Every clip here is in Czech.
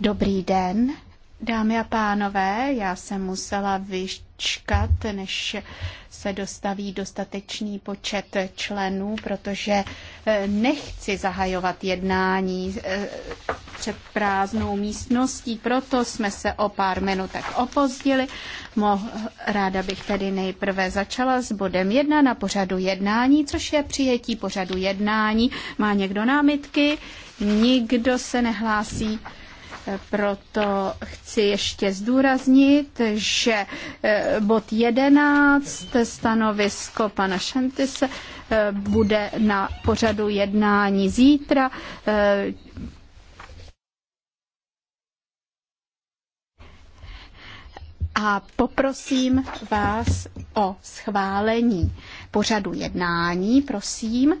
Dobrý den. Dámy a pánové, já jsem musela vyčkat, než se dostaví dostatečný počet členů, protože eh, nechci zahajovat jednání eh, před prázdnou místností, proto jsme se o pár minutek opozdili. Ráda bych tedy nejprve začala s bodem jedna na pořadu jednání, což je přijetí pořadu jednání. Má někdo námitky? Nikdo se nehlásí. Proto chci ještě zdůraznit, že eh, bod 11 stanovisko pana Šantise eh, bude na pořadu jednání zítra. Eh, a poprosím vás o schválení pořadu jednání, prosím.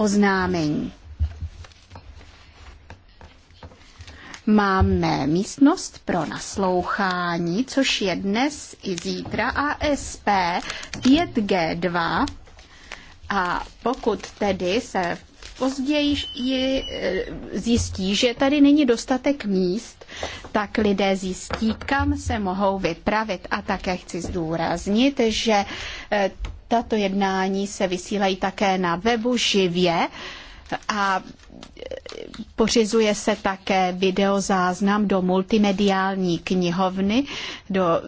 oznámení. Máme místnost pro naslouchání, což je dnes i zítra ASP 5G2. A pokud tedy se později eh, zjistí, že tady není dostatek míst, tak lidé zjistí, kam se mohou vypravit. A také chci zdůraznit, že eh, tato jednání se vysílají také na webu živě a pořizuje se také videozáznam do multimediální knihovny do,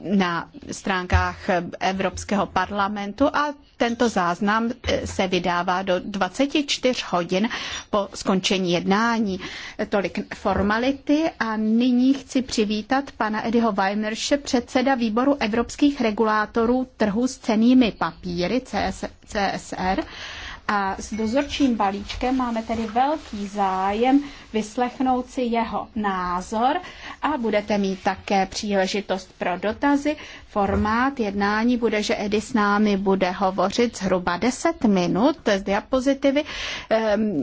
na stránkách Evropského parlamentu a tento záznam eh, se vydává do 24 hodin po skončení jednání. Tolik formality a nyní chci přivítat pana Edyho Weimerše, předseda výboru evropských regulátorů trhu s cenými papíry CS, CSR a s dozorčím balíčkem máme tedy velký zájem vyslechnout si jeho názor a budete mít také příležitost pro dotazy. Formát jednání bude, že Edy s námi bude hovořit zhruba 10 minut z diapozitivy, ehm,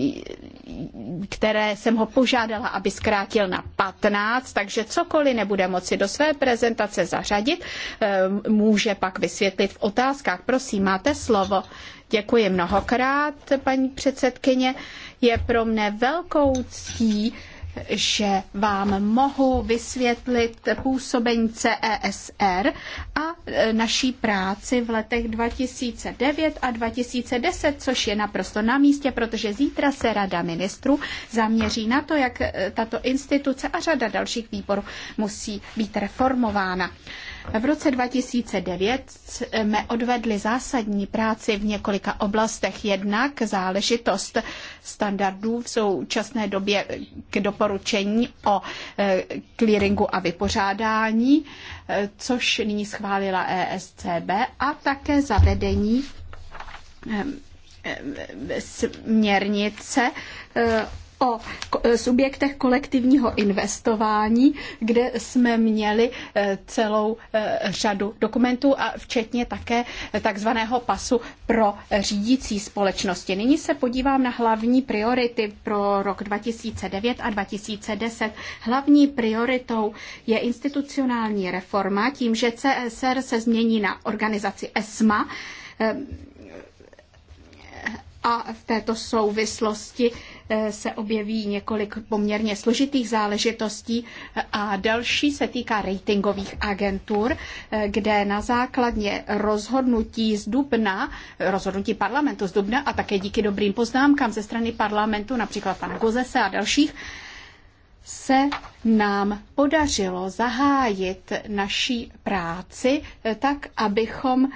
které jsem ho požádala, aby zkrátil na 15, takže cokoliv nebude moci do své prezentace zařadit, ehm, může pak vysvětlit v otázkách. Prosím, máte slovo. Děkuji mnohokrát, paní předsedkyně. Je pro mne velkou ctí, že vám mohu vysvětlit působení CESR a e, naší práci v letech 2009 a 2010, což je naprosto na místě, protože zítra se Rada ministrů zaměří na to, jak e, tato instituce a řada dalších výborů musí být reformována. V roce 2009 jsme odvedli zásadní práci v několika oblastech. Jednak záležitost standardů v současné době k doporučení o e, clearingu a vypořádání, e, což nyní schválila ESCB a také zavedení e, směrnice o e, subjektech kolektivního investování, kde jsme měli e, celou e, řadu dokumentů a včetně také takzvaného pasu pro řídící společnosti. Nyní se podívám na hlavní priority pro rok 2009 a 2010. Hlavní prioritou je institucionální reforma tím, že CSR se změní na organizaci ESMA, a v této souvislosti eh, se objeví několik poměrně složitých záležitostí a další se týká ratingových agentur, eh, kde na základě rozhodnutí z Dubna, rozhodnutí parlamentu z Dubna a také díky dobrým poznámkám ze strany parlamentu, například pana Gozese a dalších, se nám podařilo zahájit naší práci eh, tak, abychom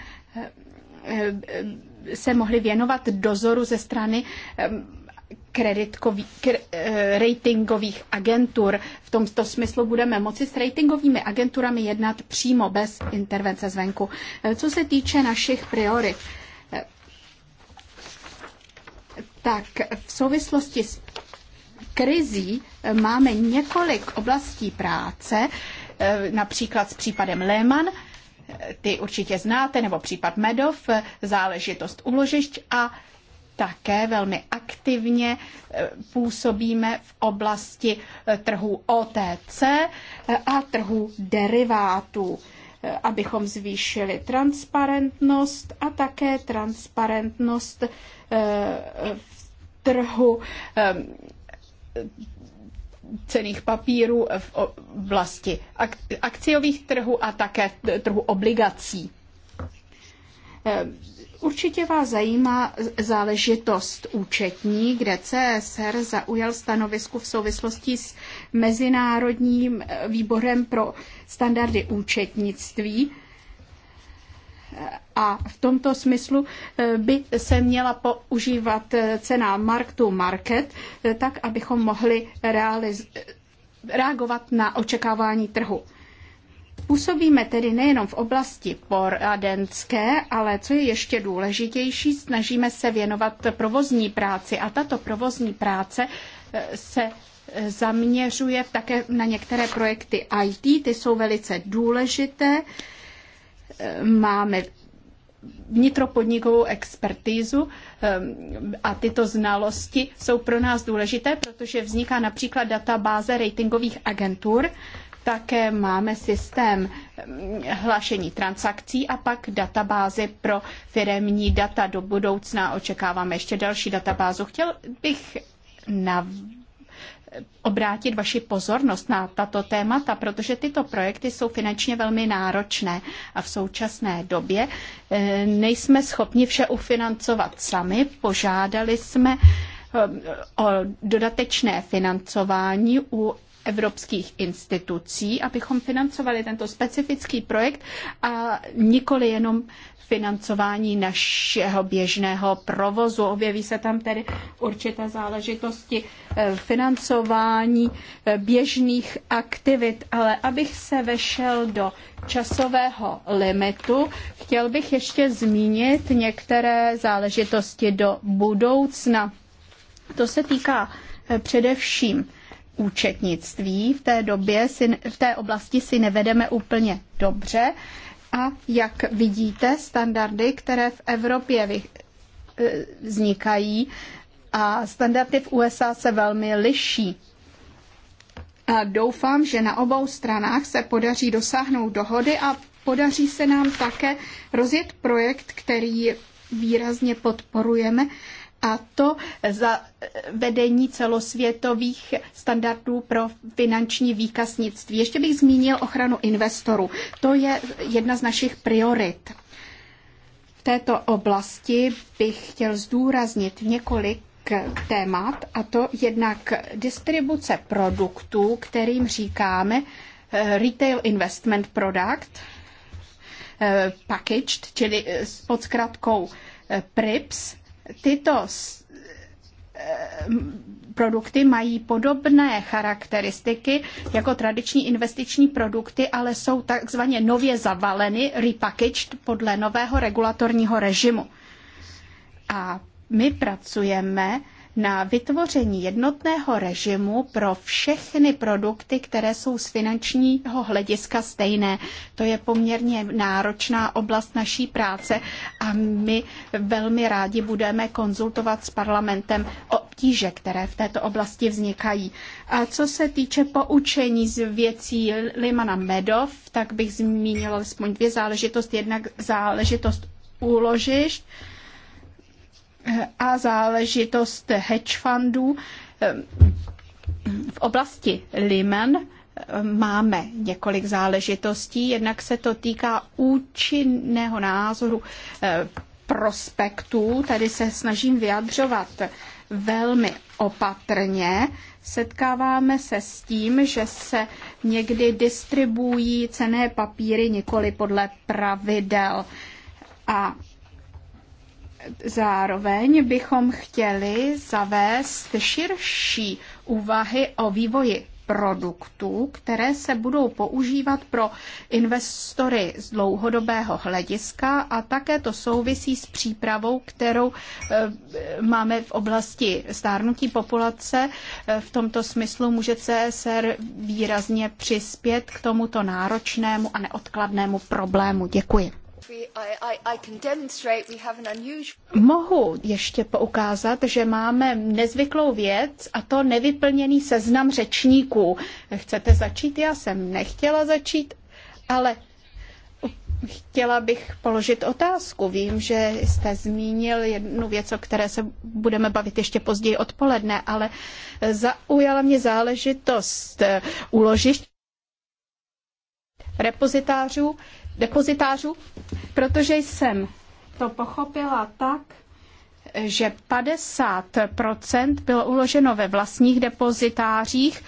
se mohli věnovat dozoru ze strany eh, ratingových agentur. V tomto smyslu budeme moci s ratingovými agenturami jednat přímo bez intervence zvenku. Eh, co se týče našich priorit, eh, tak v souvislosti s krizí máme několik oblastí práce, například s případem Lehman, ty určitě znáte, nebo případ Medov, záležitost uložišť a také velmi aktivně e, působíme v oblasti e, trhu OTC e, a trhu derivátů, abychom zvýšili transparentnost a také transparentnost v trhu cených papírů v oblasti akciových trhů a také trhu obligací. Eh, určitě vás zajímá záležitost účetní, kde CSR zaujal stanovisku v souvislosti s Mezinárodním eh, výborem pro standardy účetnictví a v tomto smyslu eh, by se měla používat eh, cena mark to market, eh, tak abychom mohli realiz- reagovat na očekávání trhu. Působíme tedy nejenom v oblasti poradenské, ale co je ještě důležitější, snažíme se věnovat provozní práci a tato provozní práce se zaměřuje také na některé projekty IT, ty jsou velice důležité máme vnitropodnikovou expertízu ehm, a tyto znalosti jsou pro nás důležité, protože vzniká například databáze ratingových agentur, také máme systém ehm, hlášení transakcí a pak databázy pro firemní data. Do budoucna očekáváme ještě další databázu. Chtěl bych nav- obrátit vaši pozornost na tato témata, protože tyto projekty jsou finančně velmi náročné a v současné době eh, nejsme schopni vše ufinancovat sami. Požádali jsme eh, o dodatečné financování u evropských institucí, abychom financovali tento specifický projekt a nikoli jenom financování našeho běžného provozu. Objeví se tam tedy určité záležitosti eh, financování eh, běžných aktivit, ale abych se vešel do časového limitu, chtěl bych ještě zmínit některé záležitosti do budoucna. To se týká eh, především účetnictví. V té době si, v té oblasti si nevedeme úplně dobře. A jak vidíte, standardy, které v Evropě eh, vznikají a standardy v USA se velmi liší. A doufám, že na obou stranách se podaří dosáhnout dohody a podaří se nám také rozjet projekt, který výrazně podporujeme a to za vedení celosvětových standardů pro finanční výkaznictví. Ještě bych zmínil ochranu investorů. To je jedna z našich priorit. V této oblasti bych chtěl zdůraznit několik témat, a to jednak distribuce produktů, kterým říkáme eh, Retail Investment Product, eh, packaged, čili eh, pod zkratkou PRIPS, tyto eh, produkty mají podobné charakteristiky jako tradiční investiční produkty, ale jsou takzvaně nově zavaleny, repackaged podle nového regulatorního režimu. A my pracujeme na vytvoření jednotného režimu pro všechny produkty, které jsou z finančního hlediska stejné. To je poměrně náročná oblast naší práce a my velmi rádi budeme konzultovat s parlamentem o obtíže, které v této oblasti vznikají. A co se týče poučení z věcí Limana Medov, tak bych zmínila alespoň dvě záležitosti. Jednak záležitost úložišť, a záležitost hedge fundů. V oblasti Lehman eh, máme několik záležitostí. Jednak se to týká účinného názoru eh, prospektů. Tady se snažím vyjadřovat velmi opatrně. Setkáváme se s tím, že se někdy distribuují cené papíry nikoli podle pravidel. A Zároveň bychom chtěli zavést širší úvahy o vývoji produktů, které se budou používat pro investory z dlouhodobého hlediska a také to souvisí s přípravou, kterou eh, máme v oblasti stárnutí populace. Eh, v tomto smyslu může CSR výrazně přispět k tomuto náročnému a neodkladnému problému. Děkuji. Mohu ještě poukázat, že máme nezvyklou věc a to nevyplněný seznam řečníků. Chcete začít? Já jsem nechtěla začít, ale Chtěla bych položit otázku. Vím, že jste zmínil jednu věc, o které se budeme bavit ještě později odpoledne, ale zaujala mě záležitost uložiště repozitářů depozitářů, protože jsem to pochopila tak, že 50% bylo uloženo ve vlastních depozitářích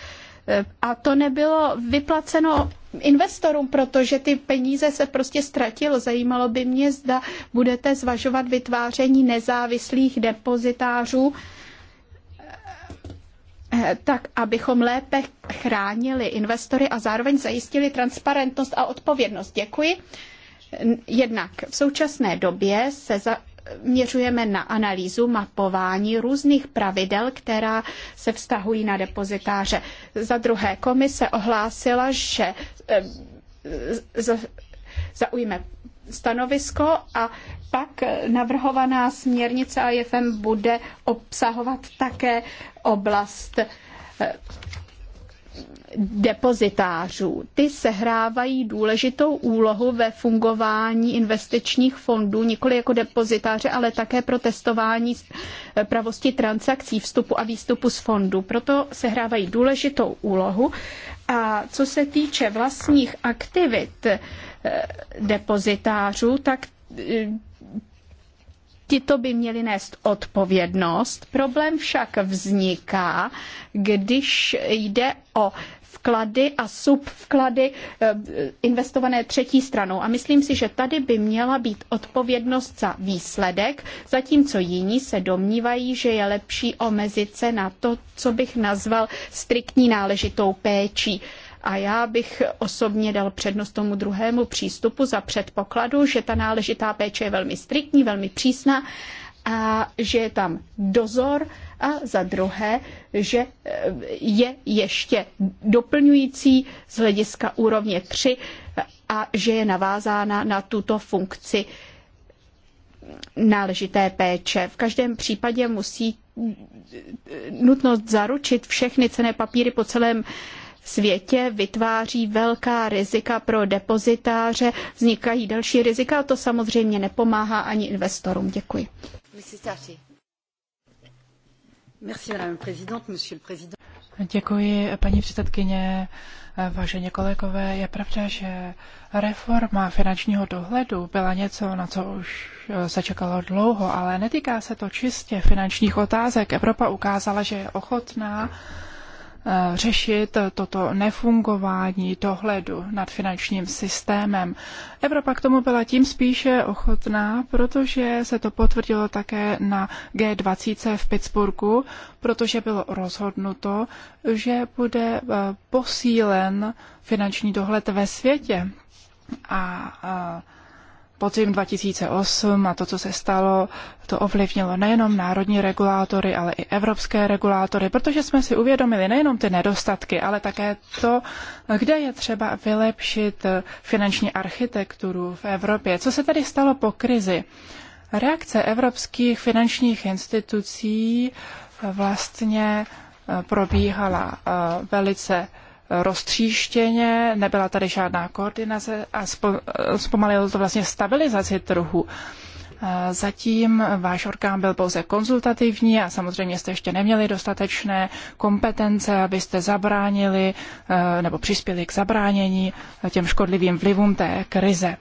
eh, a to nebylo vyplaceno investorům, protože ty peníze se prostě ztratilo. Zajímalo by mě, zda budete zvažovat vytváření nezávislých depozitářů, tak abychom lépe chránili investory a zároveň zajistili transparentnost a odpovědnost. Děkuji. Jednak v současné době se za, měřujeme na analýzu mapování různých pravidel, která se vztahují na depozitáře. Za druhé, komise ohlásila, že eh, zaujme stanovisko a pak navrhovaná směrnice AFM bude obsahovat také oblast eh, depozitářů. Ty sehrávají důležitou úlohu ve fungování investičních fondů, nikoli jako depozitáře, ale také pro testování pravosti transakcí, vstupu a výstupu z fondu. Proto sehrávají důležitou úlohu. A co se týče vlastních aktivit, Eh, depozitářů, tak eh, tito by měli nést odpovědnost. Problém však vzniká, když jde o vklady a subvklady eh, investované třetí stranou. A myslím si, že tady by měla být odpovědnost za výsledek, zatímco jiní se domnívají, že je lepší omezit se na to, co bych nazval striktní náležitou péčí. A já bych osobně dal přednost tomu druhému přístupu za předpokladu, že ta náležitá péče je velmi striktní, velmi přísná a že je tam dozor a za druhé, že eh, je ještě doplňující z hlediska úrovně 3 a že je navázána na tuto funkci náležité péče. V každém případě musí eh, nutnost zaručit všechny cené papíry po celém světě vytváří velká rizika pro depozitáře, vznikají další rizika a to samozřejmě nepomáhá ani investorům. Děkuji. Děkuji, paní předsedkyně. Vážení kolegové, je pravda, že reforma finančního dohledu byla něco, na co už se čekalo dlouho, ale netýká se to čistě finančních otázek. Evropa ukázala, že je ochotná Eh, řešit toto nefungování dohledu nad finančním systémem. Evropa k tomu byla tím spíše ochotná, protože se to potvrdilo také na G20 v Pittsburghu, protože bylo rozhodnuto, že bude eh, posílen finanční dohled ve světě. A eh, podzim 2008 a to, co se stalo, to ovlivnilo nejenom národní regulátory, ale i evropské regulátory, protože jsme si uvědomili nejenom ty nedostatky, ale také to, kde je třeba vylepšit finanční architekturu v Evropě. Co se tady stalo po krizi? Reakce evropských finančních institucí vlastně eh, probíhala eh, velice roztříštěně, nebyla tady žádná koordinace a zpomalilo to vlastně stabilizaci trhu. Zatím váš orgán byl pouze konzultativní a samozřejmě jste ještě neměli dostatečné kompetence, abyste zabránili eh, nebo přispěli k zabránění těm škodlivým vlivům té krize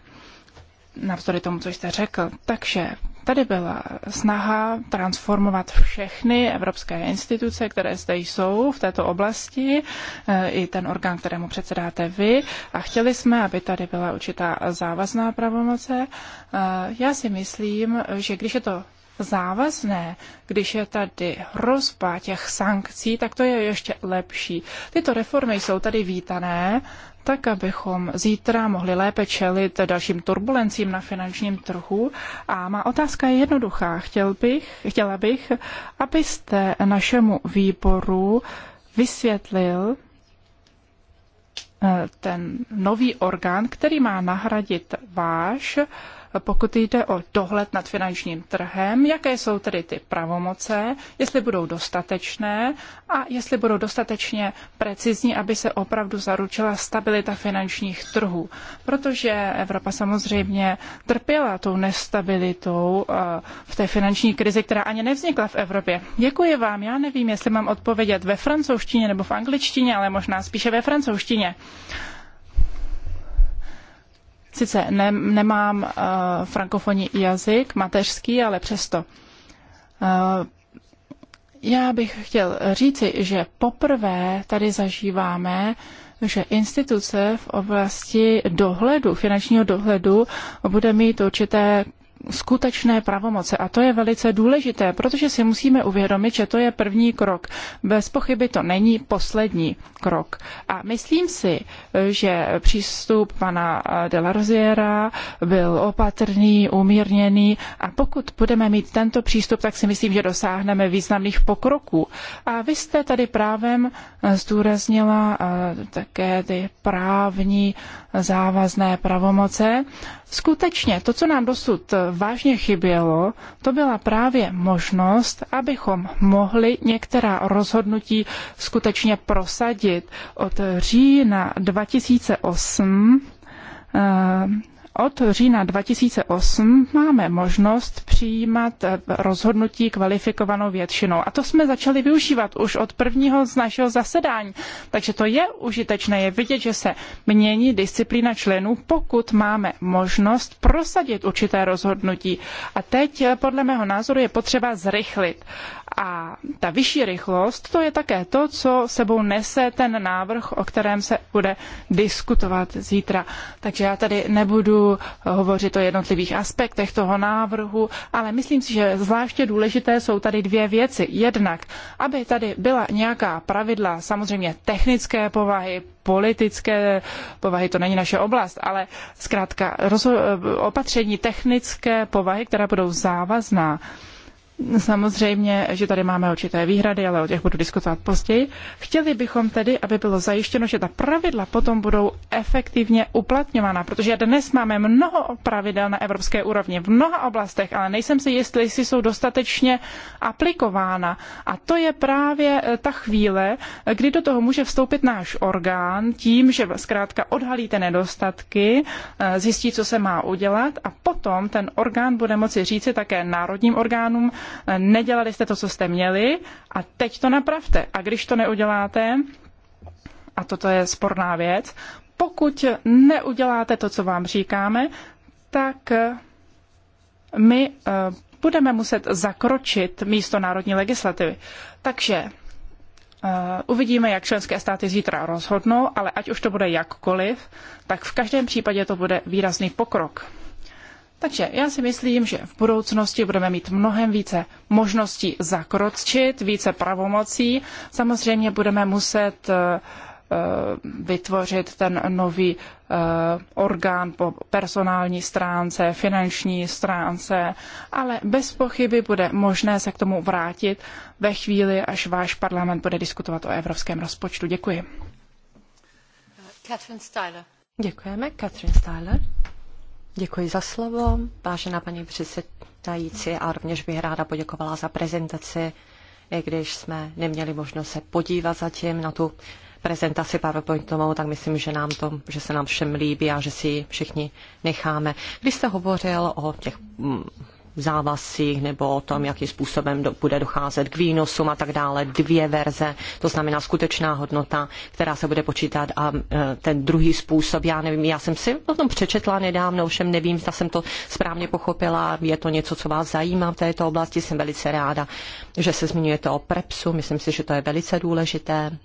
navzdory tomu, co jste řekl. Takže tady byla snaha transformovat všechny evropské instituce, které zde jsou v této oblasti, eh, i ten orgán, kterému předsedáte vy. A chtěli jsme, aby tady byla určitá závazná pravomoce. Eh, já si myslím, že když je to závazné, když je tady hrozba těch sankcí, tak to je ještě lepší. Tyto reformy jsou tady vítané tak abychom zítra mohli lépe čelit dalším turbulencím na finančním trhu. A má otázka je jednoduchá. Chtěl bych, chtěla bych, abyste našemu výboru vysvětlil eh, ten nový orgán, který má nahradit váš, pokud jde o dohled nad finančním trhem, jaké jsou tedy ty pravomoce, jestli budou dostatečné a jestli budou dostatečně precizní, aby se opravdu zaručila stabilita finančních trhů. Protože Evropa samozřejmě trpěla tou nestabilitou eh, v té finanční krizi, která ani nevznikla v Evropě. Děkuji vám, já nevím, jestli mám odpovědět ve francouzštině nebo v angličtině, ale možná spíše ve francouzštině sice ne, nemám uh, frankofonní jazyk mateřský, ale přesto. Uh, já bych chtěl říci, že poprvé tady zažíváme, že instituce v oblasti dohledu, finančního dohledu, bude mít určité skutečné pravomoce. A to je velice důležité, protože si musíme uvědomit, že to je první krok. Bez pochyby to není poslední krok. A myslím si, že přístup pana Rosiera byl opatrný, umírněný a pokud budeme mít tento přístup, tak si myslím, že dosáhneme významných pokroků. A vy jste tady právem zdůraznila eh, také ty právní eh, závazné pravomoce Skutečně to, co nám dosud vážně chybělo, to byla právě možnost, abychom mohli některá rozhodnutí skutečně prosadit. Od října 2008 od října 2008 máme možnost přijímat eh, rozhodnutí kvalifikovanou většinou. A to jsme začali využívat už od prvního z našeho zasedání. Takže to je užitečné, je vidět, že se mění disciplína členů, pokud máme možnost prosadit určité rozhodnutí. A teď eh, podle mého názoru je potřeba zrychlit. A ta vyšší rychlost, to je také to, co sebou nese ten návrh, o kterém se bude diskutovat zítra. Takže já tady nebudu hovořit o jednotlivých aspektech toho návrhu, ale myslím si, že zvláště důležité jsou tady dvě věci. Jednak, aby tady byla nějaká pravidla, samozřejmě technické povahy, politické povahy, to není naše oblast, ale zkrátka opatření technické povahy, která budou závazná Samozřejmě, že tady máme určité výhrady, ale o těch budu diskutovat později. Chtěli bychom tedy, aby bylo zajištěno, že ta pravidla potom budou efektivně uplatňována, protože dnes máme mnoho pravidel na evropské úrovni v mnoha oblastech, ale nejsem si jistý, jestli jsou dostatečně aplikována. A to je právě eh, ta chvíle, eh, kdy do toho může vstoupit náš orgán tím, že zkrátka odhalí ty nedostatky, eh, zjistí, co se má udělat a potom ten orgán bude moci říci také národním orgánům, nedělali jste to, co jste měli a teď to napravte. A když to neuděláte, a toto je sporná věc, pokud neuděláte to, co vám říkáme, tak my eh, budeme muset zakročit místo národní legislativy. Takže eh, Uvidíme, jak členské státy zítra rozhodnou, ale ať už to bude jakkoliv, tak v každém případě to bude výrazný pokrok. Takže já si myslím, že v budoucnosti budeme mít mnohem více možností zakročit, více pravomocí. Samozřejmě budeme muset eh, eh, vytvořit ten nový eh, orgán po personální stránce, finanční stránce, ale bez pochyby bude možné se k tomu vrátit ve chvíli, až váš parlament bude diskutovat o evropském rozpočtu. Děkuji. Catherine Styler. Děkujeme. Catherine Styler. Děkuji za slovo, vážená paní předsedající, a rovněž bych ráda poděkovala za prezentaci, i když jsme neměli možnost se podívat zatím na tu prezentaci PowerPointovou, tak myslím, že nám to, že se nám všem líbí a že si ji všichni necháme. Když jste hovořil o těch mm, závazcích nebo o tom, jakým způsobem do, bude docházet k výnosům a tak dále. Dvě verze, to znamená skutečná hodnota, která se bude počítat a e, ten druhý způsob, já nevím, já jsem si o tom přečetla nedávno, všem nevím, zda jsem to správně pochopila, je to něco, co vás zajímá v této oblasti, jsem velice ráda, že se zmiňujete o PREPSu, myslím si, že to je velice důležité.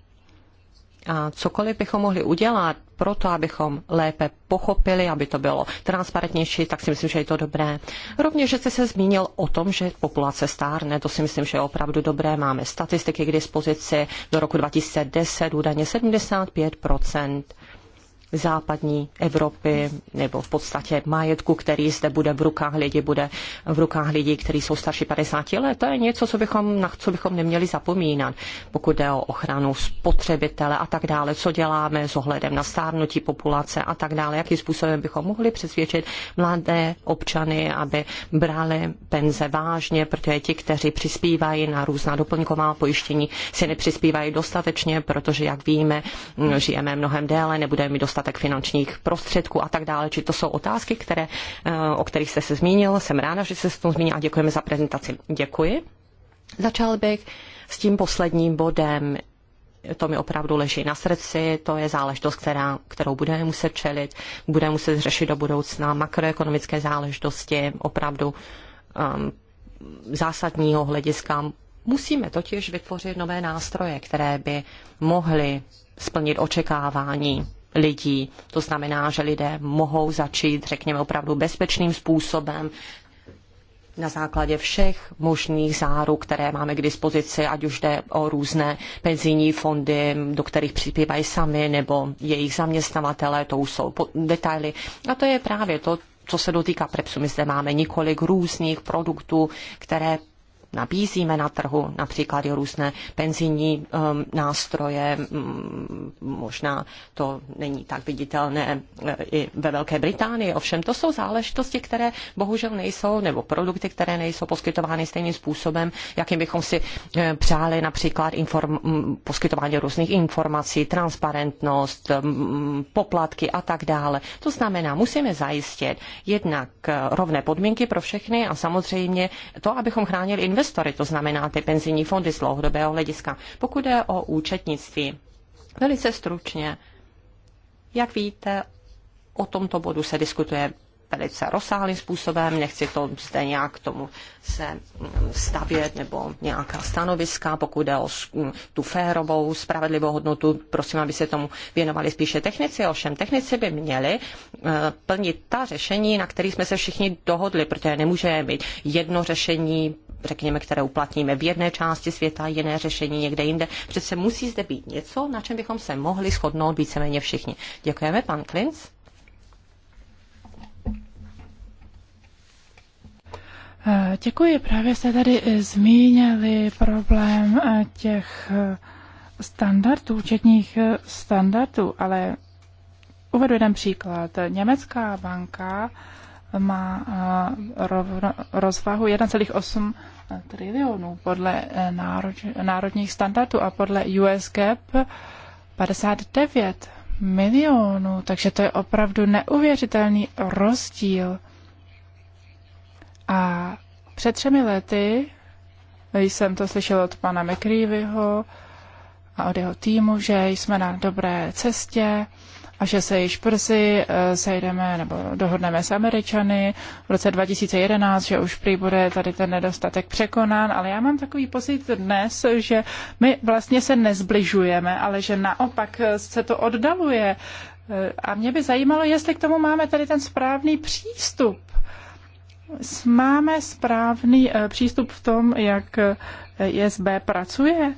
A cokoliv bychom mohli udělat pro to, abychom lépe pochopili, aby to bylo transparentnější, tak si myslím, že je to dobré. Rovněž, že jste se zmínil o tom, že populace stárne, to si myslím, že je opravdu dobré. Máme statistiky k dispozici do roku 2010, údajně 75 západní Evropy nebo v podstatě majetku, který zde bude v rukách lidí, bude v rukách lidí, kteří jsou starší 50 let. To je něco, co bychom, na co bychom neměli zapomínat, pokud jde o ochranu spotřebitele a tak dále, co děláme s ohledem na stárnutí populace a tak dále, jakým způsobem bychom mohli přesvědčit mladé občany, aby brali penze vážně, protože ti, kteří přispívají na různá doplňková pojištění, si nepřispívají dostatečně, protože, jak víme, žijeme mnohem déle, nebudeme mít dostatečně nedostatek finančních prostředků a tak dále. Či to jsou otázky, které, eh, o kterých jste se zmínil. Jsem ráda, že jste se tom zmínil a děkujeme za prezentaci. Děkuji. Začal bych s tím posledním bodem. To mi opravdu leží na srdci, to je záležitost, která, kterou budeme muset čelit, budeme muset řešit do budoucna makroekonomické záležitosti opravdu um, zásadního hlediska. Musíme totiž vytvořit nové nástroje, které by mohly splnit očekávání lidí. To znamená, že lidé mohou začít, řekněme, opravdu bezpečným způsobem na základě všech možných záruk, které máme k dispozici, ať už jde o různé penzijní fondy, do kterých přispívají sami, nebo jejich zaměstnavatele, to už jsou detaily. A to je právě to, co se dotýká Prepsu. My zde máme několik různých produktů, které nabízíme na trhu, například i různé penzijní um, nástroje, um, možná to není tak viditelné e, i ve Velké Británii, ovšem to jsou záležitosti, které bohužel nejsou, nebo produkty, které nejsou poskytovány stejným způsobem, jakým bychom si e, přáli například inform, poskytování různých informací, transparentnost, poplatky a tak dále. To znamená, musíme zajistit jednak e, rovné podmínky pro všechny a samozřejmě to, abychom chránili investice investory, to znamená ty penzijní fondy z dlouhodobého hlediska. Pokud jde o účetnictví, velice stručně, jak víte, o tomto bodu se diskutuje velice rozsáhlým způsobem, nechci to zde nějak tomu se mm, stavět nebo nějaká stanoviska, pokud jde o mm, tu férovou, spravedlivou hodnotu, prosím, aby se tomu věnovali spíše technici, ovšem technici by měli eh, plnit ta řešení, na kterých jsme se všichni dohodli, protože nemůže být jedno řešení řekněme, které uplatníme v jedné části světa, jiné řešení někde jinde. Přece musí zde být něco, na čem bychom se mohli shodnout víceméně všichni. Děkujeme, pan Klinc. Děkuji, právě jste tady eh, zmínili problém eh, těch eh, standardů, účetních standardů, ale uvedu jeden příklad. Německá banka má eh, rovno, rozvahu 1,8 eh, trilionů podle eh, národ, národních standardů a podle US GAP 59 milionů, takže to je opravdu neuvěřitelný rozdíl. A před třemi lety jsem to slyšel od pana McCreevyho a od jeho týmu, že jsme na dobré cestě, a že se již brzy eh, sejdeme nebo dohodneme s Američany v roce 2011, že už prý bude tady ten nedostatek překonán, ale já mám takový pocit dnes, že my vlastně se nezbližujeme, ale že naopak eh, se to oddaluje. Eh, a mě by zajímalo, jestli k tomu máme tady ten správný přístup. Máme správný přístup v tom, jak ISB pracuje?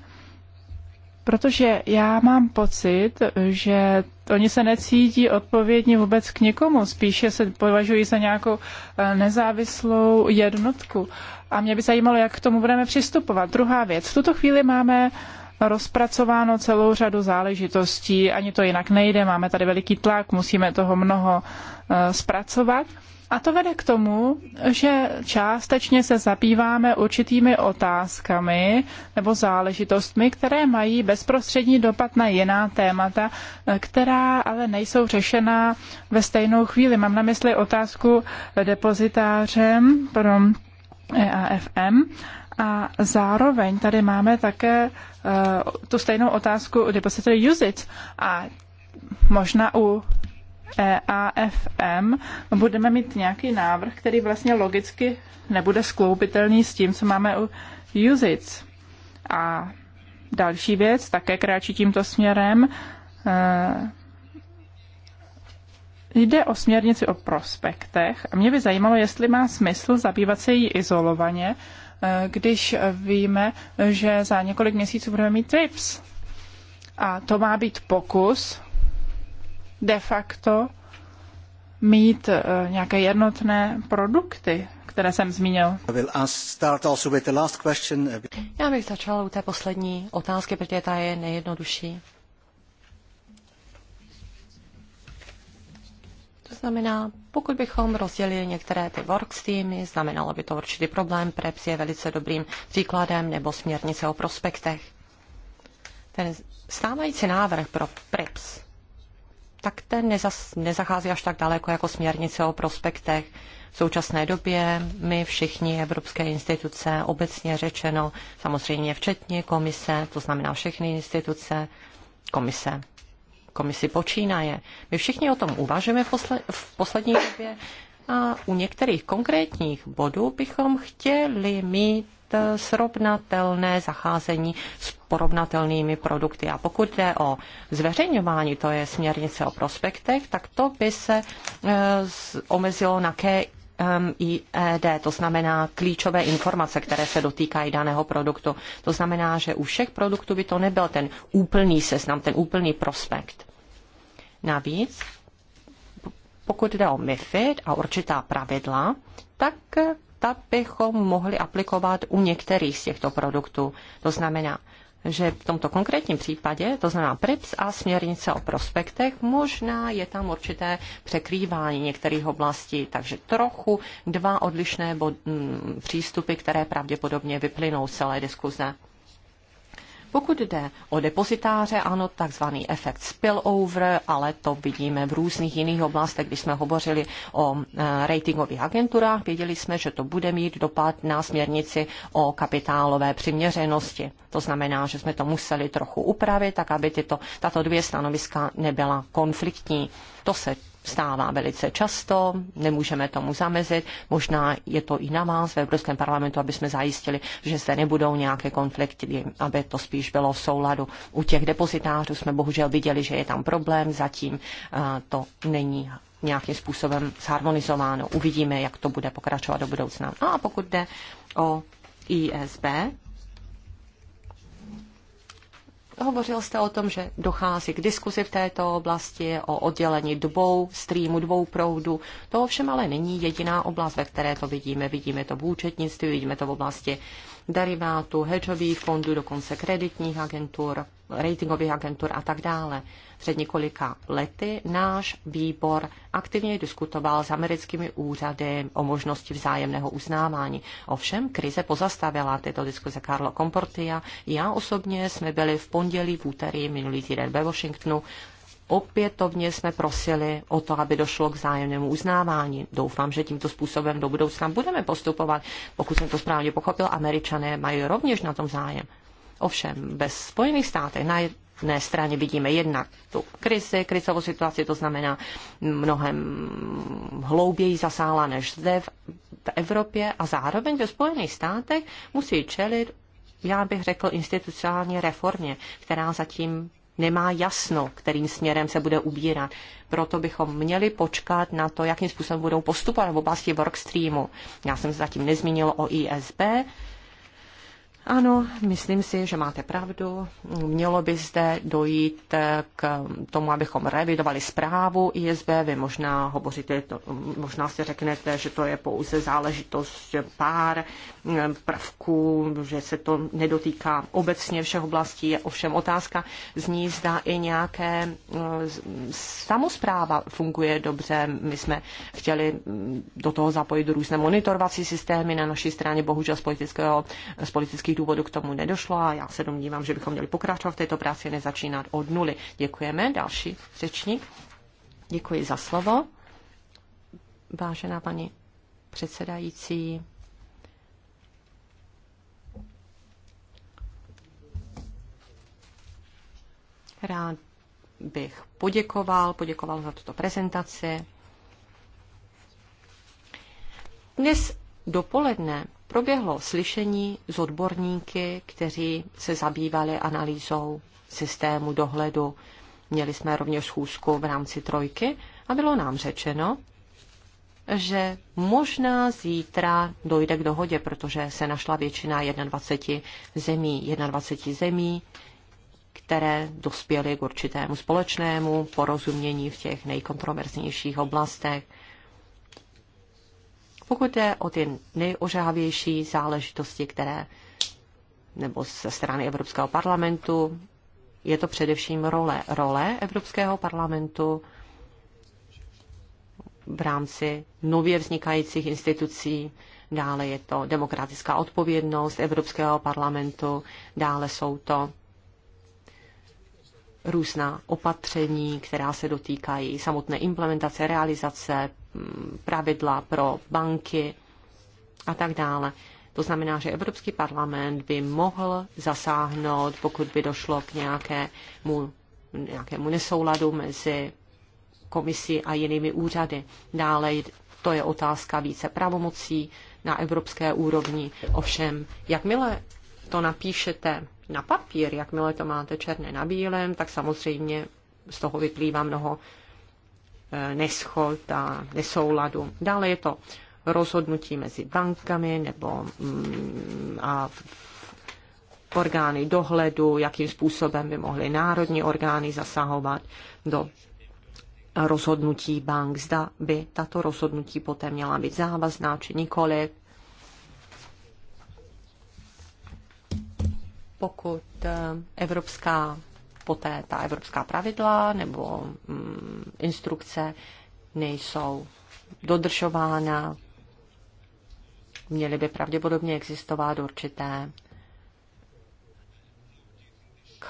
Protože já mám pocit, že Oni se necítí odpovědní vůbec k nikomu, spíše se považují za nějakou eh, nezávislou jednotku. A mě by zajímalo, jak k tomu budeme přistupovat. Druhá věc. V tuto chvíli máme rozpracováno celou řadu záležitostí, ani to jinak nejde, máme tady veliký tlak, musíme toho mnoho eh, zpracovat. A to vede k tomu, že částečně se zabýváme určitými otázkami nebo záležitostmi, které mají bezprostřední dopad na jiná témata, která ale nejsou řešena ve stejnou chvíli. Mám na mysli otázku depozitářem pro EAFM. A zároveň tady máme také uh, tu stejnou otázku depository USIT. A možná u EAFM budeme mít nějaký návrh, který vlastně logicky nebude skloupitelný s tím, co máme u USITS. A další věc, také kráčí tímto směrem, eh, Jde o směrnici o prospektech a mě by zajímalo, jestli má smysl zabývat se jí izolovaně, eh, když víme, že za několik měsíců budeme mít TRIPS. A to má být pokus de facto mít eh, nějaké jednotné produkty, které jsem zmínil. Já bych začala u té poslední otázky, protože ta je nejjednodušší. To znamená, pokud bychom rozdělili některé ty workstreamy, znamenalo by to určitý problém, PREPS je velice dobrým příkladem, nebo směrnice o prospektech. Ten stávající návrh pro PREPS tak ten nezas, nezachází až tak daleko jako směrnice o prospektech. V současné době my všichni evropské instituce, obecně řečeno, samozřejmě včetně komise, to znamená všechny instituce, komise, komisi počínaje. My všichni o tom uvažujeme v, posle, v poslední době a u některých konkrétních bodů bychom chtěli mít srovnatelné zacházení s porovnatelnými produkty. A pokud jde o zveřejňování, to je směrnice o prospektech, tak to by se e, omezilo na ke IED, to znamená klíčové informace, které se dotýkají daného produktu. To znamená, že u všech produktů by to nebyl ten úplný seznam, ten úplný prospekt. Navíc, pokud jde o MIFID a určitá pravidla, tak ta bychom mohli aplikovat u některých z těchto produktů. To znamená, že v tomto konkrétním případě, to znamená PRIPS a směrnice o prospektech, možná je tam určité překrývání některých oblastí, takže trochu dva odlišné bod, m, mm, přístupy, které pravděpodobně vyplynou z celé diskuze. Pokud jde o depozitáře, ano, takzvaný efekt spillover, ale to vidíme v různých jiných oblastech. Když jsme hovořili o eh, ratingových agenturách, věděli jsme, že to bude mít dopad na směrnici o kapitálové přiměřenosti. To znamená, že jsme to museli trochu upravit, tak aby tyto, tato dvě stanoviska nebyla konfliktní. To se stává velice často, nemůžeme tomu zamezit. Možná je to i na vás ve Evropském parlamentu, aby jsme zajistili, že zde nebudou nějaké konflikty, aby to spíš bylo v souladu. U těch depozitářů jsme bohužel viděli, že je tam problém, zatím eh, to není nějakým způsobem zharmonizováno. Uvidíme, jak to bude pokračovat do budoucna. No a pokud jde o ISB, Hovořil jste o tom, že dochází k diskuzi v této oblasti, o oddělení dvou streamu, dvou proudu. To ovšem ale není jediná oblast, ve které to vidíme. Vidíme to v účetnictví, vidíme to v oblasti derivátů, hedžových fondů, dokonce kreditních agentur, ratingových agentur a tak dále. Před několika lety náš výbor aktivně diskutoval s americkými úřady o možnosti vzájemného uznávání. Ovšem krize pozastavila tyto diskuze Karlo Comportia. Já osobně jsme byli v pondělí, v úterý, minulý týden ve Washingtonu opětovně jsme prosili o to, aby došlo k zájemnému uznávání. Doufám, že tímto způsobem do budoucna budeme postupovat. Pokud jsem to správně pochopil, američané mají rovněž na tom zájem. Ovšem, bez Spojených států na jedné straně vidíme jednak tu krizi, krizovou situaci, to znamená mnohem hlouběji zasáhla než zde v Evropě a zároveň ve Spojených státech musí čelit já bych řekl institucionální reformě, která zatím nemá jasno, kterým směrem se bude ubírat. Proto bychom měli počkat na to, jakým způsobem budou postupovat v oblasti workstreamu. Já jsem zatím nezmínil o ISB, ano, myslím si, že máte pravdu. Mělo by zde dojít k tomu, abychom revidovali zprávu ISB. Vy možná hovoříte, možná si řeknete, že to je pouze záležitost pár prvků, že se to nedotýká obecně všech oblastí. Je ovšem otázka zní, zda i nějaké eh, samozpráva funguje dobře. My jsme chtěli do toho zapojit různé monitorovací systémy na naší straně, bohužel z, politického, z politických důvodů k tomu nedošlo a já se domnívám, že bychom měli pokračovat v této práci, nezačínat od nuly. Děkujeme. Další řečník. Děkuji za slovo. Vážená paní předsedající, rád bych poděkoval, poděkoval za tuto prezentaci. Dnes dopoledne proběhlo slyšení s odborníky, kteří se zabývali analýzou systému dohledu. Měli jsme rovněž schůzku v rámci trojky a bylo nám řečeno, že možná zítra dojde k dohodě, protože se našla většina 21 zemí, 21 zemí, které dospěly k určitému společnému porozumění v těch nejkontroverznějších oblastech. Pokud jde o ty nejožávější záležitosti, které nebo ze strany Evropského parlamentu, je to především role, role Evropského parlamentu v rámci nově vznikajících institucí, dále je to demokratická odpovědnost Evropského parlamentu, dále jsou to různá opatření, která se dotýkají samotné implementace, realizace, mm, pravidla pro banky a tak dále. To znamená, že Evropský parlament by mohl zasáhnout, pokud by došlo k nějakému, nějakému nesouladu mezi komisí a jinými úřady. Dále to je otázka více pravomocí na evropské úrovni. Ovšem, jakmile to napíšete na papír, jakmile to máte černé na bílém, tak samozřejmě z toho vyplývá mnoho e, neschod a nesouladu. Dále je to rozhodnutí mezi bankami nebo mm, a orgány dohledu, jakým způsobem by mohly národní orgány zasahovat do rozhodnutí bank, zda by tato rozhodnutí poté měla být závazná či nikoli. pokud eh, evropská poté ta evropská pravidla nebo mm, instrukce nejsou dodržována, měly by pravděpodobně existovat určité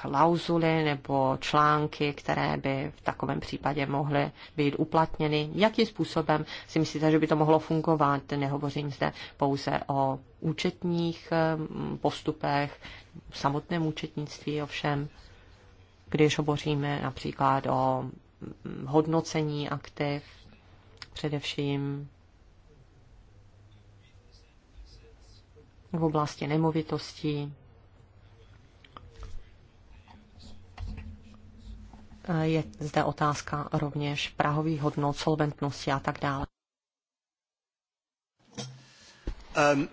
klauzuly nebo články, které by v takovém případě mohly být uplatněny? Jakým způsobem si myslíte, že by to mohlo fungovat? Nehovořím zde pouze o účetních mm, postupech, samotném účetnictví ovšem, když hovoříme například o mm, hodnocení aktiv, především v oblasti nemovitostí. Je zde otázka rovněž prahových hodnot, solventnosti a tak dále. Um,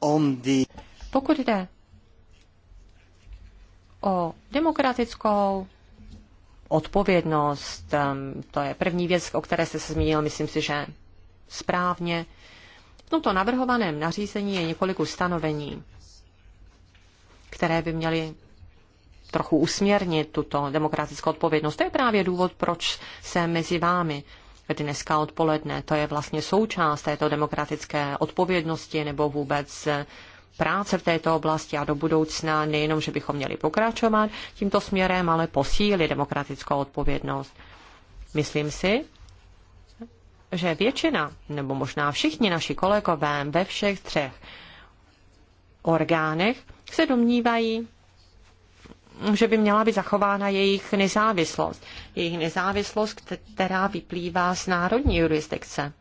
on the... Pokud jde o demokratickou odpovědnost, um, to je první věc, o které jste se zmínil, myslím si, že správně. V tomto navrhovaném nařízení je několik ustanovení, které by měly trochu usměrnit tuto demokratickou odpovědnost. To je právě důvod, proč se mezi vámi dneska odpoledne. To je vlastně součást této demokratické odpovědnosti nebo vůbec eh, práce v této oblasti a do budoucna nejenom, že bychom měli pokračovat tímto směrem, ale posílit demokratickou odpovědnost. Myslím si, že většina, nebo možná všichni naši kolegové ve všech třech orgánech se domnívají, že by měla být zachována jejich nezávislost. Jejich nezávislost, která vyplývá z národní jurisdikce.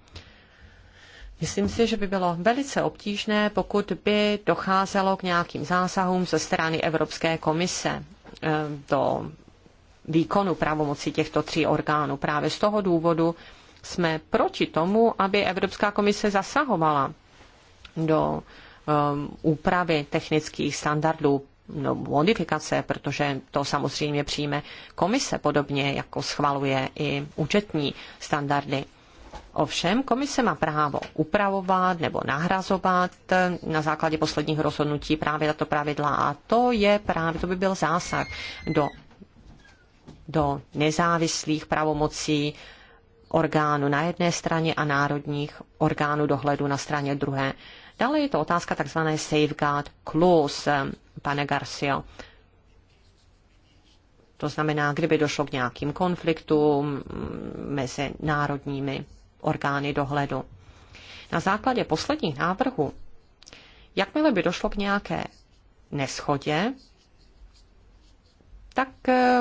Myslím si, že by bylo velice obtížné, pokud by docházelo k nějakým zásahům ze strany Evropské komise eh, do výkonu pravomocí těchto tří orgánů. Právě z toho důvodu jsme proti tomu, aby Evropská komise zasahovala do eh, úpravy technických standardů no, modifikace, protože to samozřejmě přijme komise, podobně jako schvaluje i účetní standardy. Ovšem, komise má právo upravovat nebo nahrazovat na základě posledních rozhodnutí právě tato pravidla a to je právě, to by byl zásah do, do nezávislých pravomocí orgánu na jedné straně a národních orgánů dohledu na straně druhé. Dále je to otázka tzv. safeguard clause, pane Garcio. To znamená, kdyby došlo k nějakým konfliktům mezi národními orgány dohledu. Na základě posledních návrhů, jakmile by došlo k nějaké neschodě, tak eh,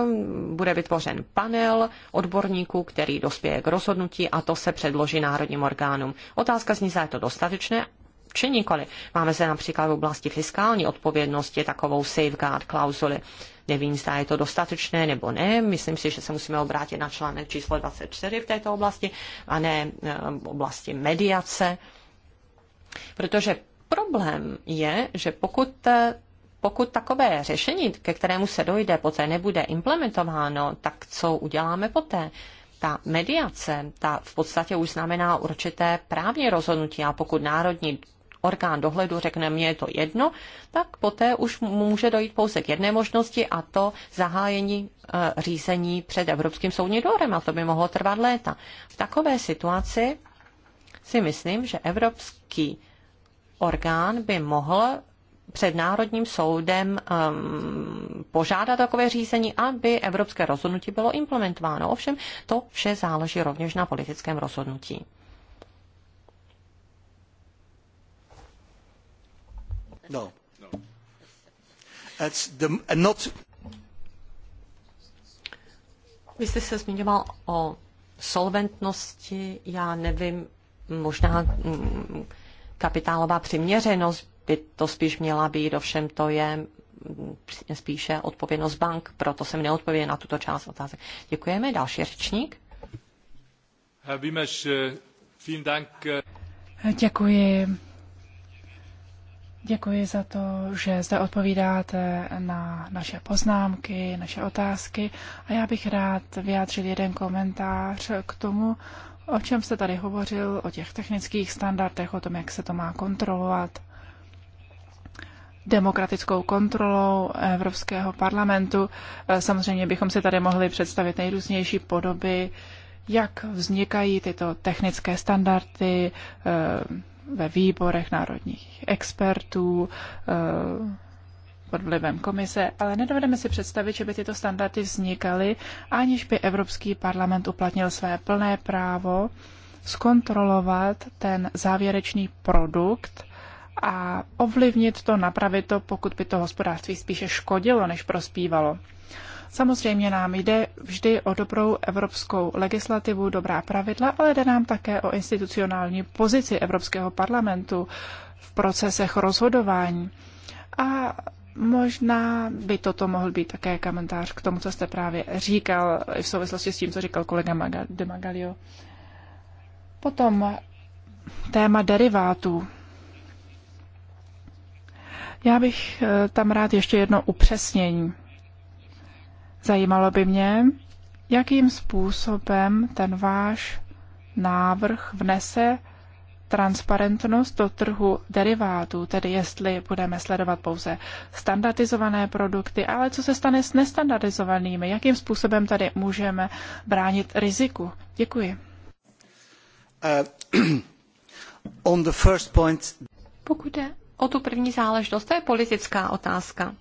bude vytvořen panel odborníků, který dospěje k rozhodnutí a to se předloží národním orgánům. Otázka zní, zda je to dostatečné či nikoli. Máme se například v oblasti fiskální odpovědnosti takovou safeguard klauzuli. Nevím, zda je to dostatečné nebo ne. Myslím si, že se musíme obrátit na článek číslo 24 v této oblasti a ne eh, v oblasti mediace. Protože problém je, že pokud eh, pokud takové řešení, ke kterému se dojde, poté nebude implementováno, tak co uděláme poté? Ta mediace, ta v podstatě už znamená určité právní rozhodnutí a pokud národní orgán dohledu řekne, mně je to jedno, tak poté už může dojít pouze k jedné možnosti a to zahájení e, řízení před Evropským soudním dvorem a to by mohlo trvat léta. V takové situaci si myslím, že Evropský orgán by mohl před Národním soudem um, požádat takové řízení, aby evropské rozhodnutí bylo implementováno. Ovšem, to vše záleží rovněž na politickém rozhodnutí. No. No. the, and not... Vy jste se zmiňoval o solventnosti, já nevím, možná mm, kapitálová přiměřenost by to spíš měla být, ovšem to je mm, spíše odpovědnost bank, proto jsem neodpověděl na tuto část otázek. Děkujeme. Další řečník. Herr Bimeš, eh, vielen Dank. Eh. Děkuji Děkuji za to, že zde odpovídáte na naše poznámky, naše otázky a já bych rád vyjádřil jeden komentář k tomu, o čem jste tady hovořil, o těch technických standardech, o tom, jak se to má kontrolovat demokratickou kontrolou Evropského parlamentu. Samozřejmě bychom si tady mohli představit nejrůznější podoby, jak vznikají tyto technické standardy, ve výborech národních expertů, eh, pod vlivem komise, ale nedovedeme si představit, že by tyto standardy vznikaly, aniž by Evropský parlament uplatnil své plné právo zkontrolovat ten závěrečný produkt a ovlivnit to, napravit to, pokud by to hospodářství spíše škodilo, než prospívalo. Samozřejmě nám jde vždy o dobrou evropskou legislativu, dobrá pravidla, ale jde nám také o institucionální pozici Evropského parlamentu v procesech rozhodování. A možná by toto mohl být také komentář k tomu, co jste právě říkal v souvislosti s tím, co říkal kolega Maga, de Magalio. Potom téma derivátů. Já bych eh, tam rád ještě jedno upřesnění. Zajímalo by mě, jakým způsobem ten váš návrh vnese transparentnost do trhu derivátů, tedy jestli budeme sledovat pouze standardizované produkty, ale co se stane s nestandardizovanými, jakým způsobem tady můžeme bránit riziku. Děkuji. Uh, on the first point... Pokud jde o tu první záležitost, to je politická otázka.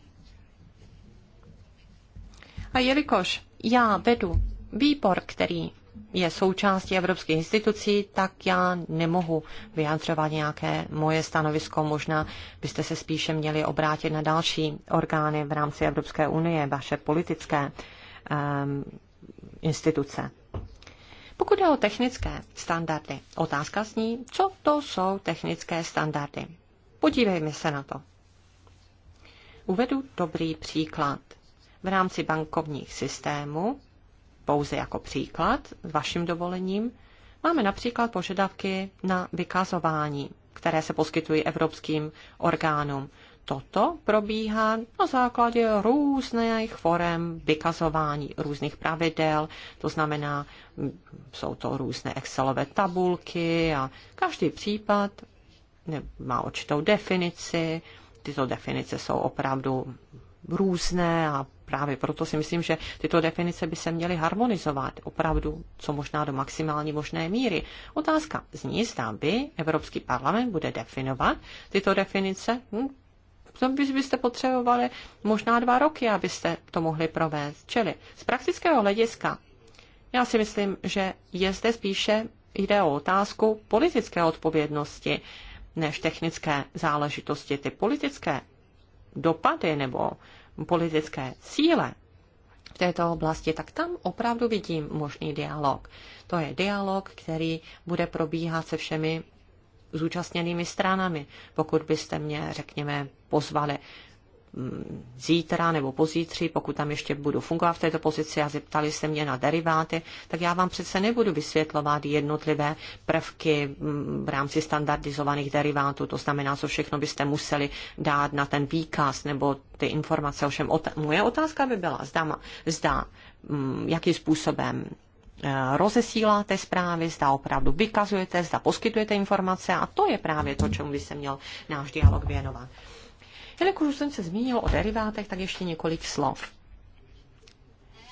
A jelikož já vedu výbor, který je součástí evropských institucí, tak já nemohu vyjadřovat nějaké moje stanovisko. Možná byste se spíše měli obrátit na další orgány v rámci Evropské unie, vaše politické um, instituce. Pokud je o technické standardy, otázka zní, co to jsou technické standardy. Podívejme se na to. Uvedu dobrý příklad v rámci bankovních systémů, pouze jako příklad, s vaším dovolením, máme například požadavky na vykazování, které se poskytují evropským orgánům. Toto probíhá na základě různých forem vykazování různých pravidel, to znamená, jsou to různé Excelové tabulky a každý případ má určitou definici. Tyto definice jsou opravdu různé a právě proto si myslím, že tyto definice by se měly harmonizovat opravdu co možná do maximální možné míry. Otázka zní, zda by Evropský parlament bude definovat tyto definice. Hm, to byste potřebovali možná dva roky, abyste to mohli provést. Čili z praktického hlediska já si myslím, že je zde spíše jde o otázku politické odpovědnosti než technické záležitosti. Ty politické dopady nebo politické síle v této oblasti, tak tam opravdu vidím možný dialog. To je dialog, který bude probíhat se všemi zúčastněnými stranami, pokud byste mě, řekněme, pozvali zítra nebo pozítří, pokud tam ještě budu fungovat v této pozici a zeptali jste mě na deriváty, tak já vám přece nebudu vysvětlovat jednotlivé prvky mm, v rámci standardizovaných derivátů, to znamená, co všechno byste museli dát na ten výkaz nebo ty informace. Ovšem, ot- moje otázka by byla, zda, zda mm, jakým způsobem eh, rozesíláte zprávy, zda opravdu vykazujete, zda poskytujete informace a to je právě to, čemu by se měl náš dialog věnovat. Jelikož jsem se zmínil o derivátech, tak ještě několik slov.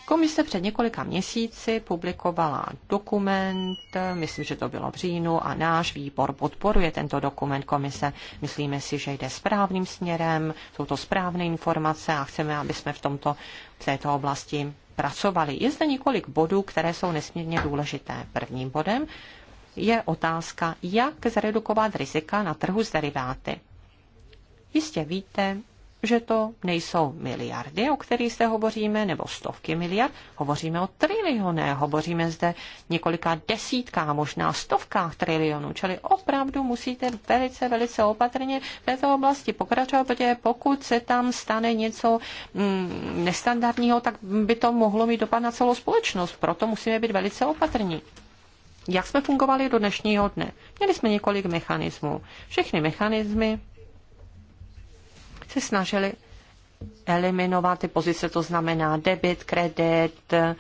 Komise před několika měsíci publikovala dokument, myslím, že to bylo v říjnu, a náš výbor podporuje tento dokument komise. Myslíme si, že jde správným směrem, jsou to správné informace a chceme, aby jsme v, tomto, v této oblasti pracovali. Je zde několik bodů, které jsou nesmírně důležité. Prvním bodem je otázka, jak zredukovat rizika na trhu s deriváty. Jistě víte, že to nejsou miliardy, o kterých zde hovoříme, nebo stovky miliard, hovoříme o trilionech, hovoříme zde několika desítkách, možná stovkách trilionů, čili opravdu musíte velice, velice opatrně v této oblasti pokračovat, protože pokud se tam stane něco mm, nestandardního, tak by to mohlo mít dopad na celou společnost, proto musíme být velice opatrní. Jak jsme fungovali do dnešního dne? Měli jsme několik mechanismů. Všechny mechanismy se snažili eliminovat ty pozice, to znamená debit, kredit, eh,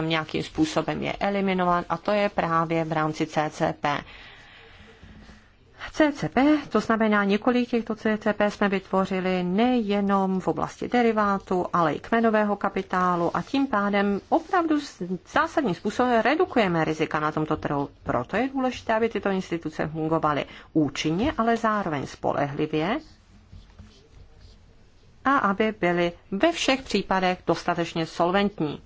nějakým způsobem je eliminovat a to je právě v rámci CCP. CCP, to znamená několik těchto CCP jsme vytvořili nejenom v oblasti derivátu, ale i kmenového kapitálu a tím pádem opravdu zásadním způsobem redukujeme rizika na tomto trhu. Proto je důležité, aby tyto instituce fungovaly účinně, ale zároveň spolehlivě a aby byly ve všech případech dostatečně solventní.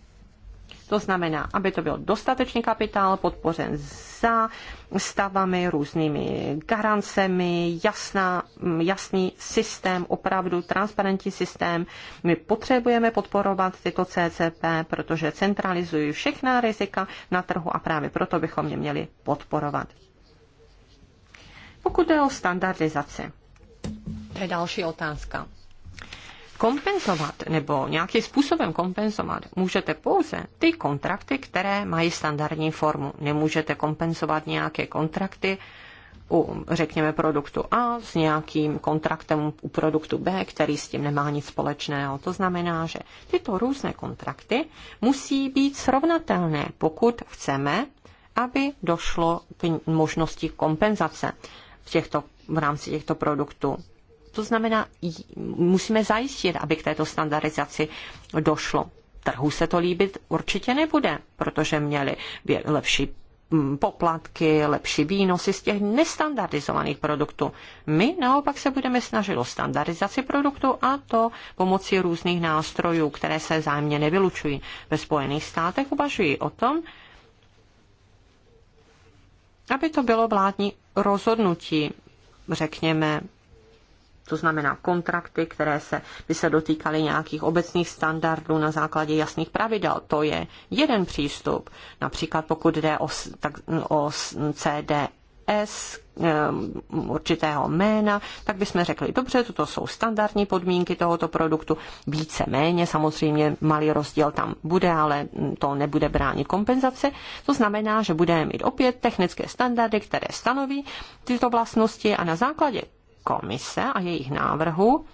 To znamená, aby to byl dostatečný kapitál podpořen za stavami, různými garancemi, jasná, jasný systém, opravdu transparentní systém. My potřebujeme podporovat tyto CCP, protože centralizují všechna rizika na trhu a právě proto bychom je měli podporovat. Pokud je o standardizaci, to je další otázka kompenzovat nebo nějakým způsobem kompenzovat můžete pouze ty kontrakty, které mají standardní formu. Nemůžete kompenzovat nějaké kontrakty, u, řekněme, produktu A s nějakým kontraktem u produktu B, který s tím nemá nic společného. To znamená, že tyto různé kontrakty musí být srovnatelné, pokud chceme, aby došlo k možnosti kompenzace v, těchto, v rámci těchto produktů. To znamená, musíme zajistit, aby k této standardizaci došlo. Trhu se to líbit určitě nebude, protože měli lepší mm, poplatky, lepší výnosy z těch nestandardizovaných produktů. My naopak se budeme snažit o standardizaci produktu a to pomocí různých nástrojů, které se zájemně nevylučují. Ve Spojených státech uvažují o tom, aby to bylo vládní rozhodnutí, řekněme, to znamená kontrakty, které se, by se dotýkaly nějakých obecných standardů na základě jasných pravidel. To je jeden přístup. Například pokud jde o, tak, o CDS, určitého jména, tak bychom řekli, dobře, toto jsou standardní podmínky tohoto produktu, více méně, samozřejmě malý rozdíl tam bude, ale to nebude bránit kompenzace. To znamená, že budeme mít opět technické standardy, které stanoví tyto vlastnosti a na základě komise a jejich návrhu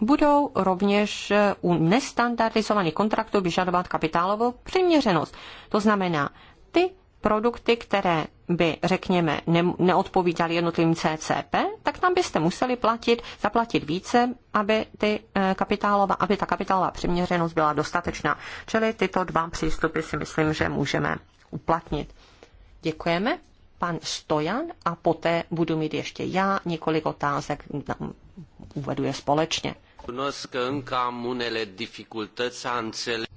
budou rovněž eh, u nestandardizovaných kontraktů vyžadovat kapitálovou přiměřenost. To znamená, ty produkty, které by, řekněme, ne, neodpovídaly jednotlivým CCP, tak tam byste museli platit, zaplatit více, aby, ty eh, kapitálová, aby ta kapitálová přiměřenost byla dostatečná. Čili tyto dva přístupy si myslím, že můžeme uplatnit. Děkujeme pan Stojan a poté budu mít ještě já několik otázek, uvedu je společně.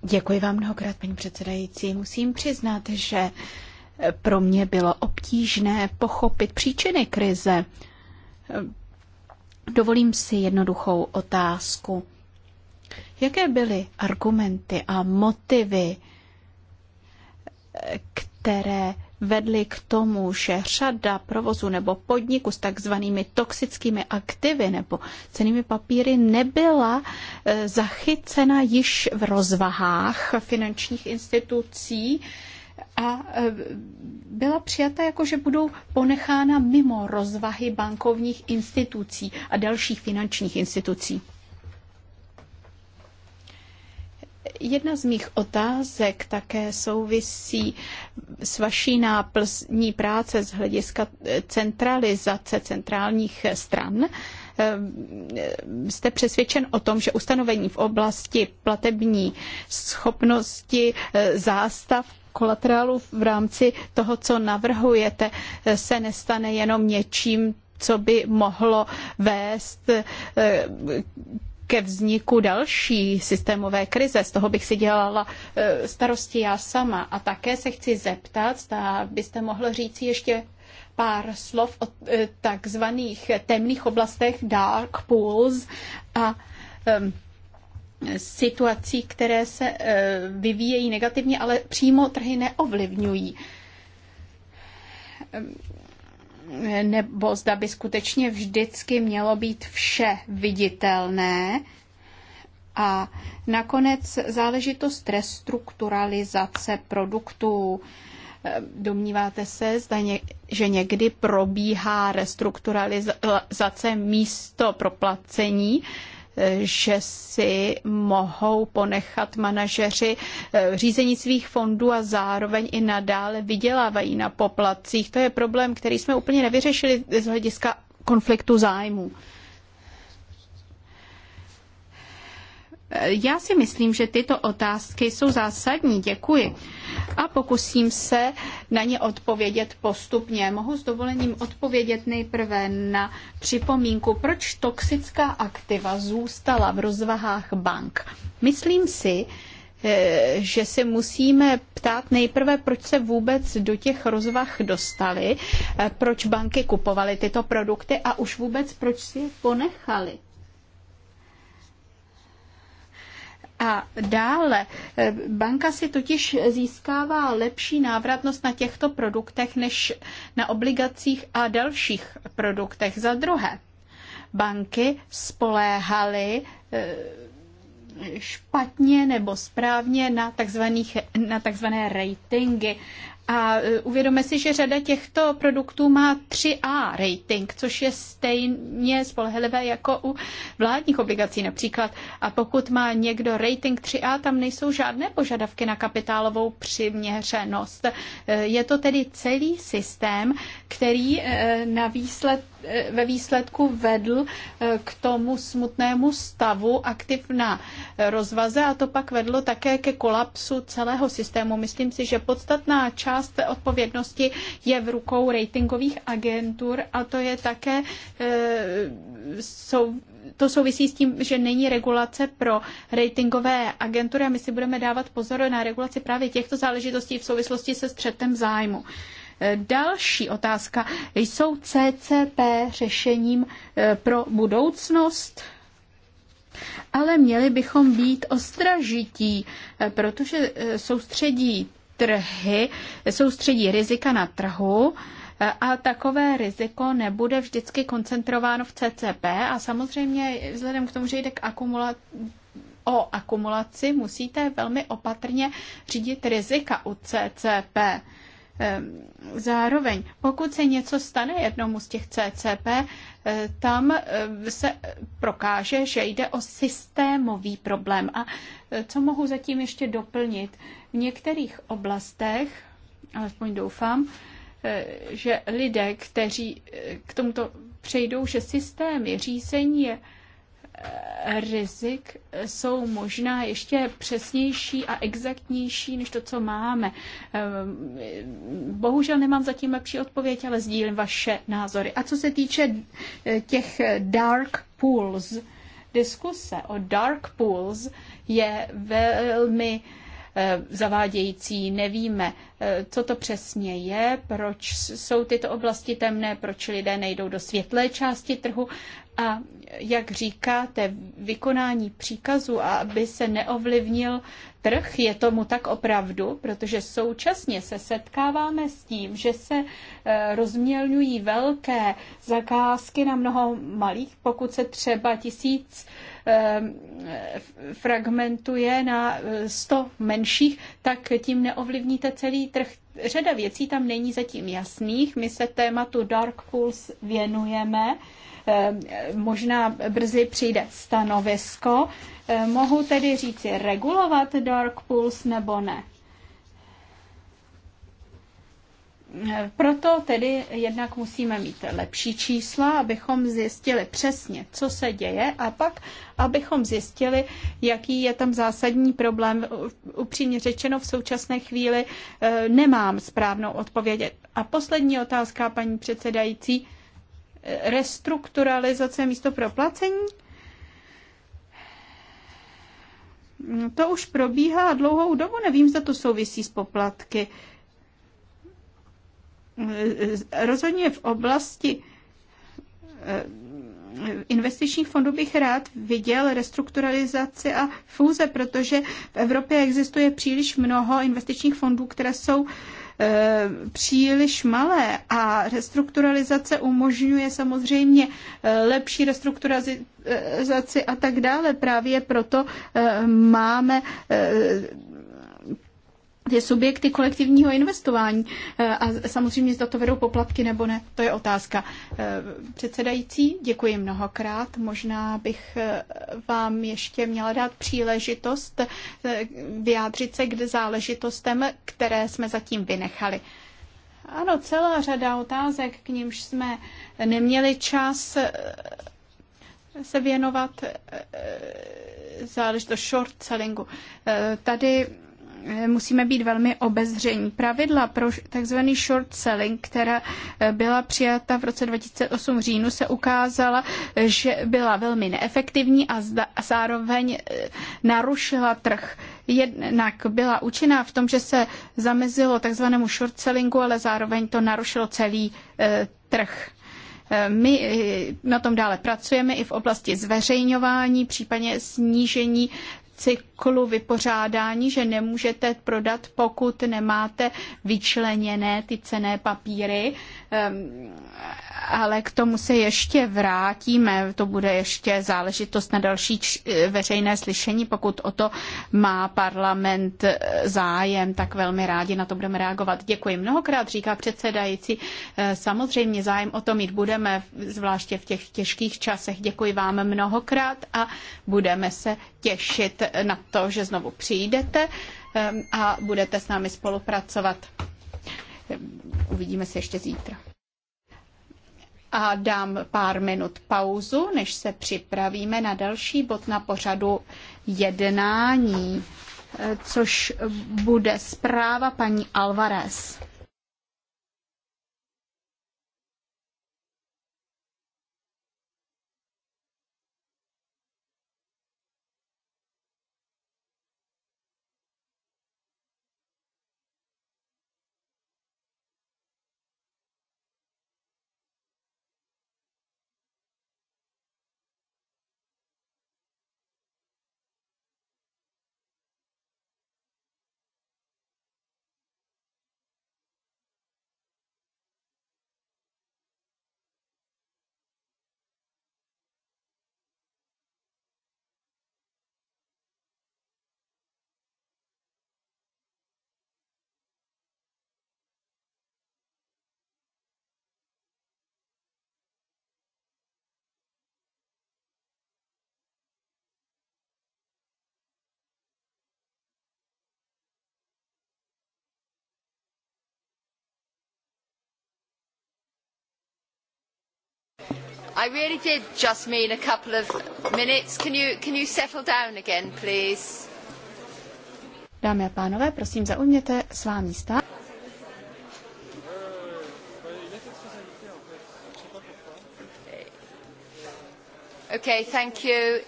Děkuji vám mnohokrát, paní předsedající. Musím přiznat, že pro mě bylo obtížné pochopit příčiny krize. Dovolím si jednoduchou otázku. Jaké byly argumenty a motivy, které vedly k tomu, že řada provozu nebo podniku s takzvanými toxickými aktivy nebo cenými papíry nebyla eh, zachycena již v rozvahách finančních institucí a eh, byla přijata jako, že budou ponechána mimo rozvahy bankovních institucí a dalších finančních institucí. Jedna z mých otázek také souvisí s vaší náplní práce z hlediska centralizace centrálních stran. Ehm, jste přesvědčen o tom, že ustanovení v oblasti platební schopnosti e, zástav kolaterálu v rámci toho, co navrhujete, e, se nestane jenom něčím, co by mohlo vést e, ke vzniku další systémové krize. Z toho bych si dělala eh, starosti já sama. A také se chci zeptat, zda byste mohl říct ještě pár slov o eh, takzvaných temných oblastech dark pools a ehm, situací, které se eh, vyvíjejí negativně, ale přímo trhy neovlivňují ehm, nebo zda by skutečně vždycky mělo být vše viditelné. A nakonec záležitost restrukturalizace produktů. Domníváte se, zda ně, že někdy probíhá restrukturalizace místo proplacení? že si mohou ponechat manažeři eh, řízení svých fondů a zároveň i nadále vydělávají na poplatcích. To je problém, který jsme úplně nevyřešili z hlediska konfliktu zájmů. Já si myslím, že tyto otázky jsou zásadní. Děkuji. A pokusím se na ně odpovědět postupně. Mohu s dovolením odpovědět nejprve na připomínku, proč toxická aktiva zůstala v rozvahách bank. Myslím si, eh, že se musíme ptát nejprve, proč se vůbec do těch rozvah dostali, eh, proč banky kupovaly tyto produkty a už vůbec proč si je ponechali. A dále, eh, banka si totiž získává lepší návratnost na těchto produktech než na obligacích a dalších produktech. Za druhé, banky spoléhaly eh, špatně nebo správně na, takzvaných, na takzvané ratingy a e, uvědomme si, že řada těchto produktů má 3A rating, což je stejně spolehlivé jako u vládních obligací například. A pokud má někdo rating 3A, tam nejsou žádné požadavky na kapitálovou přiměřenost. E, je to tedy celý systém, který e, na výsledku ve výsledku vedl eh, k tomu smutnému stavu aktiv na rozvaze a to pak vedlo také ke kolapsu celého systému. Myslím si, že podstatná část té odpovědnosti je v rukou ratingových agentur a to je také jsou eh, to souvisí s tím, že není regulace pro ratingové agentury a my si budeme dávat pozor na regulaci právě těchto záležitostí v souvislosti se střetem zájmu. Další otázka. Jsou CCP řešením eh, pro budoucnost? Ale měli bychom být ostražití, eh, protože eh, soustředí trhy, soustředí rizika na trhu a takové riziko nebude vždycky koncentrováno v CCP a samozřejmě vzhledem k tomu, že jde k akumula- o akumulaci musíte velmi opatrně řídit rizika u CCP. Ehm, zároveň, pokud se něco stane jednomu z těch CCP, eh, tam eh, se prokáže, že jde o systémový problém. A eh, co mohu zatím ještě doplnit? V některých oblastech, alespoň doufám, že lidé, kteří k tomuto přejdou, že systémy řízení je rizik jsou možná ještě přesnější a exaktnější než to, co máme. Ehm, bohužel nemám zatím lepší odpověď, ale sdílím vaše názory. A co se týče e, těch dark pools, diskuse o dark pools je velmi uh, Eh, zavádějící, nevíme, eh, co to přesně je, proč jsou tyto oblasti temné, proč lidé nejdou do světlé části trhu a jak říkáte, vykonání příkazu a aby se neovlivnil trh, je tomu tak opravdu, protože současně se setkáváme s tím, že se eh, rozmělňují velké zakázky na mnoho malých, pokud se třeba tisíc Ehm, fragmentuje na 100 eh, menších, tak tím neovlivníte celý trh. Řada věcí tam není zatím jasných. My se tématu Dark Pools věnujeme. Ehm, možná brzy přijde stanovisko. Ehm, mohu tedy říci regulovat Dark Pools nebo ne? proto tedy jednak musíme mít lepší čísla, abychom zjistili přesně, co se děje a pak, abychom zjistili, jaký je tam zásadní problém. Upřímně řečeno, v současné chvíli eh, nemám správnou odpověď. A poslední otázka, paní předsedající, eh, restrukturalizace místo proplacení? No, to už probíhá dlouhou dobu, nevím, zda to souvisí s poplatky. Rozhodně v oblasti eh, investičních fondů bych rád viděl restrukturalizaci a fúze, protože v Evropě existuje příliš mnoho investičních fondů, které jsou eh, příliš malé a restrukturalizace umožňuje samozřejmě eh, lepší restrukturalizaci a tak dále. Právě proto máme ty subjekty kolektivního investování. Eh, a samozřejmě, zda to vedou poplatky nebo ne, to je otázka. Eh, předsedající, děkuji mnohokrát. Možná bych eh, vám ještě měla dát příležitost vyjádřit se k záležitostem, které jsme zatím vynechali. Ano, celá řada otázek, k nímž jsme neměli čas se věnovat záležitost short sellingu. Tady Eh, musíme být velmi obezření. Pravidla pro tzv. short selling, která eh, byla přijata v roce 2008 v říjnu, se ukázala, eh, že byla velmi neefektivní a zároveň narušila trh. Jednak byla účinná v tom, že se zamezilo takzvanému short sellingu, ale zároveň to narušilo celý trh. My na tom dále pracujeme i v oblasti zveřejňování, případně snížení cyklu vypořádání, že nemůžete prodat, pokud nemáte vyčleněné ty cené papíry ehm, ale k tomu se ještě vrátíme. To bude ještě záležitost na další veřejné slyšení. Pokud o to má parlament eh, zájem, tak velmi rádi na to budeme reagovat. Děkuji mnohokrát, říká předsedající. Eh, samozřejmě zájem o to mít budeme, zvláště v těch těžkých časech. Děkuji vám mnohokrát a budeme se těšit na to, že znovu přijdete eh, a budete s námi spolupracovat. Uvidíme se ještě zítra a dám pár minut pauzu, než se připravíme na další bod na pořadu jednání, což bude zpráva paní Alvarez. I really did just mean a couple of minutes. Can you, can you settle down again, please? Dámy a pánové, prosím, zaujměte svá místa. Okay, thank you.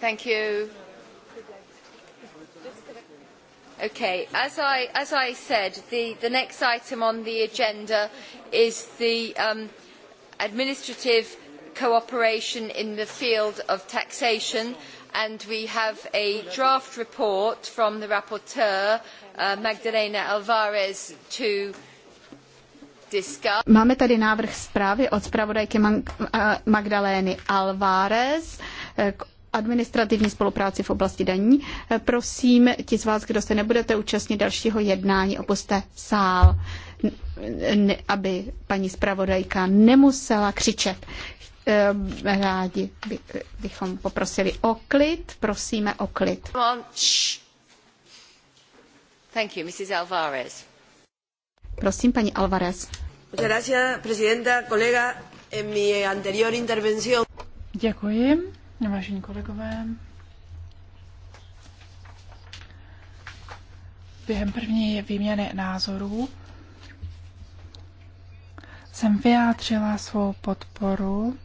Thank you. Okay, as I, as I said, the, the next item on the agenda is the um, administrative cooperation in the field of taxation and we have a draft report from the rapporteur uh, Magdalena Alvarez to discuss. Máme tady návrh zprávy od zpravodajky uh, Magdalény Alvarez uh, k administrativní spolupráci v oblasti daní. Eh, prosím, ti z vás, kdo se nebudete účastnit dalšího jednání, opuste sál, aby paní zpravodajka nemusela křičet. Eh, rádi bychom poprosili o klid. Prosíme o klid. Thank you, Mrs. Alvarez. Prosím, paní Alvarez. Děkuji. Vážení kolegové, během první výměny názorů jsem vyjádřila svou podporu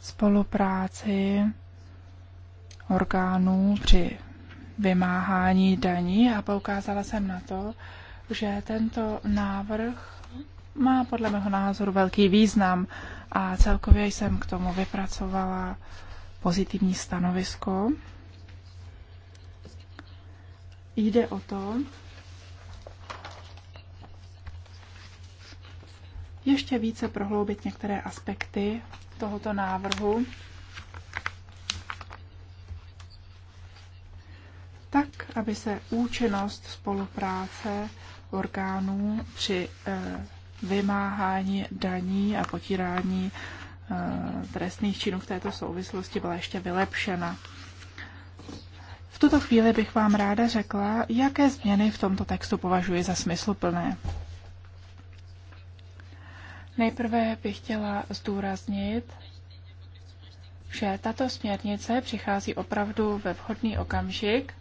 spolupráci orgánů při vymáhání daní a poukázala jsem na to, že tento návrh má podle mého názoru velký význam a celkově jsem k tomu vypracovala pozitivní stanovisko. Jde o to, ještě více prohloubit některé aspekty tohoto návrhu, tak, aby se účinnost spolupráce orgánů při eh, vymáhání daní a potírání Eh, trestných činů v této souvislosti byla ještě vylepšena. V tuto chvíli bych vám ráda řekla, jaké změny v tomto textu považuji za smysluplné. Nejprve bych chtěla zdůraznit, že tato směrnice přichází opravdu ve vhodný okamžik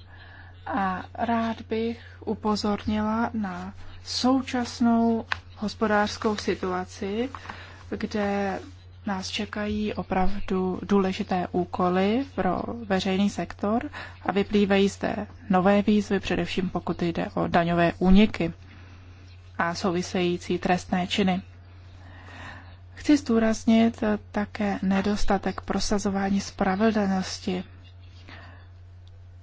a rád bych upozornila na současnou hospodářskou situaci, kde nás čekají opravdu důležité úkoly pro veřejný sektor a vyplývají zde nové výzvy, především pokud jde o daňové úniky a související trestné činy. Chci zdůraznit také nedostatek prosazování spravedlnosti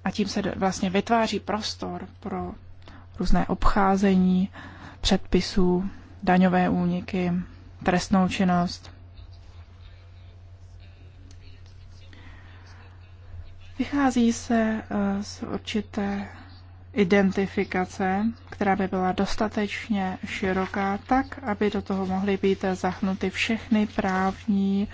a tím se vlastně vytváří prostor pro různé obcházení předpisů, daňové úniky, trestnou činnost. Vychází se eh, z určité identifikace, která by byla dostatečně široká, tak, aby do toho mohly být zahnuty všechny právní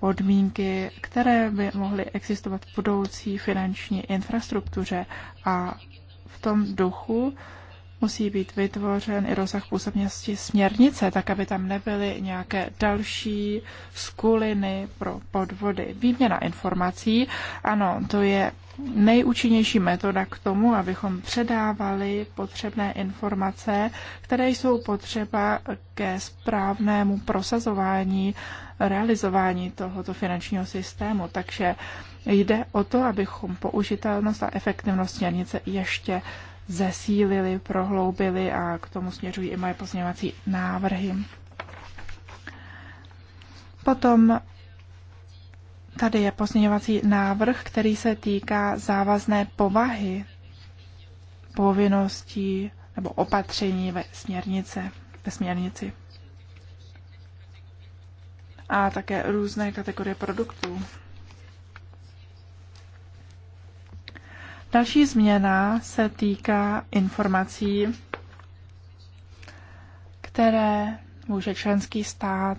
podmínky, které by mohly existovat v budoucí finanční infrastruktuře. A v tom duchu musí být vytvořen i rozsah působnosti směrnice, tak aby tam nebyly nějaké další skuliny pro podvody. Výměna informací, ano, to je nejúčinnější metoda k tomu, abychom předávali potřebné informace, které jsou potřeba ke správnému prosazování, realizování tohoto finančního systému. Takže jde o to, abychom použitelnost a efektivnost směrnice ještě zesílili, prohloubili a k tomu směřují i moje pozměňovací návrhy. Potom tady je pozměňovací návrh, který se týká závazné povahy povinností nebo opatření ve, směrnice, ve směrnici. A také různé kategorie produktů. Další změna se týká informací, které může členský stát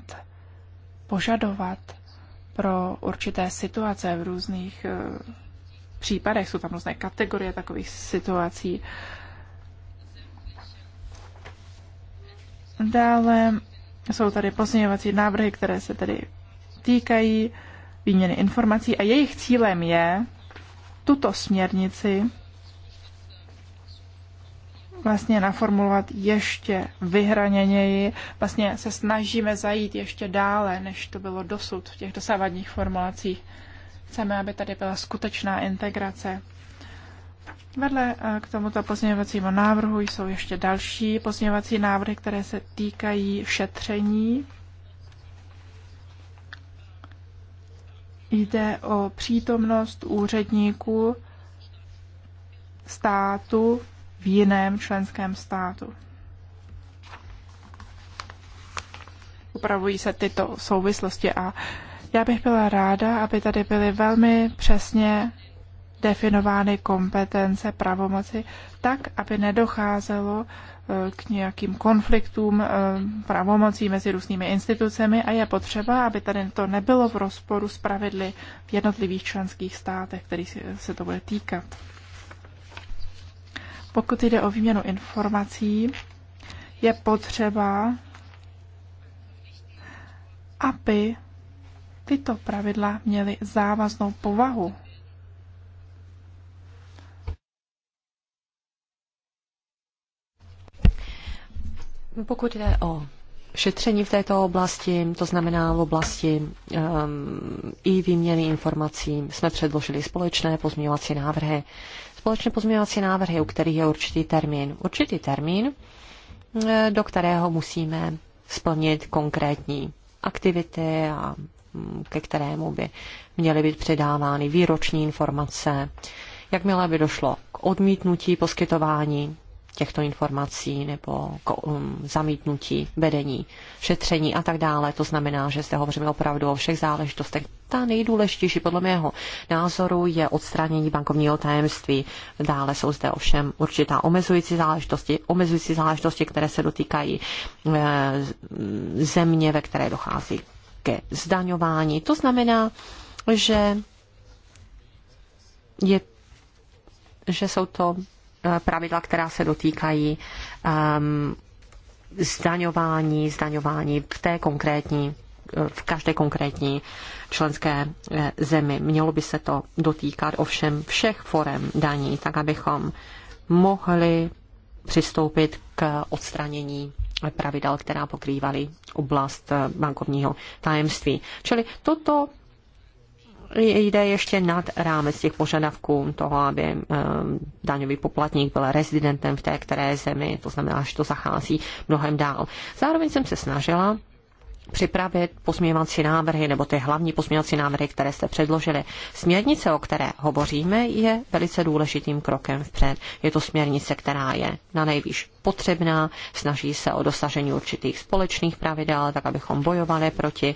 požadovat pro určité situace v různých eh, případech. Jsou tam různé kategorie takových situací. Dále jsou tady pozměňovací návrhy, které se tedy týkají výměny informací a jejich cílem je tuto směrnici vlastně naformulovat ještě vyhraněněji. Vlastně se snažíme zajít ještě dále, než to bylo dosud v těch dosávadních formulacích. Chceme, aby tady byla skutečná integrace. Vedle eh, k tomuto pozměňovacímu návrhu jsou ještě další pozměňovací návrhy, které se týkají šetření Jde o přítomnost úředníků státu v jiném členském státu. Upravují se tyto souvislosti a já bych byla ráda, aby tady byly velmi přesně definovány kompetence, pravomoci, tak, aby nedocházelo k nějakým konfliktům eh, pravomocí mezi různými institucemi a je potřeba, aby tady to nebylo v rozporu s pravidly v jednotlivých členských státech, který se to bude týkat. Pokud jde o výměnu informací, je potřeba, aby tyto pravidla měly závaznou povahu Pokud jde o šetření v této oblasti, to znamená v oblasti um, i výměny informací, jsme předložili společné pozměňovací návrhy. Společné pozměňovací návrhy, u kterých je určitý termín. Určitý termín, eh, do kterého musíme splnit konkrétní aktivity a mm, ke kterému by měly být předávány výroční informace. Jakmile by došlo k odmítnutí poskytování těchto informací nebo um, zamítnutí vedení, šetření a tak dále. To znamená, že zde hovoříme opravdu o všech záležitostech. Ta nejdůležitější podle mého názoru je odstranění bankovního tajemství. Dále jsou zde ovšem určitá omezující záležitosti, omezující záležitosti, které se dotýkají eh, země, ve které dochází ke zdaňování. To znamená, že je že jsou to Eh, pravidla, která se dotýkají um, zdaňování, zdaňování v té konkrétní eh, v každé konkrétní členské eh, zemi. Mělo by se to dotýkat ovšem všech forem daní, tak abychom mohli přistoupit k odstranění pravidel, která pokrývaly oblast bankovního tajemství. Čili toto jde ještě nad rámec těch požadavků toho, aby eh, daňový poplatník byl rezidentem v té které zemi, to znamená, že to zachází mnohem dál. Zároveň jsem se snažila připravit pozměňovací návrhy nebo ty hlavní pozměňovací návrhy, které jste předložili. Směrnice, o které hovoříme, je velice důležitým krokem vpřed. Je to směrnice, která je na nejvýš potřebná, snaží se o dosažení určitých společných pravidel, tak abychom bojovali proti uh,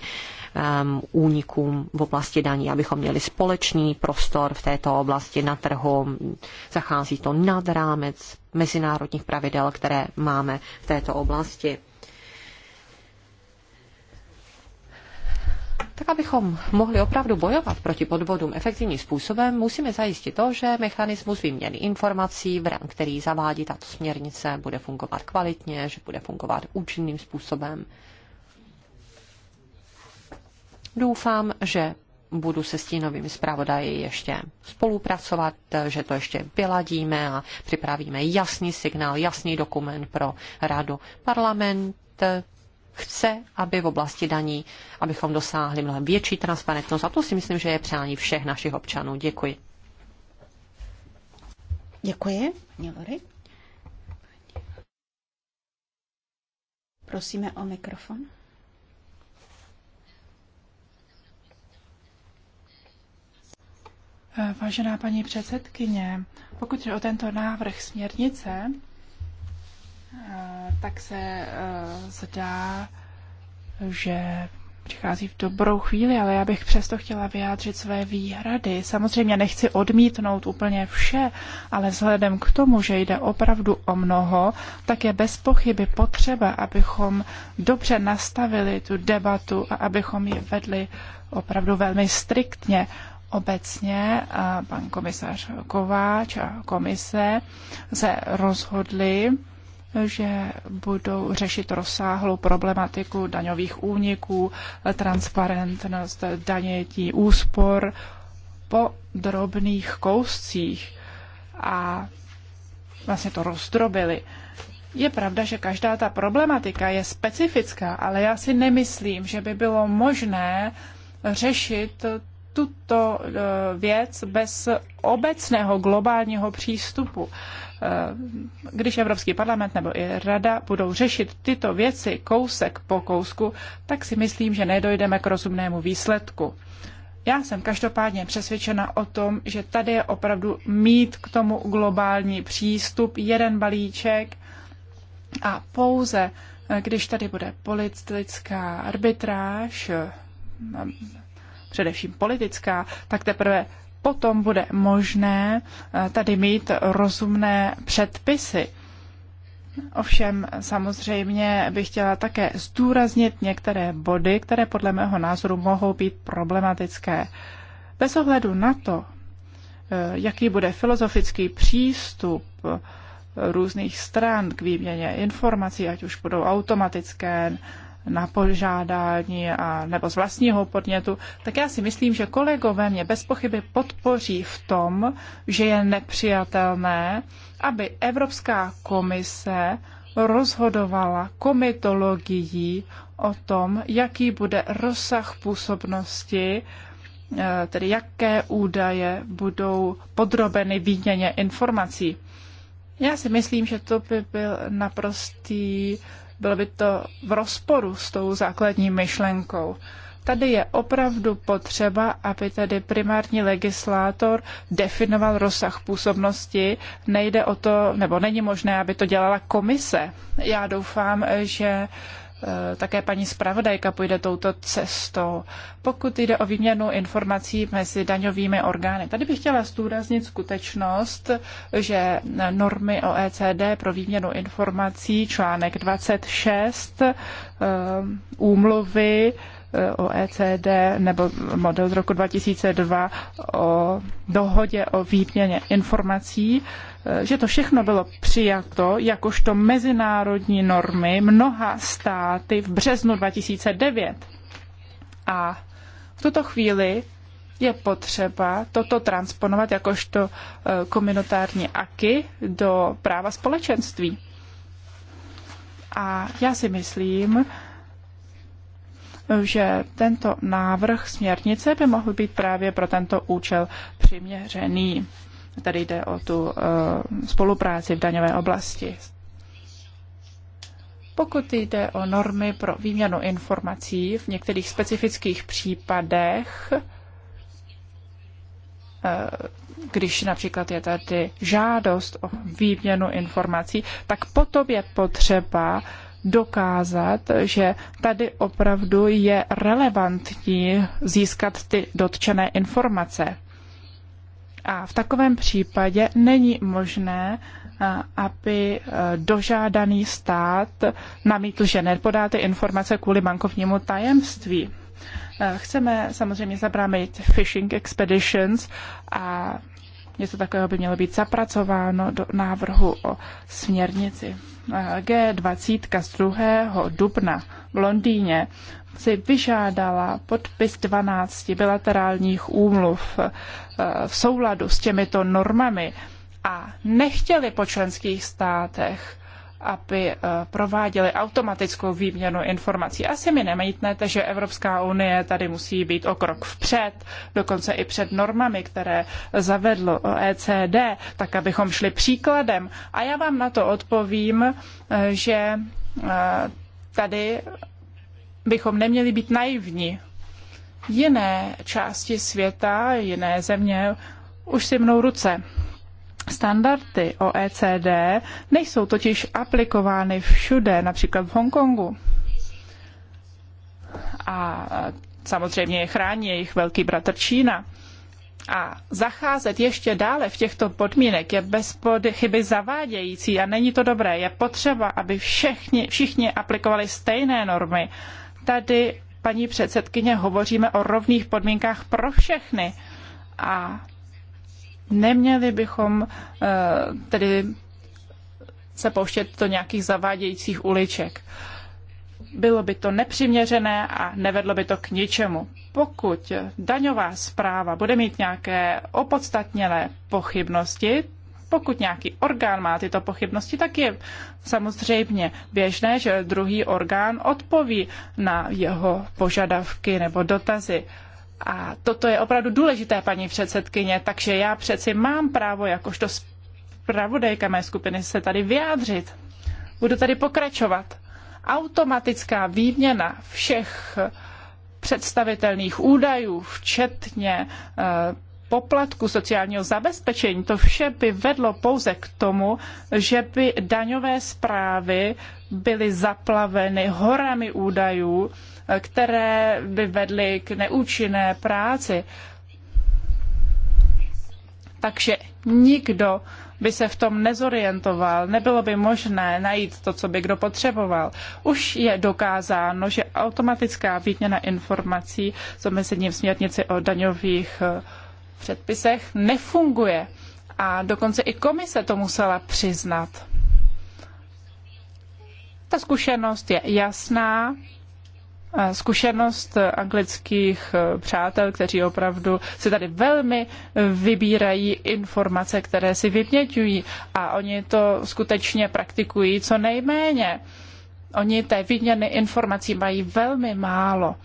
um, únikům v oblasti daní, abychom měli společný prostor v této oblasti na trhu. Zachází to nad rámec mezinárodních pravidel, které máme v této oblasti. Tak abychom mohli opravdu bojovat proti podvodům efektivním způsobem, musíme zajistit to, že mechanismus výměny informací, který zavádí tato směrnice, bude fungovat kvalitně, že bude fungovat účinným způsobem. Doufám, že budu se stínovými zpravodaji ještě spolupracovat, že to ještě vyladíme a připravíme jasný signál, jasný dokument pro radu. Parlament chce, aby v oblasti daní, abychom dosáhli mnohem větší transparentnost a to si myslím, že je přání všech našich občanů. Děkuji. Děkuji. Mělory. Prosíme o mikrofon. Vážená paní předsedkyně, pokud je o tento návrh směrnice, eh, tak se eh, zdá, že přichází v dobrou chvíli, ale já bych přesto chtěla vyjádřit své výhrady. Samozřejmě nechci odmítnout úplně vše, ale vzhledem k tomu, že jde opravdu o mnoho, tak je bez pochyby potřeba, abychom dobře nastavili tu debatu a abychom ji vedli opravdu velmi striktně obecně pan komisař Kováč a komise se rozhodli, že budou řešit rozsáhlou problematiku daňových úniků, transparentnost danětí úspor po drobných kouscích a vlastně to rozdrobili. Je pravda, že každá ta problematika je specifická, ale já si nemyslím, že by bylo možné řešit tuto e, věc bez obecného globálního přístupu. E, když Evropský parlament nebo i Rada budou řešit tyto věci kousek po kousku, tak si myslím, že nedojdeme k rozumnému výsledku. Já jsem každopádně přesvědčena o tom, že tady je opravdu mít k tomu globální přístup, jeden balíček a pouze, e, když tady bude politická arbitráž, především politická, tak teprve potom bude možné eh, tady mít rozumné předpisy. Ovšem samozřejmě bych chtěla také zdůraznit některé body, které podle mého názoru mohou být problematické. Bez ohledu na to, eh, jaký bude filozofický přístup eh, různých stran k výměně informací, ať už budou automatické na požádání a, nebo z vlastního podnětu, tak já si myslím, že kolegové mě bez pochyby podpoří v tom, že je nepřijatelné, aby Evropská komise rozhodovala komitologií o tom, jaký bude rozsah působnosti, e, tedy jaké údaje budou podrobeny výměně informací. Já si myslím, že to by byl naprostý bylo by to v rozporu s tou základní myšlenkou. Tady je opravdu potřeba, aby tedy primární legislátor definoval rozsah působnosti. Nejde o to, nebo není možné, aby to dělala komise. Já doufám, že Eh, také paní zpravodajka půjde touto cestou, pokud jde o výměnu informací mezi daňovými orgány. Tady bych chtěla zdůraznit skutečnost, že normy OECD pro výměnu informací, článek 26 eh, úmluvy eh, OECD nebo model z roku 2002 o dohodě o výměně informací, Eh, že to všechno bylo přijato jakožto mezinárodní normy mnoha státy v březnu 2009. A v tuto chvíli je potřeba toto transponovat jakožto eh, komunitární aky do práva společenství. A já si myslím, že tento návrh směrnice by mohl být právě pro tento účel přiměřený. Tady jde o tu eh, spolupráci v daňové oblasti. Pokud jde o normy pro výměnu informací v některých specifických případech, eh, když například je tady žádost o výměnu informací, tak potom je potřeba dokázat, že tady opravdu je relevantní získat ty dotčené informace. A v takovém případě není možné, aby e, dožádaný stát namítl, že nepodá ty informace kvůli bankovnímu tajemství. E, chceme samozřejmě zabránit phishing expeditions a něco takového by mělo být zapracováno do návrhu o směrnici. E, G20 z 2. dubna v Londýně si vyžádala podpis 12 bilaterálních úmluv eh, v souladu s těmito normami a nechtěli po členských státech, aby eh, prováděli automatickou výměnu informací. Asi mi nemítnete, že Evropská unie tady musí být o krok vpřed, dokonce i před normami, které zavedlo OECD, tak abychom šli příkladem. A já vám na to odpovím, eh, že tady bychom neměli být naivní. Jiné části světa, jiné země už si mnou ruce. Standardy OECD nejsou totiž aplikovány všude, například v Hongkongu. A samozřejmě je chrání jejich velký bratr Čína. A zacházet ještě dále v těchto podmínek je bez chyby zavádějící a není to dobré. Je potřeba, aby všichni, všichni aplikovali stejné normy tady, paní předsedkyně, hovoříme o rovných podmínkách pro všechny. A neměli bychom eh, tedy se pouštět do nějakých zavádějících uliček. Bylo by to nepřiměřené a nevedlo by to k ničemu. Pokud daňová zpráva bude mít nějaké opodstatněné pochybnosti, pokud nějaký orgán má tyto pochybnosti, tak je samozřejmě běžné, že druhý orgán odpoví na jeho požadavky nebo dotazy. A toto je opravdu důležité, paní předsedkyně, takže já přeci mám právo jakožto zpravodajka mé skupiny se tady vyjádřit. Budu tady pokračovat. Automatická výměna všech představitelných údajů, včetně eh, poplatku, sociálního zabezpečení, to vše by vedlo pouze k tomu, že by daňové zprávy byly zaplaveny horami údajů, které by vedly k neúčinné práci. Takže nikdo by se v tom nezorientoval, nebylo by možné najít to, co by kdo potřeboval. Už je dokázáno, že automatická výměna informací s omezením směrnici o daňových předpisech nefunguje. A dokonce i komise to musela přiznat. Ta zkušenost je jasná. Zkušenost anglických e, přátel, kteří opravdu si tady velmi e, vybírají informace, které si vyměňují a oni to skutečně praktikují co nejméně. Oni té výměny informací mají velmi málo.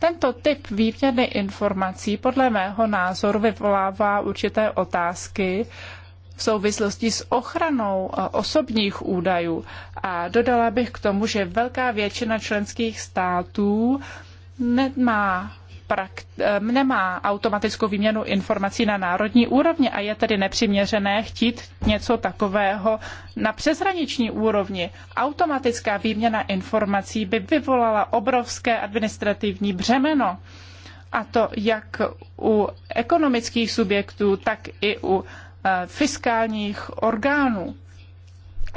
Tento typ výměny informací podle mého názoru vyvolává určité otázky v souvislosti s ochranou eh, osobních údajů. A dodala bych k tomu, že velká většina členských států nemá prakt- eh, nemá automatickou výměnu informací na národní úrovni a je tedy nepřiměřené chtít něco takového na přeshraniční úrovni. Automatická výměna informací by vyvolala obrovské administrativní břemeno. A to jak u ekonomických subjektů, tak i u eh, fiskálních orgánů.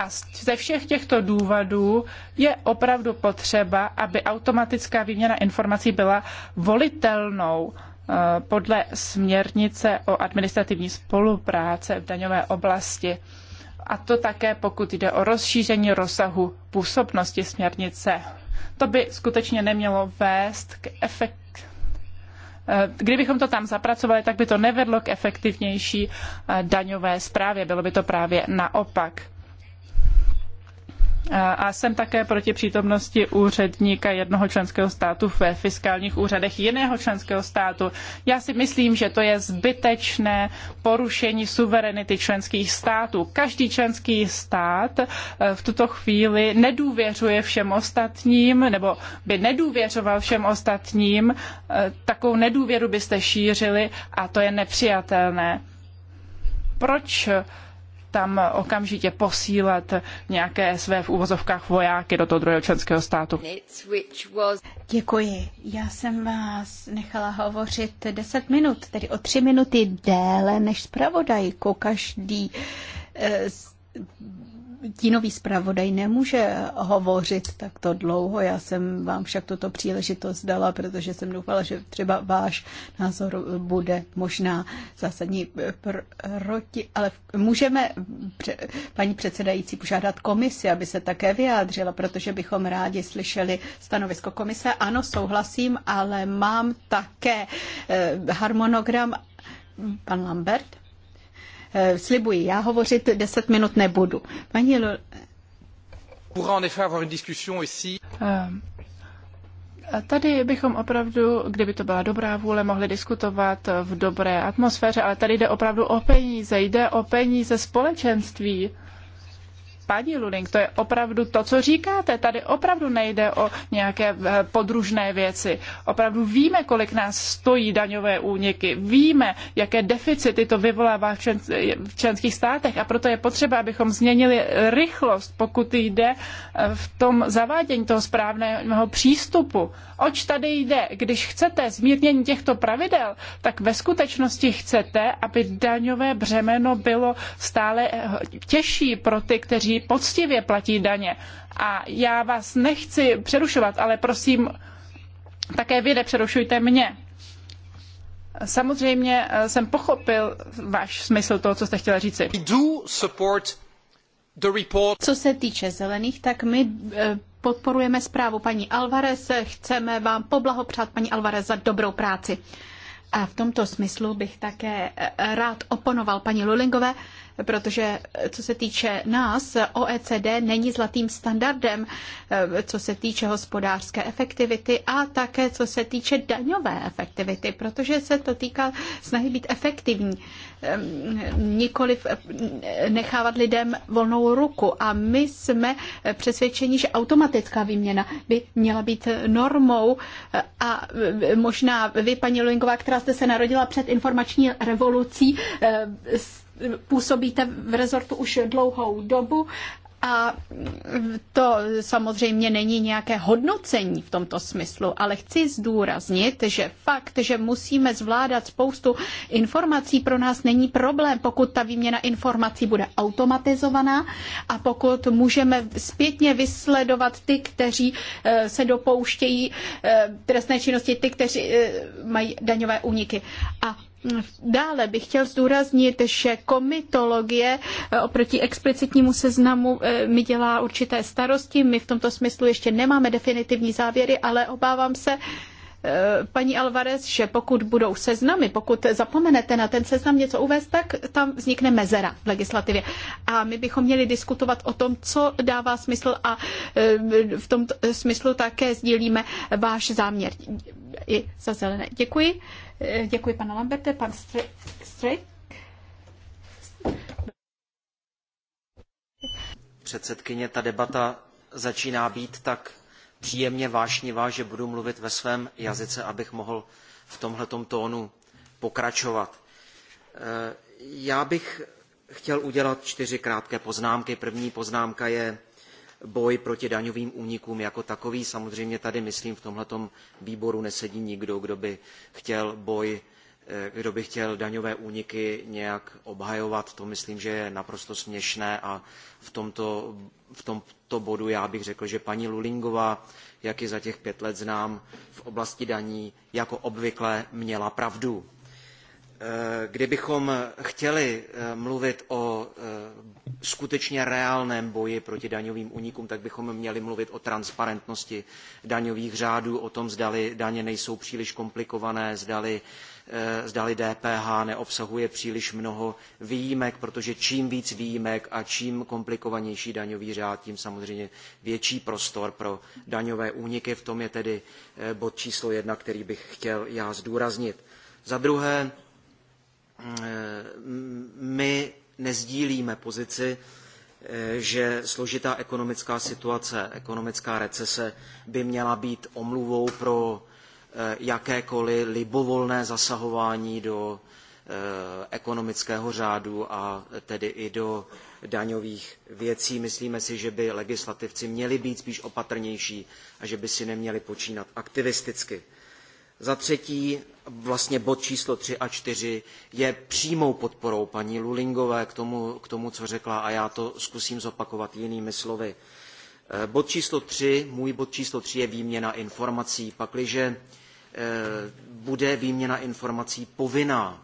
A ze všech těchto důvodů je opravdu potřeba, aby automatická výměna informací byla volitelnou eh, podle směrnice o administrativní spolupráce v daňové oblasti. A to také pokud jde o rozšíření rozsahu působnosti směrnice. To by skutečně nemělo vést k efekt. Eh, kdybychom to tam zapracovali, tak by to nevedlo k efektivnější eh, daňové správě. Bylo by to právě naopak. A jsem také proti přítomnosti úředníka jednoho členského státu ve fiskálních úřadech jiného členského státu. Já si myslím, že to je zbytečné porušení suverenity členských států. Každý členský stát eh, v tuto chvíli nedůvěřuje všem ostatním, nebo by nedůvěřoval všem ostatním. Eh, Takovou nedůvěru byste šířili a to je nepřijatelné. Proč tam okamžitě posílat nějaké své v úvozovkách vojáky do toho druhého členského státu. Děkuji. Já jsem vás nechala hovořit 10 minut, tedy o 3 minuty déle než zpravodajku. Každý eh, tínový zpravodaj nemůže hovořit takto dlouho. Já jsem vám však tuto příležitost dala, protože jsem doufala, že třeba váš názor bude možná zásadní proti, ale můžeme paní předsedající požádat komisi, aby se také vyjádřila, protože bychom rádi slyšeli stanovisko komise. Ano, souhlasím, ale mám také eh, harmonogram. Pan Lambert? Eh, slibuji, já hovořit deset minut nebudu. Paní L... Eh, tady bychom opravdu, kdyby to byla dobrá vůle, mohli diskutovat v dobré atmosféře, ale tady jde opravdu o peníze, jde o peníze společenství. Paní Luding, to je opravdu to, co říkáte. Tady opravdu nejde o nějaké eh, podružné věci. Opravdu víme, kolik nás stojí daňové úniky. Víme, jaké deficity to vyvolává v členských státech a proto je potřeba, abychom změnili rychlost, pokud jde eh, v tom zavádění toho správného přístupu. Oč tady jde? Když chcete zmírnění těchto pravidel, tak ve skutečnosti chcete, aby daňové břemeno bylo stále eh, těžší pro ty, kteří poctivě platí daně. A já vás nechci přerušovat, ale prosím, také vy nepřerušujte mě. Samozřejmě eh, jsem pochopil váš smysl toho, co jste chtěla říci. Co se týče zelených, tak my eh, podporujeme zprávu paní Alvarez. Chceme vám poblahopřát paní Alvarez za dobrou práci. A v tomto smyslu bych také eh, rád oponoval paní Lulingové, protože co se týče nás, OECD není zlatým standardem, eh, co se týče hospodářské efektivity a také co se týče daňové efektivity, protože se to týká snahy být efektivní ehm, nikoli nechávat lidem volnou ruku. A my jsme přesvědčeni, že automatická výměna by měla být normou a možná vy, paní Lulinková, která jste se narodila před informační revolucí, eh, působíte v rezortu už dlouhou dobu a to samozřejmě není nějaké hodnocení v tomto smyslu, ale chci zdůraznit, že fakt, že musíme zvládat spoustu informací, pro nás není problém, pokud ta výměna informací bude automatizovaná a pokud můžeme zpětně vysledovat ty, kteří eh, se dopouštějí eh, trestné činnosti, ty, kteří eh, mají daňové úniky. A Dále bych chtěl zdůraznit, že komitologie eh, oproti explicitnímu seznamu eh, mi dělá určité starosti. My v tomto smyslu ještě nemáme definitivní závěry, ale obávám se, eh, paní Alvarez, že pokud budou seznamy, pokud zapomenete na ten seznam něco uvést, tak tam vznikne mezera v legislativě. A my bychom měli diskutovat o tom, co dává smysl a v tom smyslu také sdílíme váš záměr i za zelené. Děkuji. Eh, děkuji, pane Lamberte. Pan Strejk. Předsedkyně, ta debata začíná být tak příjemně vášnivá, že budu mluvit ve svém jazyce, abych mohl v tomhletom tónu pokračovat. Eh, já bych chtěl udělat čtyři krátké poznámky. První poznámka je boj proti daňovým únikům jako takový. Samozřejmě tady, myslím, v tomto výboru nesedí nikdo, kdo by chtěl boj eh, kdo by chtěl daňové úniky nějak obhajovat, to myslím, že je naprosto směšné a v tomto, v tomto bodu já bych řekl, že paní Lulingová, jak ji za těch pět let znám, v oblasti daní jako obvykle měla pravdu Eh, kdybychom chtěli eh, mluvit o eh, skutečně reálném boji proti daňovým únikům, tak bychom měli mluvit o transparentnosti daňových řádů, o tom, zdali daně nejsou příliš komplikované, zdali, zdali DPH neobsahuje příliš mnoho výjimek, protože čím víc výjimek a čím komplikovanější daňový řád, tím samozřejmě větší prostor pro daňové úniky. V tom je tedy bod číslo jedna, který bych chtěl já zdůraznit. Za druhé, Eh, my nezdílíme pozici, eh, že složitá ekonomická situace, ekonomická recese by měla být omluvou pro eh, jakékoliv libovolné zasahování do ekonomického řádu a tedy i do daňových věcí. Myslíme si, že by legislativci měli být spíš opatrnější a že by si neměli počínat aktivisticky. Za třetí, vlastně bod číslo 3 a 4 je přímou podporou paní Lulingové k tomu, k tomu, co řekla a já to zkusím zopakovat jinými slovy. Eh, bod číslo 3, můj bod číslo 3 je výměna informací. Pakliže eh, bude výměna informací povinná,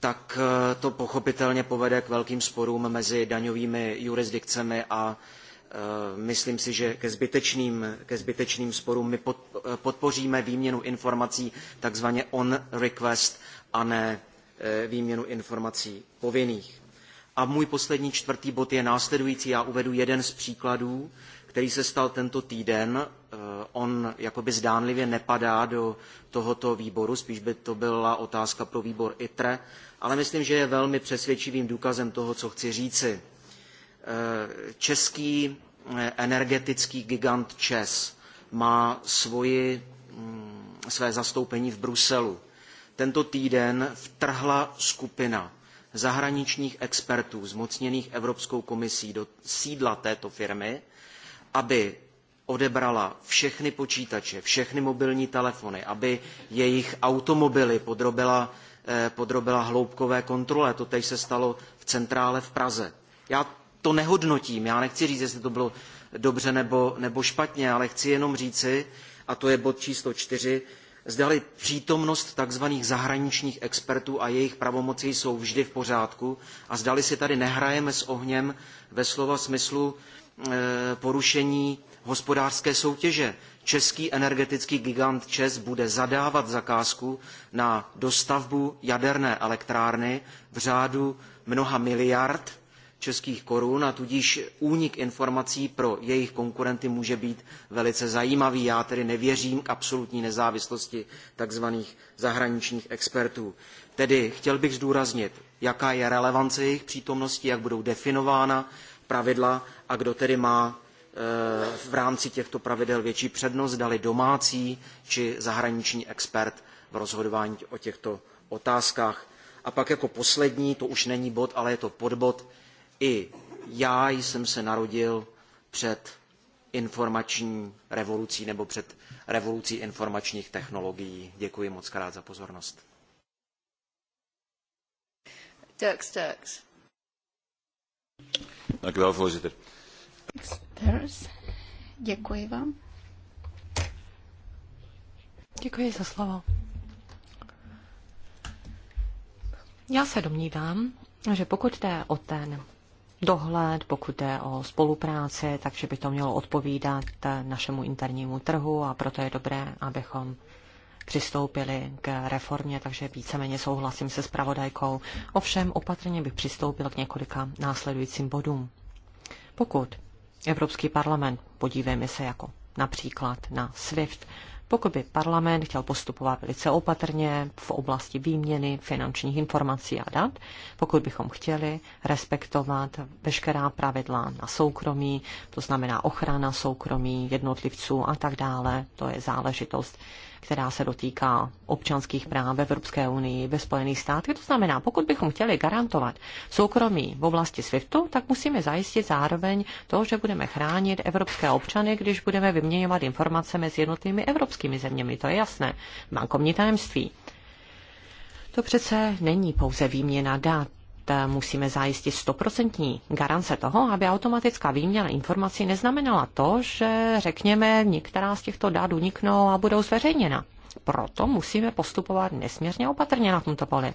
tak eh, to pochopitelně povede k velkým sporům mezi daňovými jurisdikcemi a Eh, myslím si, že ke zbytečným, ke zbytečným sporům my eh, podpoříme výměnu informací takzvaně on request a ne eh, výměnu informací povinných. A můj poslední čtvrtý bod je následující. Já uvedu jeden z příkladů, který se stal tento týden. On jakoby zdánlivě nepadá do tohoto výboru, spíš by to byla otázka pro výbor ITRE, ale myslím, že je velmi přesvědčivým důkazem toho, co chci říci. Eh, český eh, energetický gigant ČES má svoji, mm, své zastoupení v Bruselu. Tento týden vtrhla skupina zahraničních expertů zmocněných Evropskou komisí do sídla této firmy, aby odebrala všechny počítače, všechny mobilní telefony, aby jejich automobily podrobila, eh, podrobila hloubkové kontrole. To teď se stalo v centrále v Praze. Já to nehodnotím. Já nechci říct, jestli to bylo dobře nebo, nebo špatně, ale chci jenom říci, a to je bod číslo čtyři, zdali přítomnost tzv. zahraničních expertů a jejich pravomoci jsou vždy v pořádku a zdali si tady nehrajeme s ohněm ve slova smyslu e, porušení hospodářské soutěže. Český energetický gigant ČES bude zadávat zakázku na dostavbu jaderné elektrárny v řádu mnoha miliard českých korun a tudíž únik informací pro jejich konkurenty může být velice zajímavý. Já tedy nevěřím k absolutní nezávislosti tzv. zahraničních expertů. Tedy chtěl bych zdůraznit, jaká je relevance jejich přítomnosti, jak budou definována pravidla a kdo tedy má e, v rámci těchto pravidel větší přednost, dali domácí či zahraniční expert v rozhodování o těchto otázkách. A pak jako poslední, to už není bod, ale je to podbod, i já jsem se narodil před informační revolucí nebo před revolucí informačních technologií. Děkuji moc krát za pozornost. Dirk Sturks. Dank Děkuji vám. Děkuji za slovo. Já se domnívám, že pokud jde o ten dohled, pokud jde o spolupráci, takže by to mělo odpovídat eh, našemu internímu trhu a proto je dobré, abychom přistoupili k reformě, takže víceméně souhlasím se spravodajkou. Ovšem opatrně bych přistoupil k několika následujícím bodům. Pokud Evropský parlament, podívejme se jako například na SWIFT, pokud by parlament chtěl postupovat velice opatrně v oblasti výměny finančních informací a dat, pokud bychom chtěli respektovat veškerá pravidla na soukromí, to znamená ochrana soukromí jednotlivců a tak dále, to je záležitost která se dotýká občanských práv v Evropské unii, ve Spojených státech. To znamená, pokud bychom chtěli garantovat soukromí v oblasti SWIFTu, tak musíme zajistit zároveň to, že budeme chránit evropské občany, když budeme vyměňovat informace mezi jednotlivými evropskými zeměmi. To je jasné. Bankovní tajemství. To přece není pouze výměna dat E, musíme zajistit stoprocentní garance toho, aby automatická výměna informací neznamenala to, že řekněme, některá z těchto dát uniknou a budou zveřejněna. Proto musíme postupovat nesmírně opatrně na tomto poli.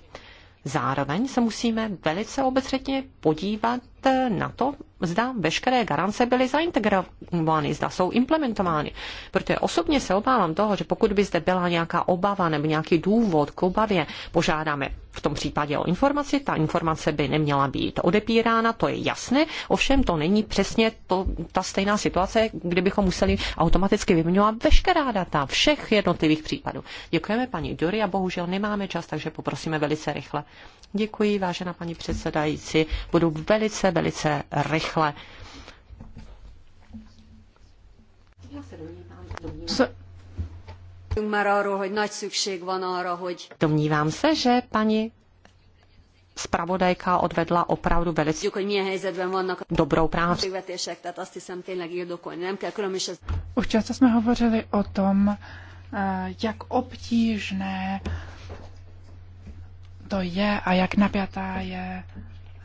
Zároveň se musíme velice obezřetně podívat na to, zda veškeré garance byly zaintegrovány, zda jsou implementovány. Protože osobně se obávám toho, že pokud by zde byla nějaká obava nebo nějaký důvod k obavě, požádáme v tom případě o informaci, ta informace by neměla být odepírána, to je jasné, ovšem to není přesně to, ta stejná situace, kdybychom museli automaticky vyměňovat veškerá data všech jednotlivých případů. Děkujeme paní Dury a bohužel nemáme čas, takže poprosíme velice rychle. Děkuji, vážená paní předsedající, budu velice, velice rychle. Domnívám se, že paní spravodajka odvedla opravdu velice dobrou práci. Už často jsme hovořili o tom, eh, jak obtížné to je a jak napjatá je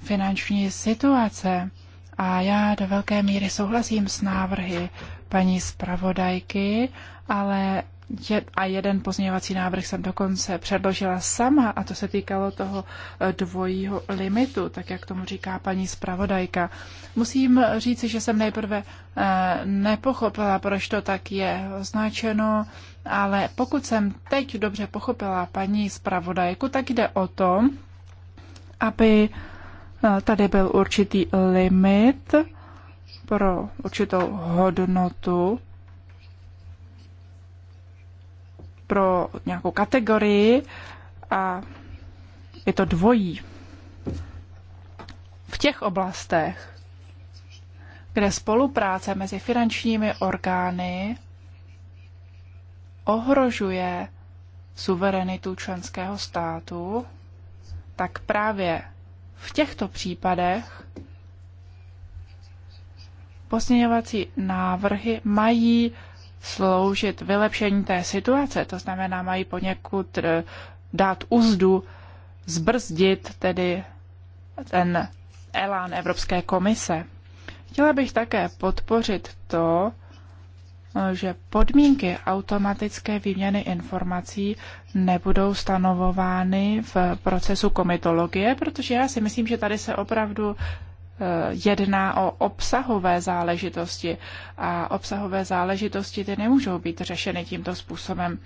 finanční situace. A já do velké míry souhlasím s návrhy paní zpravodajky, ale je, a jeden pozměňovací návrh jsem dokonce předložila sama a to se týkalo toho eh, dvojího limitu, tak jak tomu říká paní zpravodajka. Musím říci, že jsem nejprve eh, nepochopila, proč to tak je označeno, ale pokud jsem teď dobře pochopila paní zpravodajku, tak jde o to, aby Tady byl určitý limit pro určitou hodnotu, pro nějakou kategorii a je to dvojí. V těch oblastech, kde spolupráce mezi finančními orgány ohrožuje suverenitu členského státu, tak právě v těchto případech posměňovací návrhy mají sloužit vylepšení té situace, to znamená, mají poněkud eh, dát uzdu, zbrzdit tedy ten elán Evropské komise. Chtěla bych také podpořit to, že podmínky automatické výměny informací nebudou stanovovány v procesu komitologie, protože já si myslím, že tady se opravdu eh, jedná o obsahové záležitosti a obsahové záležitosti ty nemůžou být řešeny tímto způsobem.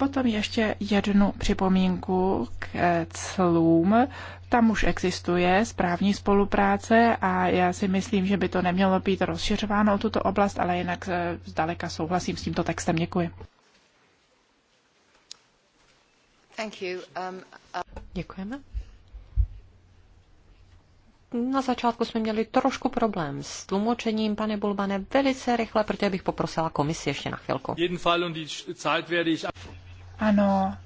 Potom ještě jednu připomínku k clům. Tam už existuje správní spolupráce a já si myslím, že by to nemělo být rozšiřováno o tuto oblast, ale jinak eh, zdaleka souhlasím s tímto textem. Děkuji. Um, uh, Děkujeme. Na začátku jsme měli trošku problém s tlumočením, pane Bulbane, velice rychle, protože bych poprosila komisi ještě na chvilku. Ano,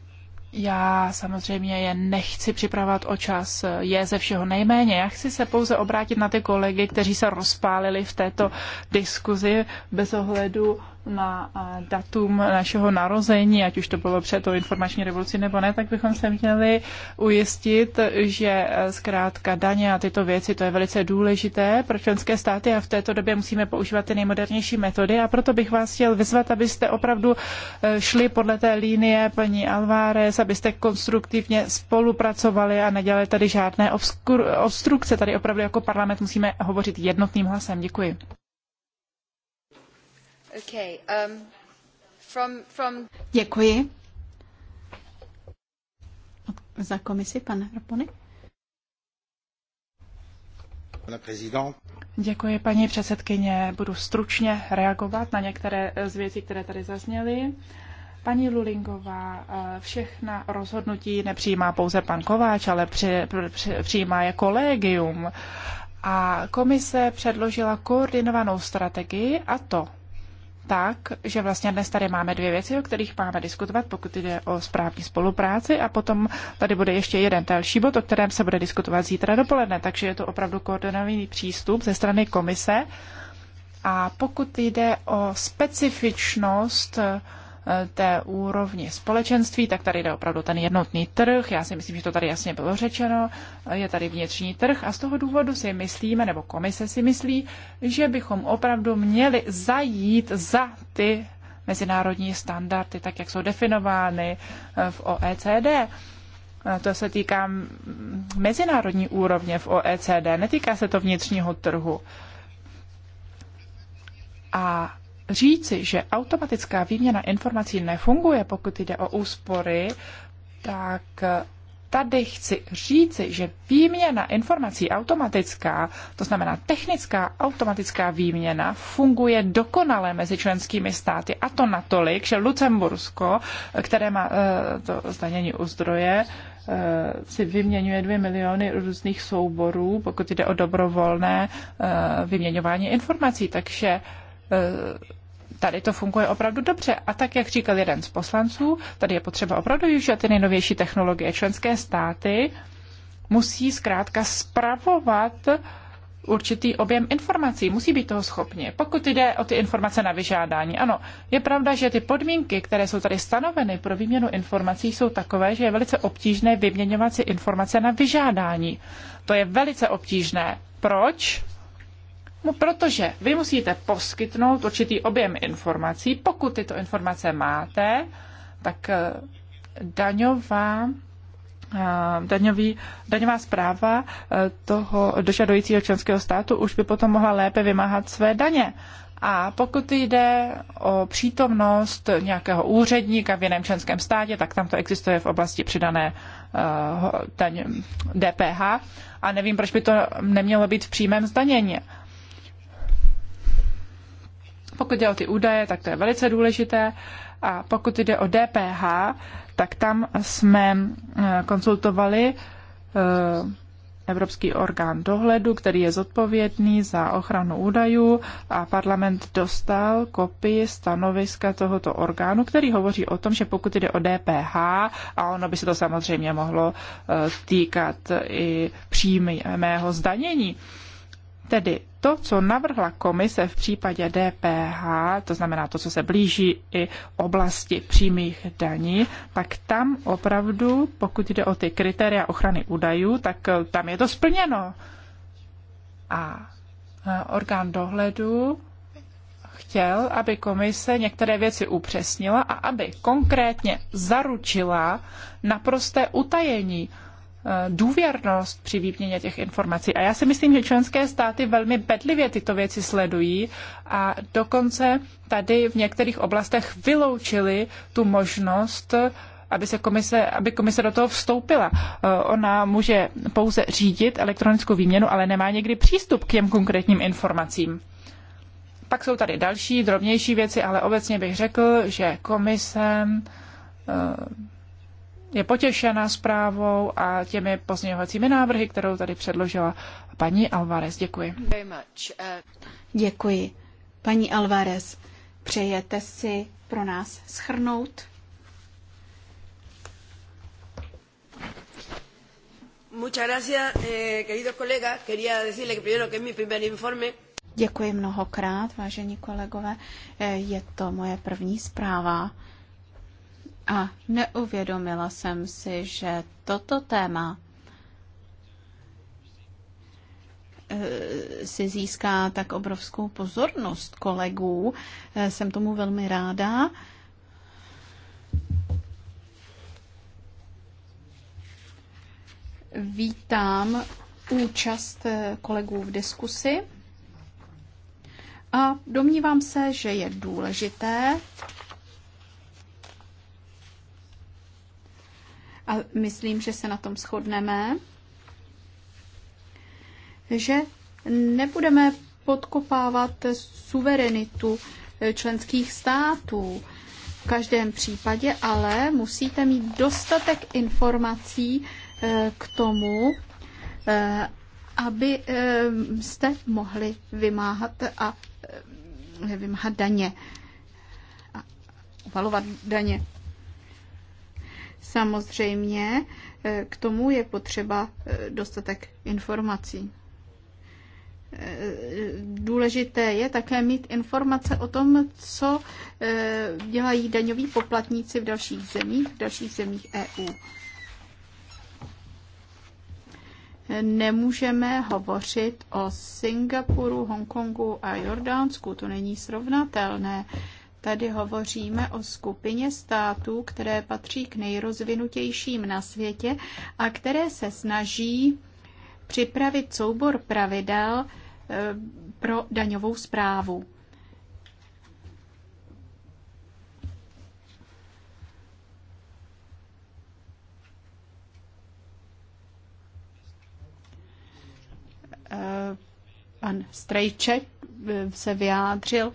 já samozřejmě je nechci připravovat o čas, je ze všeho nejméně. Já chci se pouze obrátit na ty kolegy, kteří se rozpálili v této diskuzi bez ohledu na eh, datum našeho narození, ať už to bylo před tou informační revoluci nebo ne, tak bychom se měli ujistit, že eh, zkrátka daně a tyto věci, to je velice důležité pro členské státy a v této době musíme používat ty nejmodernější metody a proto bych vás chtěl vyzvat, abyste opravdu eh, šli podle té línie paní Alvarez, abyste konstruktivně spolupracovali a nedělali tady žádné obskur, obstrukce. Tady opravdu jako parlament musíme hovořit jednotným hlasem. Děkuji. Um, Děkuji. Za komisi, pan Rapony. Děkuji, paní předsedkyně. Budu stručně reagovat na některé z věcí, které tady zazněly. Paní Lulingová, eh, všechna rozhodnutí nepřijímá pouze pan Kováč, ale při, při, přijímá je kolegium. A komise předložila koordinovanou strategii a to tak, že vlastně dnes tady máme dvě věci, o kterých máme diskutovat, pokud jde o správní spolupráci a potom tady bude ještě jeden další bod, o kterém se bude diskutovat zítra dopoledne, takže je to opravdu koordinovaný přístup ze strany komise. A pokud jde o specifičnost uh, té úrovni společenství, tak tady jde opravdu ten jednotný trh. Já si myslím, že to tady jasně bylo řečeno. Je tady vnitřní trh a z toho důvodu si myslíme, nebo komise si myslí, že bychom opravdu měli zajít za ty mezinárodní standardy, tak jak jsou definovány eh, v OECD. To se týká mezinárodní úrovně v OECD, netýká se to vnitřního trhu. A říci, že automatická výměna informací nefunguje, pokud jde o úspory, tak tady chci říci, že výměna informací automatická, to znamená technická automatická výměna, funguje dokonale mezi členskými státy a to natolik, že Lucembursko, které má eh, to zdanění u zdroje, eh, si vyměňuje dvě miliony různých souborů, pokud jde o dobrovolné eh, vyměňování informací. Takže Eh, tady to funguje opravdu dobře. A tak, jak říkal jeden z poslanců, tady je potřeba opravdu využívat ty nejnovější technologie. Členské státy musí zkrátka spravovat určitý objem informací, musí být toho schopni. Pokud jde o ty informace na vyžádání, ano, je pravda, že ty podmínky, které jsou tady stanoveny pro výměnu informací, jsou takové, že je velice obtížné vyměňovat si informace na vyžádání. To je velice obtížné. Proč? No protože vy musíte poskytnout určitý objem informací. Pokud tyto informace máte, tak eh, daňová eh, daňový, daňová zpráva eh, toho dožadujícího členského státu už by potom mohla lépe vymáhat své daně. A pokud jde o přítomnost nějakého úředníka v jiném členském státě, tak tam to existuje v oblasti přidané uh, daň, DPH a nevím, proč by to nemělo být v přímém zdanění. Pokud jde o ty údaje, tak to je velice důležité. A pokud jde o DPH, tak tam jsme eh, konzultovali eh, Evropský orgán dohledu, který je zodpovědný za ochranu údajů a parlament dostal kopii stanoviska tohoto orgánu, který hovoří o tom, že pokud jde o DPH, a ono by se to samozřejmě mohlo eh, týkat i příjmy mého zdanění, Tedy to, co navrhla komise v případě DPH, to znamená to, co se blíží i oblasti přímých daní, tak tam opravdu, pokud jde o ty kritéria ochrany údajů, tak eh, tam je to splněno. A eh, orgán dohledu chtěl, aby komise některé věci upřesnila a aby konkrétně zaručila naprosté utajení důvěrnost při výměně těch informací. A já si myslím, že členské státy velmi bedlivě tyto věci sledují a dokonce tady v některých oblastech vyloučili tu možnost aby, se komise, aby komise do toho vstoupila. Eh, ona může pouze řídit elektronickou výměnu, ale nemá někdy přístup k těm konkrétním informacím. Pak jsou tady další, drobnější věci, ale obecně bych řekl, že komise eh, je potěšena zprávou a těmi pozměňovacími návrhy, kterou tady předložila paní Alvarez. Děkuji. Děkuji. Paní Alvarez, přejete si pro nás schrnout? Muchas gracias, eh, queridos colegas. Quería primero que es mi primer informe. Děkuji mnohokrát, vážení kolegové. Eh, je to moje první zpráva a neuvědomila jsem si, že toto téma eh, si získá tak obrovskou pozornost kolegů. Eh, jsem tomu velmi ráda. Vítám účast eh, kolegů v diskusi a domnívám se, že je důležité a myslím, že se na tom shodneme, že nebudeme podkopávat suverenitu eh, členských států. V každém případě ale musíte mít dostatek informací eh, k tomu, eh, aby jste mohli vymáhat a vymáhat daně a uvalovat daně. Samozřejmě eh, k tomu je potřeba eh, dostatek informací. Eh, důležité je také mít informace o tom, co dělají daňoví poplatníci v dalších zemích, v dalších zemích EU. Nemůžeme hovořit o Singapuru, Hongkongu a Jordánsku, to není srovnatelné. Tady hovoříme o skupině států, které patří k nejrozvinutějším na světě a které se snaží připravit soubor pravidel eh, pro daňovou zprávu. Eh, pan Strejček eh, se vyjádřil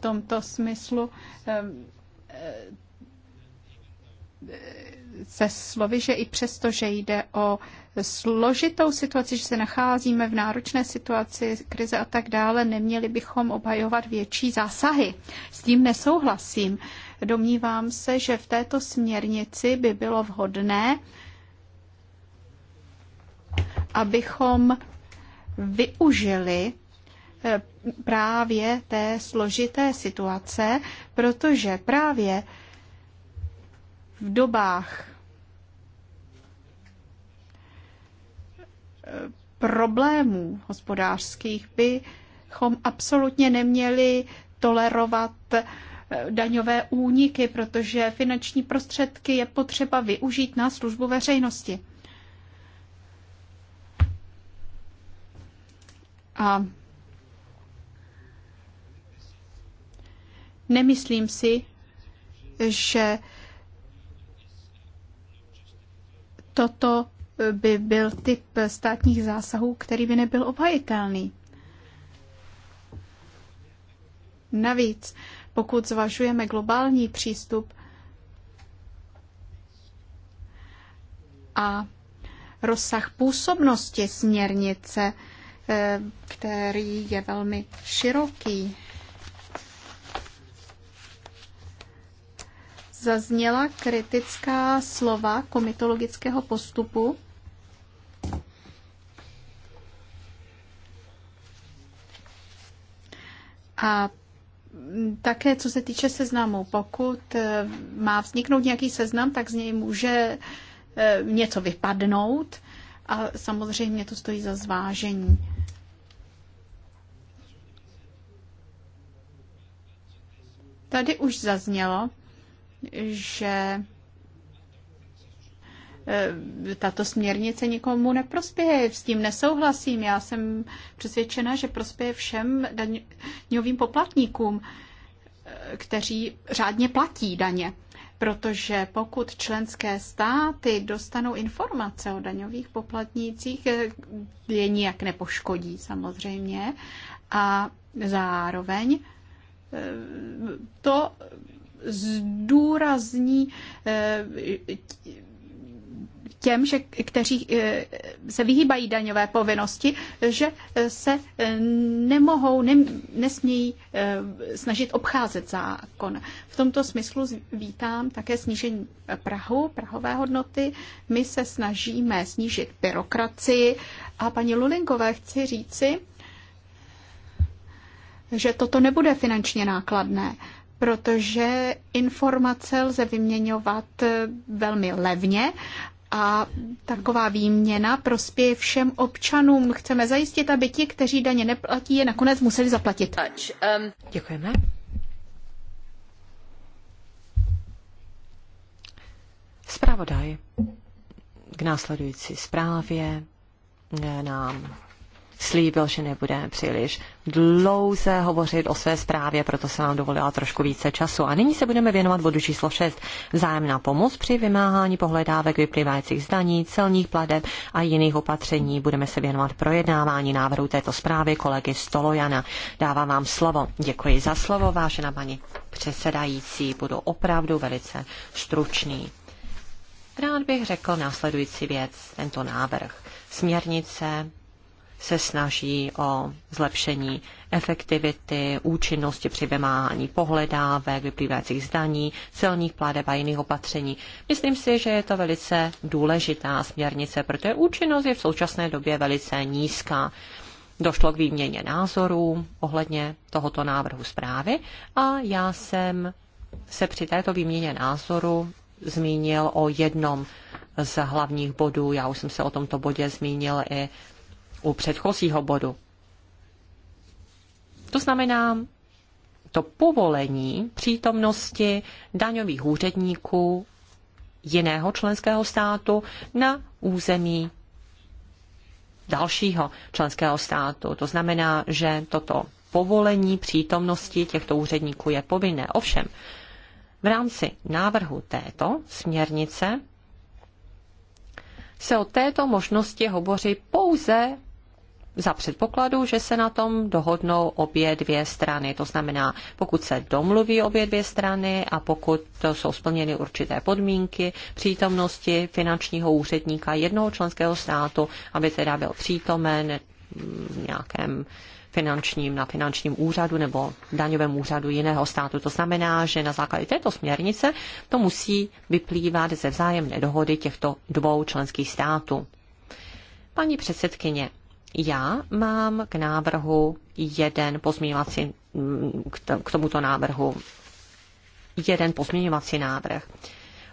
tomto smyslu ehm, ehm, se slovy, že i přesto, že jde o složitou situaci, že se nacházíme v náročné situaci, krize a tak dále, neměli bychom obhajovat větší zásahy. S tím nesouhlasím. Domnívám se, že v této směrnici by bylo vhodné, abychom využili eh, právě té složité situace, protože právě v dobách eh, problémů hospodářských bychom absolutně neměli tolerovat eh, daňové úniky, protože finanční prostředky je potřeba využít na službu veřejnosti. A Nemyslím si, že toto by byl typ státních zásahů, který by nebyl obhajitelný. Navíc, pokud zvažujeme globální přístup a rozsah působnosti směrnice, eh, který je velmi široký, zazněla kritická slova komitologického postupu. A také co se týče seznamu, pokud eh, má vzniknout nějaký seznam, tak z něj může eh, něco vypadnout a samozřejmě to stojí za zvážení. Tady už zaznělo, že eh, tato směrnice nikomu neprospěje. S tím nesouhlasím. Já jsem přesvědčena, že prospěje všem daňovým poplatníkům, eh, kteří řádně platí daně. Protože pokud členské státy dostanou informace o daňových poplatnících, eh, je nijak nepoškodí samozřejmě. A zároveň to zdůrazní eh, těm, že, kteří eh, se vyhýbají daňové povinnosti, že eh, se nemohou, nem, nesmějí snažit obcházet zákon. V tomto smyslu vítám také snížení Prahu, prahové hodnoty. My se snažíme snížit byrokracii a paní Lulinkové chci říci, že toto nebude finančně nákladné protože informace lze vyměňovat eh, velmi levně a taková výměna prospěje všem občanům. Chceme zajistit, aby ti, kteří daně neplatí, je nakonec museli zaplatit. Um, Děkujeme. Zpravodaj k následující zprávě eh, nám slíbil, že nebude příliš dlouze hovořit o své zprávě, proto se nám dovolila trošku více času. A nyní se budeme věnovat bodu číslo 6. Zájemná pomoc při vymáhání pohledávek vyplývajících zdaní, celních pladeb a jiných opatření. Budeme se věnovat projednávání návrhu této zprávy kolegy Stolojana. Dávám vám slovo. Děkuji za slovo, vážená paní předsedající. Budu opravdu velice stručný. Rád bych řekl následující věc, tento návrh. Směrnice se snaží o zlepšení efektivity, účinnosti při vymáhání pohledávek, vyplývajících zdaní, celních pladeb a jiných opatření. Myslím si, že je to velice důležitá směrnice, protože účinnost je v současné době velice nízká. Došlo k výměně názorů ohledně tohoto návrhu zprávy a já jsem se při této výměně názoru zmínil o jednom z hlavních bodů. Já už jsem se o tomto bodě zmínil i u předchozího bodu. To znamená, to povolení přítomnosti daňových úředníků jiného členského státu na území dalšího členského státu. To znamená, že toto povolení přítomnosti těchto úředníků je povinné. Ovšem, v rámci návrhu této směrnice se o této možnosti hovoří pouze za předpokladu, že se na tom dohodnou obě dvě strany. To znamená, pokud se domluví obě dvě strany a pokud jsou splněny určité podmínky přítomnosti finančního úředníka jednoho členského státu, aby teda byl přítomen v nějakém finančním, na finančním úřadu nebo daňovém úřadu jiného státu. To znamená, že na základě této směrnice to musí vyplývat ze vzájemné dohody těchto dvou členských států. Paní předsedkyně, já mám k návrhu jeden pozměňovací, k tomuto návrhu jeden pozměňovací návrh.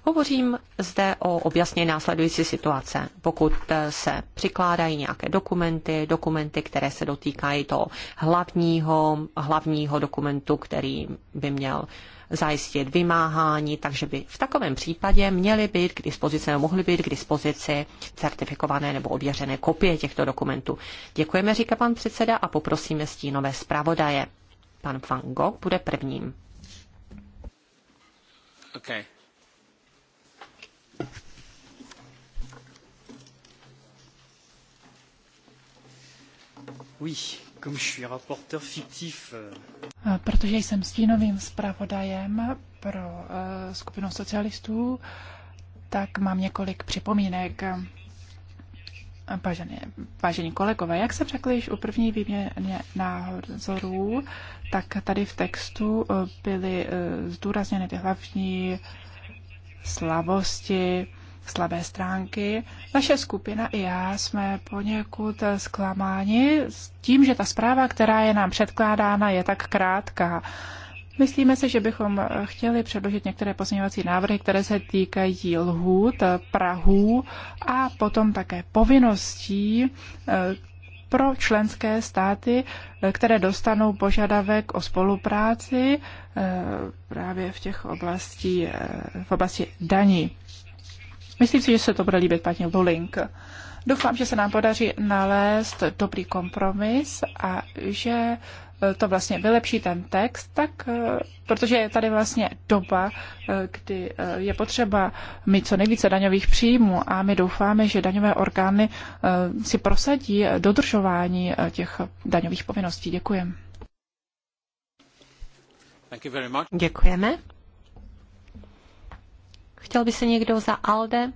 Hovořím zde o objasně následující situace. Pokud eh, se přikládají nějaké dokumenty, dokumenty, které se dotýkají toho hlavního, hlavního dokumentu, který by měl uh, zajistit vymáhání, takže by v takovém případě měly být k dispozici nebo mohly být k dispozici certifikované nebo ověřené kopie těchto dokumentů. Děkujeme, říká pan předseda, a poprosíme stínové zpravodaje. Pan Van Gogh bude prvním. Okay. Oui. Euh, eh, protože jsem stínovým zpravodajem pro eh, skupinu socialistů, tak mám několik připomínek. Vážení, vážení kolegové, jak jsem řekl již u první výměny názorů, tak tady v textu eh, byly zdůrazněny ty hlavní slavosti slabé stránky. Naše skupina i já jsme poněkud zklamáni s tím, že ta zpráva, která je nám předkládána, je tak krátká. Myslíme si, že bychom chtěli předložit některé pozměňovací návrhy, které se týkají lhůt, Prahů a potom také povinností eh, pro členské státy, eh, které dostanou požadavek o spolupráci eh, právě v těch oblastí, v oblasti daní. Myslím si, že se to bude líbit paní Lulink. Doufám, že se nám podaří nalézt dobrý kompromis a že eh, to vlastně vylepší ten text, tak eh, protože je tady vlastně doba, eh, kdy je potřeba mít co nejvíce daňových příjmů a my doufáme, že daňové orgány si prosadí dodržování těch daňových povinností. Děkujeme. Děkujeme. Chtěl by se někdo za ALDE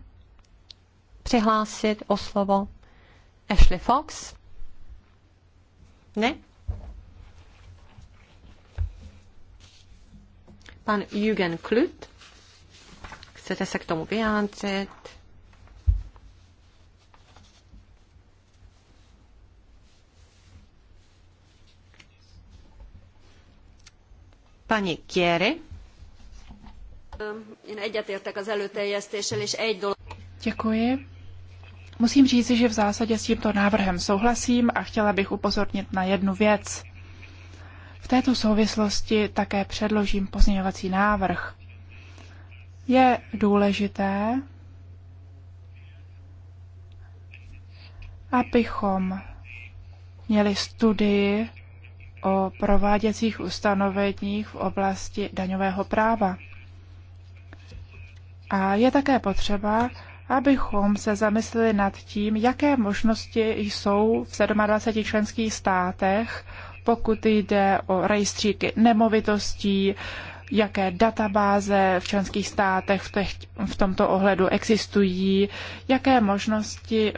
přihlásit o slovo? Ashley Fox? Ne? Pan Jürgen Klut? Chcete se k tomu vyjádřit? Pani Kiery? Děkuji. Musím říci, že v zásadě s tímto návrhem souhlasím a chtěla bych upozornit na jednu věc. V této souvislosti také předložím pozměňovací návrh. Je důležité, abychom měli studii o prováděcích ustanoveních v oblasti daňového práva. A je také potřeba, abychom se zamysleli nad tím, jaké možnosti jsou v 27 členských státech, pokud jde o rejstříky nemovitostí, jaké databáze v členských státech v, těch, v tomto ohledu existují, jaké možnosti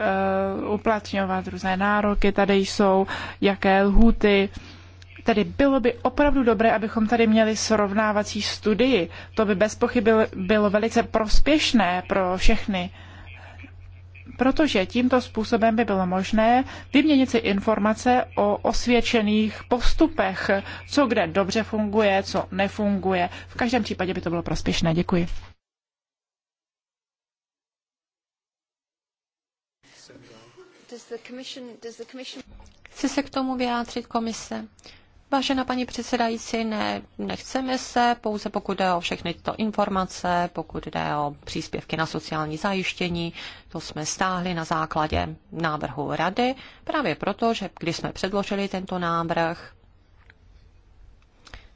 uh, uplatňovat různé nároky tady jsou, jaké lhuty uh, Tedy bylo by opravdu dobré, abychom tady měli srovnávací studii. To by bez pochyby bylo velice prospěšné pro všechny protože tímto způsobem by bylo možné vyměnit si informace o osvědčených postupech, co kde dobře funguje, co nefunguje. V každém případě by to bylo prospěšné. Děkuji. Chce se k tomu vyjádřit komise? Vážená paní předsedající, ne, nechceme se, pouze pokud jde o všechny tyto informace, pokud jde o příspěvky na sociální zajištění, to jsme stáhli na základě návrhu rady, právě proto, že když jsme předložili tento návrh,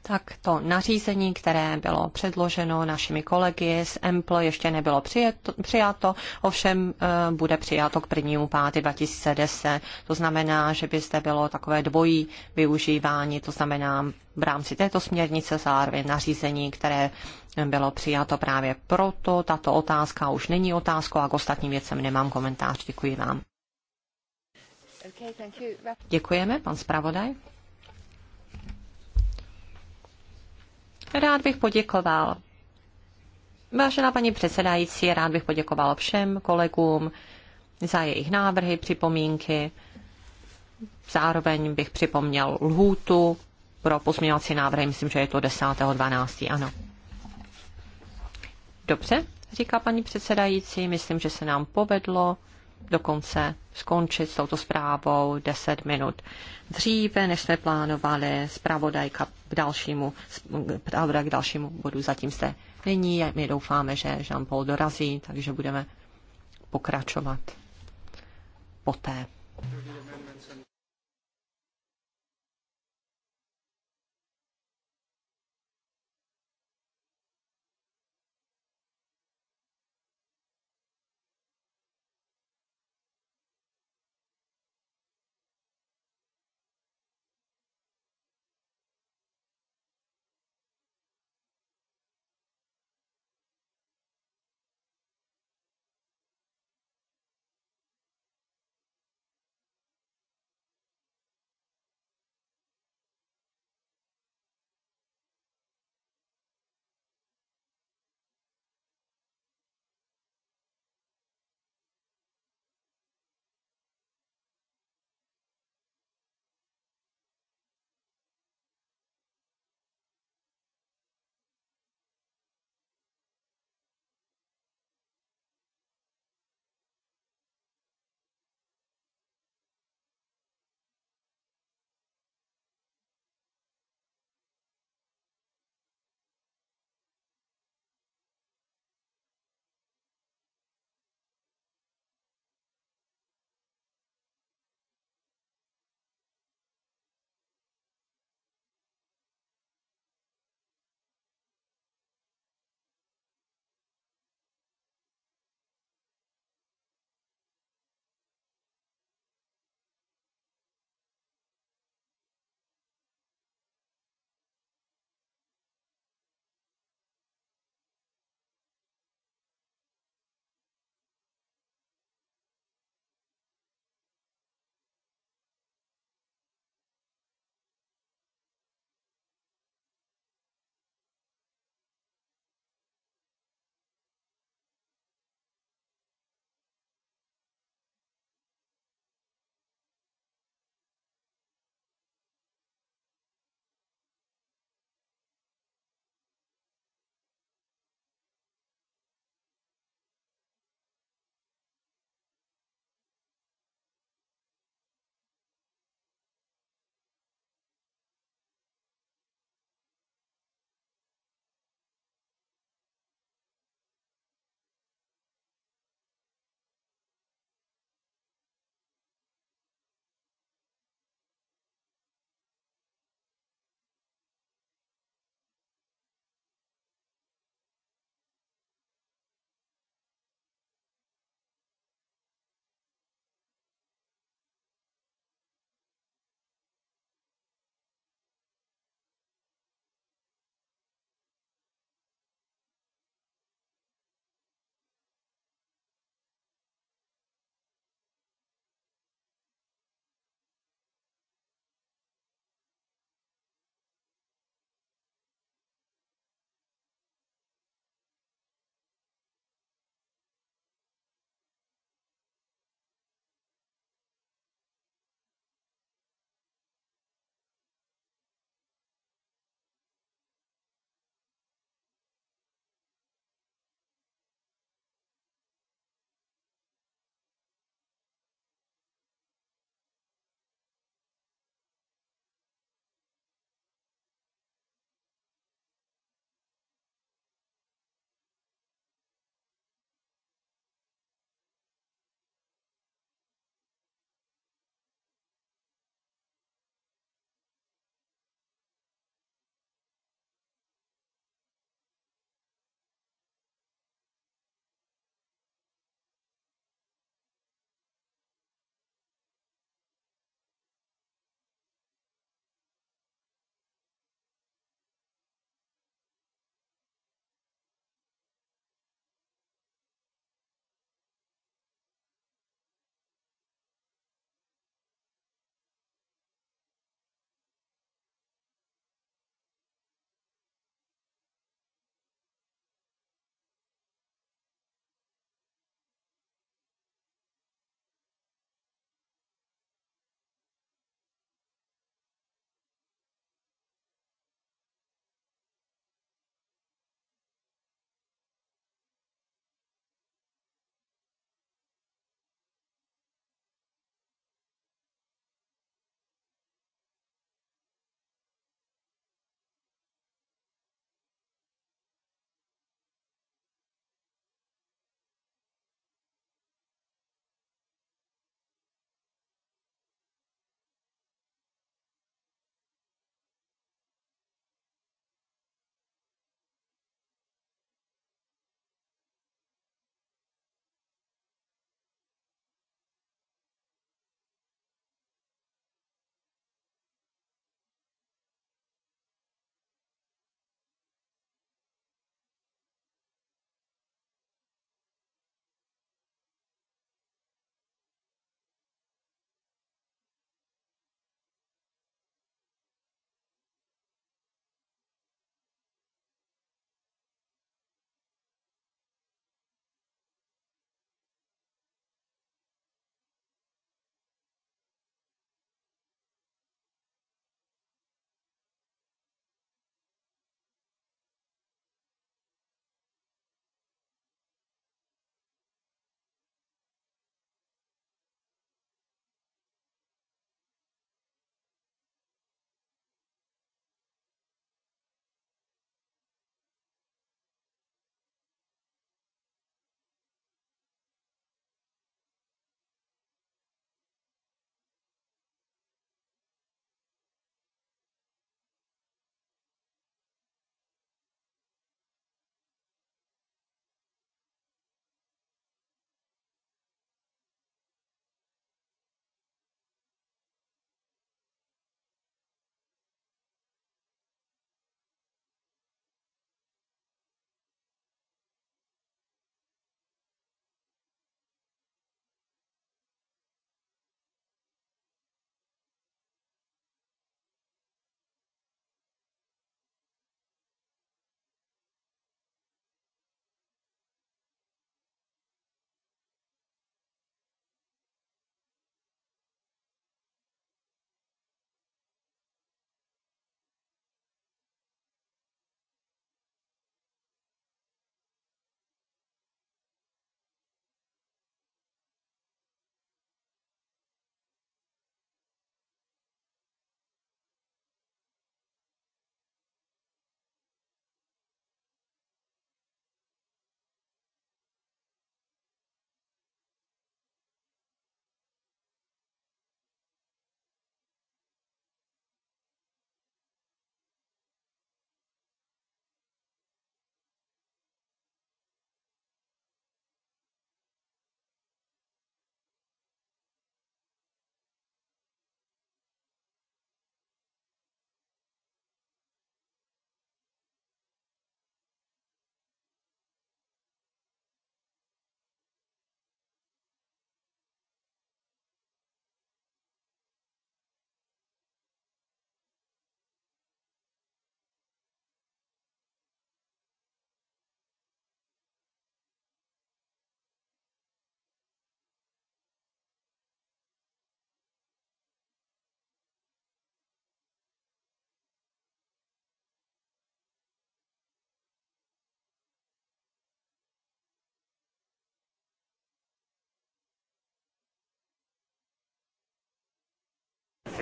tak to nařízení, které bylo předloženo našimi kolegy z EMPL, ještě nebylo přijeto, přijato, ovšem eh, bude přijato k 1. 5. 2010. To znamená, že by zde bylo takové dvojí využívání, to znamená v rámci této směrnice zároveň nařízení, které bylo přijato právě proto. Tato otázka už není otázkou a k ostatním věcem nemám komentář. Děkuji vám. Děkujeme, pan zpravodaj. Rád bych poděkoval. Vážená paní předsedající, rád bych poděkoval všem kolegům za jejich návrhy, připomínky. Zároveň bych připomněl lhůtu pro pozměňovací návrhy, myslím, že je to 10.12. Ano. Dobře, říká paní předsedající, myslím, že se nám povedlo dokonce skončit s touto zprávou 10 minut dříve, než jsme plánovali. Zpravodajka k dalšímu, zpravodaj k dalšímu bodu zatím se není. My doufáme, že Jean-Paul dorazí, takže budeme pokračovat poté.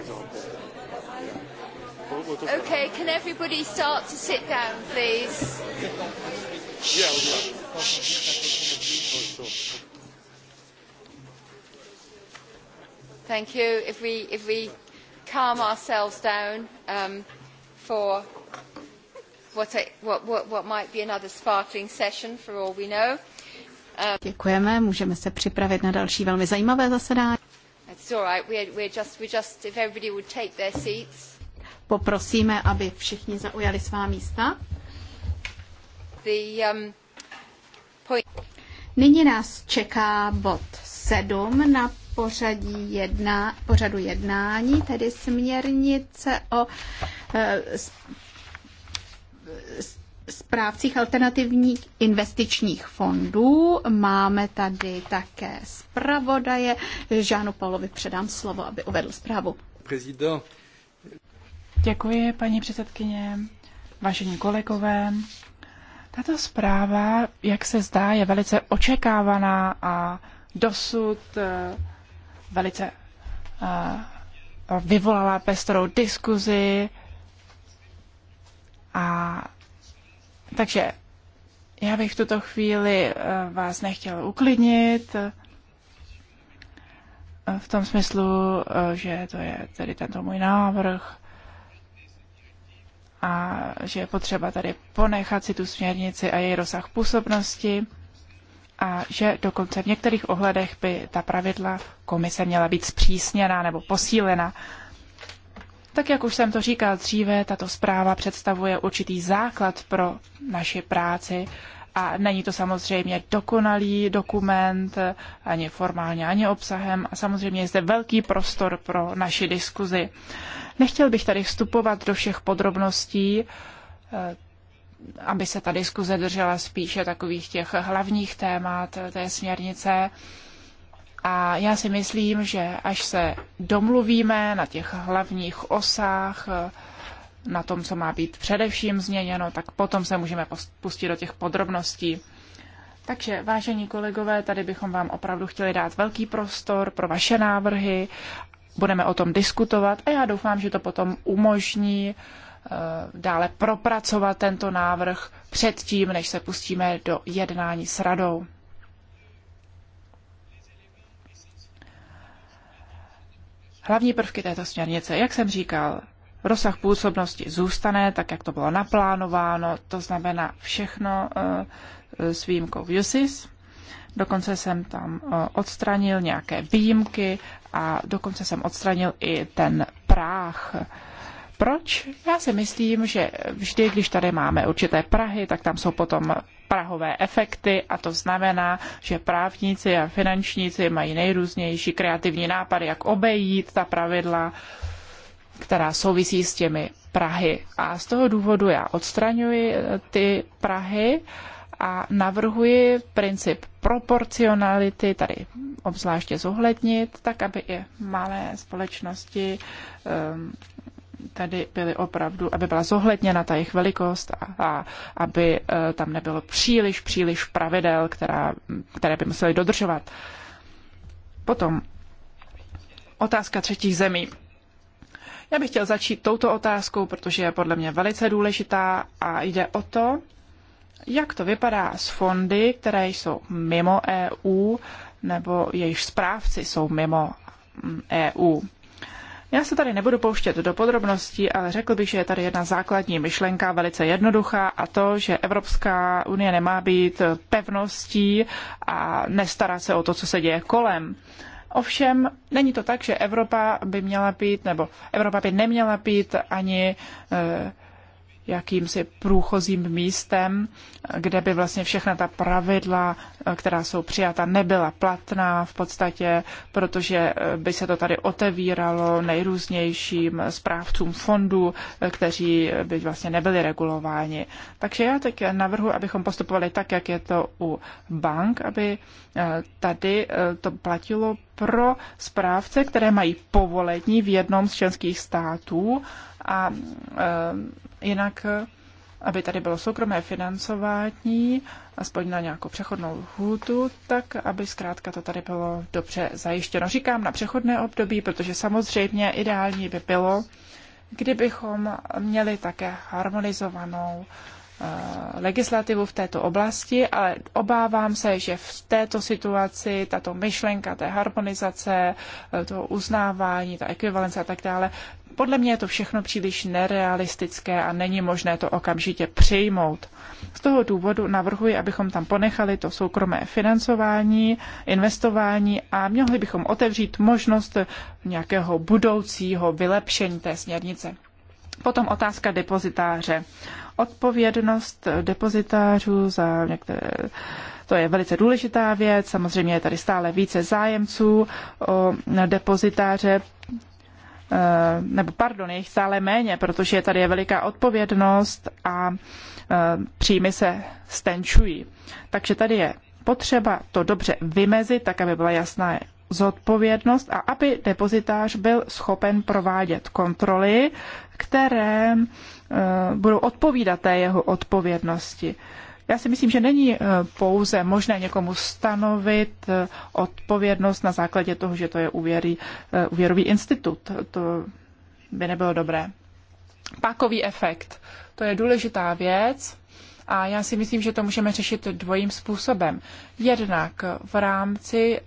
No. okay, can everybody start to sit down, please? Thank you. If we, if we calm ourselves down um, for what, a, what, what, what might be another sparkling session, for all we know. Um... Děkujeme, můžeme se připravit na další velmi zajímavé zasedání. It's all right. We're, we're just, we're just, if everybody would take their seats. Poprosíme, aby všichni zaujali svá místa. The, um, point... Nyní nás čeká bod 7 na pořadí jedna, pořadu jednání, tedy směrnice o eh, správcích alternativních investičních fondů. Máme tady také zpravodaje. Žánu Paulovi předám slovo, aby uvedl zprávu. Prezident. Děkuji, paní předsedkyně, vážení kolegové. Tato zpráva, jak se zdá, je velice očekávaná a dosud eh, velice eh, vyvolala pestrou diskuzi a takže já bych v tuto chvíli eh, vás nechtěl uklidnit eh, v tom smyslu, eh, že to je tedy tento můj návrh a že je potřeba tady ponechat si tu směrnici a její rozsah působnosti a že dokonce v některých ohledech by ta pravidla komise měla být zpřísněna nebo posílena. Tak jak už jsem to říkal dříve, tato zpráva představuje určitý základ pro naši práci a není to samozřejmě dokonalý dokument, ani formálně, ani obsahem a samozřejmě je zde velký prostor pro naši diskuzi. Nechtěl bych tady vstupovat do všech podrobností, eh, aby se ta diskuze držela spíše takových těch hlavních témat eh, té směrnice, a já si myslím, že až se domluvíme na těch hlavních osách, eh, na tom, co má být především změněno, tak potom se můžeme pustit do těch podrobností. Takže, vážení kolegové, tady bychom vám opravdu chtěli dát velký prostor pro vaše návrhy. Budeme o tom diskutovat a já doufám, že to potom umožní eh, dále propracovat tento návrh předtím, než se pustíme do jednání s radou. Hlavní prvky této směrnice, jak jsem říkal, rozsah působnosti zůstane tak, jak to bylo naplánováno, to znamená všechno eh, s výjimkou USIS. Dokonce jsem tam eh, odstranil nějaké výjimky a dokonce jsem odstranil i ten práh proč? Já si myslím, že vždy, když tady máme určité Prahy, tak tam jsou potom prahové efekty a to znamená, že právníci a finančníci mají nejrůznější kreativní nápady, jak obejít ta pravidla, která souvisí s těmi Prahy. A z toho důvodu já odstraňuji eh, ty Prahy a navrhuji princip proporcionality tady obzvláště zohlednit, tak aby i malé společnosti um, tady byly opravdu, aby byla zohledněna ta jejich velikost a, a aby e, tam nebylo příliš, příliš pravidel, která, které by museli dodržovat. Potom otázka třetích zemí. Já bych chtěl začít touto otázkou, protože je podle mě velice důležitá a jde o to, jak to vypadá s fondy, které jsou mimo EU nebo jejich správci jsou mimo EU. Já se tady nebudu pouštět do podrobností, ale řekl bych, že je tady jedna základní myšlenka, velice jednoduchá, a to, že Evropská unie nemá být pevností a nestará se o to, co se děje kolem. Ovšem, není to tak, že Evropa by měla být, nebo Evropa by neměla být ani eh, jakýmsi průchozím místem, kde by vlastně všechna ta pravidla, která jsou přijata, nebyla platná v podstatě, protože by se to tady otevíralo nejrůznějším správcům fondů, kteří by vlastně nebyli regulováni. Takže já teď navrhu, abychom postupovali tak, jak je to u bank, aby eh, tady eh, to platilo pro správce, které mají povolení v jednom z členských států a eh, jinak aby tady bylo soukromé financování, aspoň na nějakou přechodnou hůtu, tak aby zkrátka to tady bylo dobře zajištěno. Říkám na přechodné období, protože samozřejmě ideální by bylo, kdybychom měli také harmonizovanou eh, legislativu v této oblasti, ale obávám se, že v této situaci tato myšlenka té harmonizace, eh, toho uznávání, ta ekvivalence a tak dále, podle mě je to všechno příliš nerealistické a není možné to okamžitě přijmout. Z toho důvodu navrhuji, abychom tam ponechali to soukromé financování, investování a měli bychom otevřít možnost nějakého budoucího vylepšení té směrnice. Potom otázka depozitáře. Odpovědnost depozitářů za některé to je velice důležitá věc. Samozřejmě je tady stále více zájemců o depozitáře. Eh, nebo pardon, je jich stále méně, protože tady je veliká odpovědnost a eh, příjmy se stenčují. Takže tady je potřeba to dobře vymezit, tak aby byla jasná zodpovědnost a aby depozitář byl schopen provádět kontroly, které eh, budou odpovídat té jeho odpovědnosti. Já si myslím, že není eh, pouze možné někomu stanovit eh, odpovědnost na základě toho, že to je úvěry, eh, úvěrový institut. To by nebylo dobré. Pákový efekt. To je důležitá věc a já si myslím, že to můžeme řešit dvojím způsobem. Jednak v rámci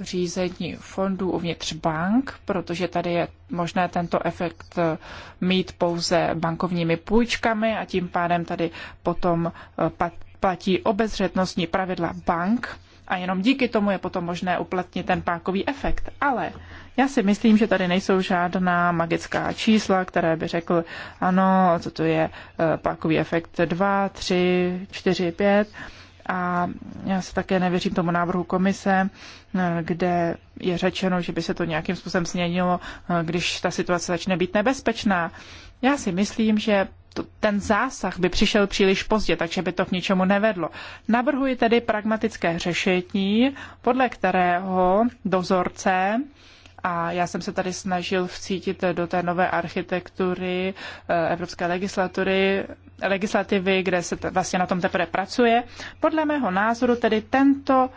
řízení fondů uvnitř bank, protože tady je možné tento efekt eh, mít pouze bankovními půjčkami a tím pádem tady potom eh, platí obezřetnostní pravidla bank a jenom díky tomu je potom možné uplatnit ten pákový efekt. Ale já si myslím, že tady nejsou žádná magická čísla, které by řekl, ano, co to je eh, pákový efekt 2, 3, 4, 5 a já se také nevěřím tomu návrhu komise, kde je řečeno, že by se to nějakým způsobem změnilo, když ta situace začne být nebezpečná. Já si myslím, že ten zásah by přišel příliš pozdě, takže by to k ničemu nevedlo. Navrhuji tedy pragmatické řešení, podle kterého dozorce a já jsem se tady snažil vcítit do té nové architektury eh, evropské legislatury legislativy, kde se vlastně na tom teprve pracuje. Podle mého názoru tedy tento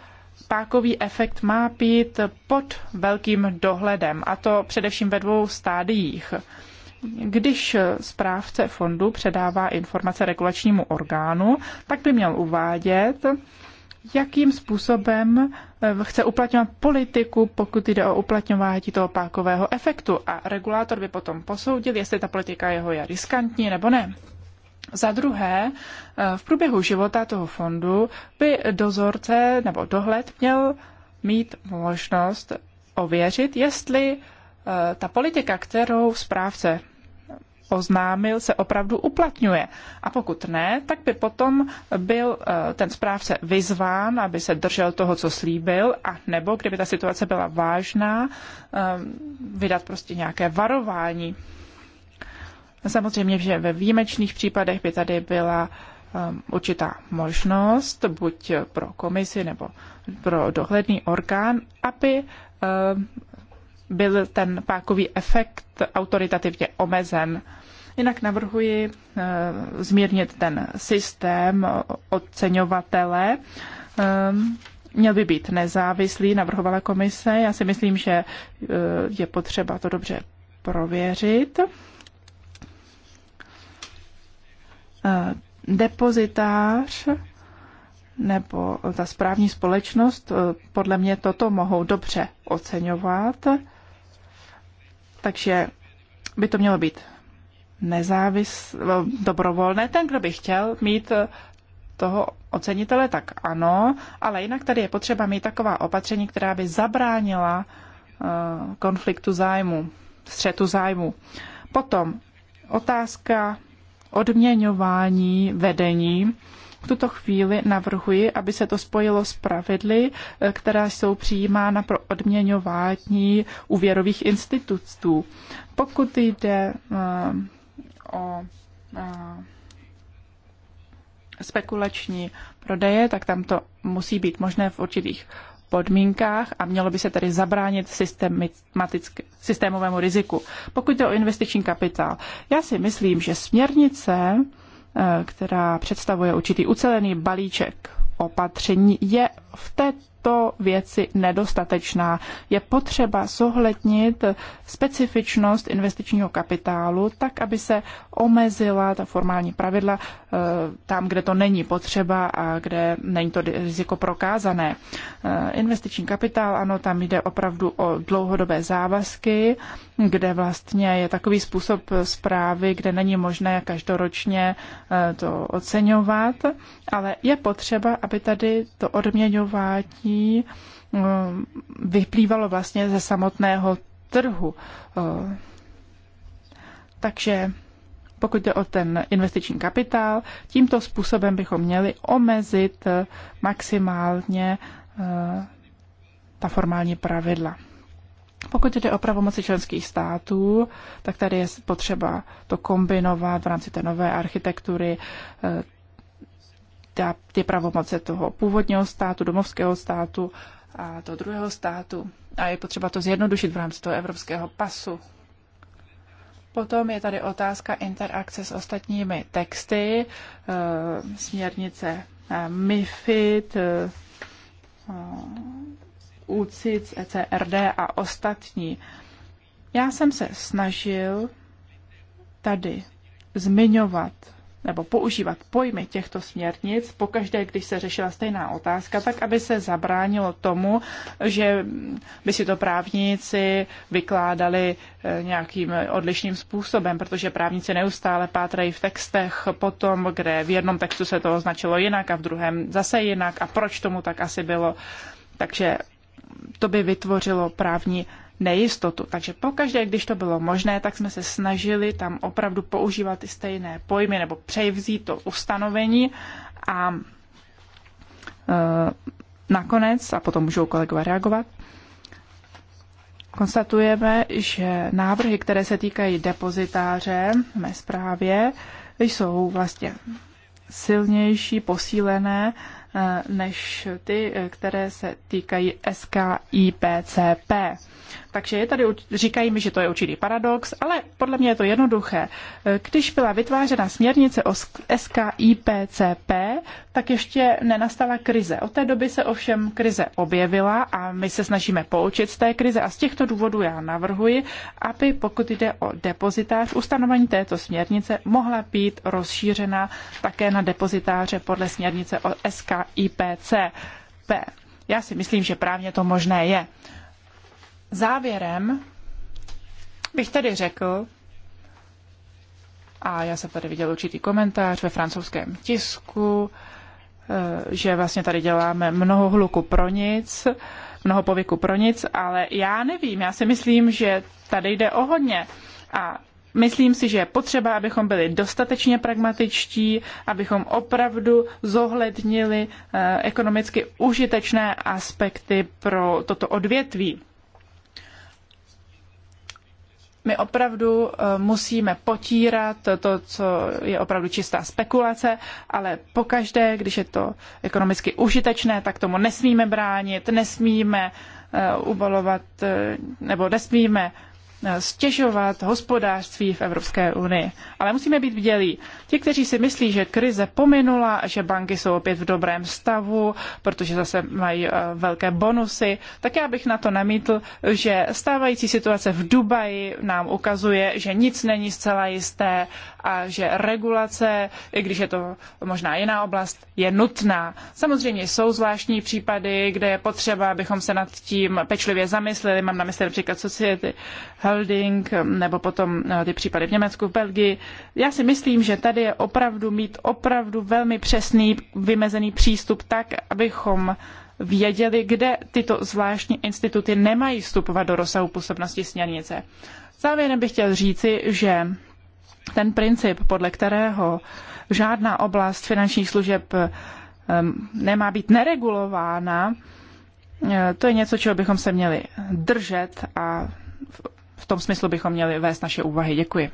pákový efekt má být pod velkým dohledem, a to především ve dvou stádiích. Když správce fondu předává informace regulačnímu orgánu, tak by měl uvádět, jakým způsobem eh, chce uplatňovat politiku, pokud jde o uplatňování toho pákového efektu. A regulátor by potom posoudil, jestli ta politika jeho je riskantní nebo ne. Za druhé, eh, v průběhu života toho fondu by dozorce nebo dohled měl mít možnost ověřit, jestli eh, ta politika, kterou správce oznámil, se opravdu uplatňuje. A pokud ne, tak by potom byl eh, ten správce vyzván, aby se držel toho, co slíbil, a nebo, kdyby ta situace byla vážná, vydat prostě nějaké varování Samozřejmě, že ve výjimečných případech by tady byla um, určitá možnost, buď pro komisi nebo pro dohledný orgán, aby um, byl ten pákový efekt autoritativně omezen. Jinak navrhuji uh, zmírnit ten systém oceňovatele. Um, měl by být nezávislý, navrhovala komise. Já si myslím, že uh, je potřeba to dobře prověřit. Eh, depozitář nebo ta správní společnost, eh, podle mě toto mohou dobře oceňovat. Takže by to mělo být nezávis, no, dobrovolné. Ten, kdo by chtěl mít eh, toho ocenitele, tak ano, ale jinak tady je potřeba mít taková opatření, která by zabránila konfliktu zájmu, střetu zájmu. Potom otázka odměňování vedení. V tuto chvíli navrhuji, aby se to spojilo s pravidly, eh, která jsou přijímána pro odměňování úvěrových institutů. Pokud jde eh, o eh, spekulační prodeje, tak tam to musí být možné v určitých podmínkách a mělo by se tedy zabránit systémovému riziku. Pokud jde o investiční kapitál, já si myslím, že směrnice, eh, která představuje určitý ucelený balíček opatření, je v té to věci nedostatečná. Je potřeba zohlednit specifičnost investičního kapitálu tak, aby se omezila ta formální pravidla eh, tam, kde to není potřeba a kde není to riziko prokázané. Eh, investiční kapitál, ano, tam jde opravdu o dlouhodobé závazky, kde vlastně je takový způsob zprávy, kde není možné každoročně eh, to oceňovat, ale je potřeba, aby tady to odměňování lepší eh, vyplývalo vlastně ze samotného trhu. Eh, takže pokud jde o ten investiční kapitál, tímto způsobem bychom měli omezit eh, maximálně ta formální pravidla. Pokud jde o pravomoci členských států, tak tady je potřeba to kombinovat v rámci té nové architektury ta, ty pravomoce toho původního státu, domovského státu a toho druhého státu. A je potřeba to zjednodušit v rámci toho evropského pasu. Potom je tady otázka interakce s ostatními texty, eh, směrnice eh, MIFID, eh, UCIC, e ECRD a ostatní. Já jsem se snažil tady zmiňovat nebo používat pojmy těchto směrnic pokaždé, když se řešila stejná otázka, tak aby se zabránilo tomu, že by si to právníci vykládali eh, nějakým odlišným způsobem, protože právníci neustále pátrají v textech potom, kde v jednom textu se to označilo jinak a v druhém zase jinak a proč tomu tak asi bylo. Takže to by vytvořilo právní nejistotu. Takže pokaždé, když to bylo možné, tak jsme se snažili tam opravdu používat ty stejné pojmy nebo převzít to ustanovení a e, nakonec, a potom můžou kolegové reagovat, konstatujeme, že návrhy, které se týkají depozitáře v mé zprávě, jsou vlastně silnější, posílené e, než ty, e, které se týkají SKIPCP. Takže je tady, říkají mi, že to je určitý paradox, ale podle mě je to jednoduché. Když byla vytvářena směrnice o SKIPCP, tak ještě nenastala krize. Od té doby se ovšem krize objevila a my se snažíme poučit z té krize a z těchto důvodů já navrhuji, aby pokud jde o depozitář, ustanovení této směrnice mohla být rozšířena také na depozitáře podle směrnice o SKIPCP. Já si myslím, že právně to možné je. Závěrem bych tedy řekl, a já jsem tady viděl určitý komentář ve francouzském tisku, eh, že vlastně tady děláme mnoho hluku pro nic, mnoho povyku pro nic, ale já nevím, já si myslím, že tady jde o hodně. A myslím si, že je potřeba, abychom byli dostatečně pragmatičtí, abychom opravdu zohlednili eh, ekonomicky užitečné aspekty pro toto odvětví my opravdu eh, musíme potírat to, co je opravdu čistá spekulace, ale pokaždé, když je to ekonomicky užitečné, tak tomu nesmíme bránit, nesmíme eh, uvalovat eh, nebo nesmíme Eh, stěžovat hospodářství v Evropské unii. Ale musíme být vdělí. Ti, kteří si myslí, že krize pominula a že banky jsou opět v dobrém stavu, protože zase mají eh, velké bonusy, tak já bych na to namítl, že stávající situace v Dubaji nám ukazuje, že nic není zcela jisté a že regulace, i když je to možná jiná oblast, je nutná. Samozřejmě jsou zvláštní případy, kde je potřeba, abychom se nad tím pečlivě zamysleli. Mám na mysli například society Felding, nebo potom eh, ty případy v Německu, v Belgii. Já si myslím, že tady je opravdu mít opravdu velmi přesný vymezený přístup tak, abychom věděli, kde tyto zvláštní instituty nemají vstupovat do rozsahu působnosti směrnice. Závěrem bych chtěl říci, že ten princip, podle kterého žádná oblast finančních služeb ehm, nemá být neregulována, eh, to je něco, čeho bychom se měli držet a v tom smyslu bychom měli vést naše úvahy. Děkuji.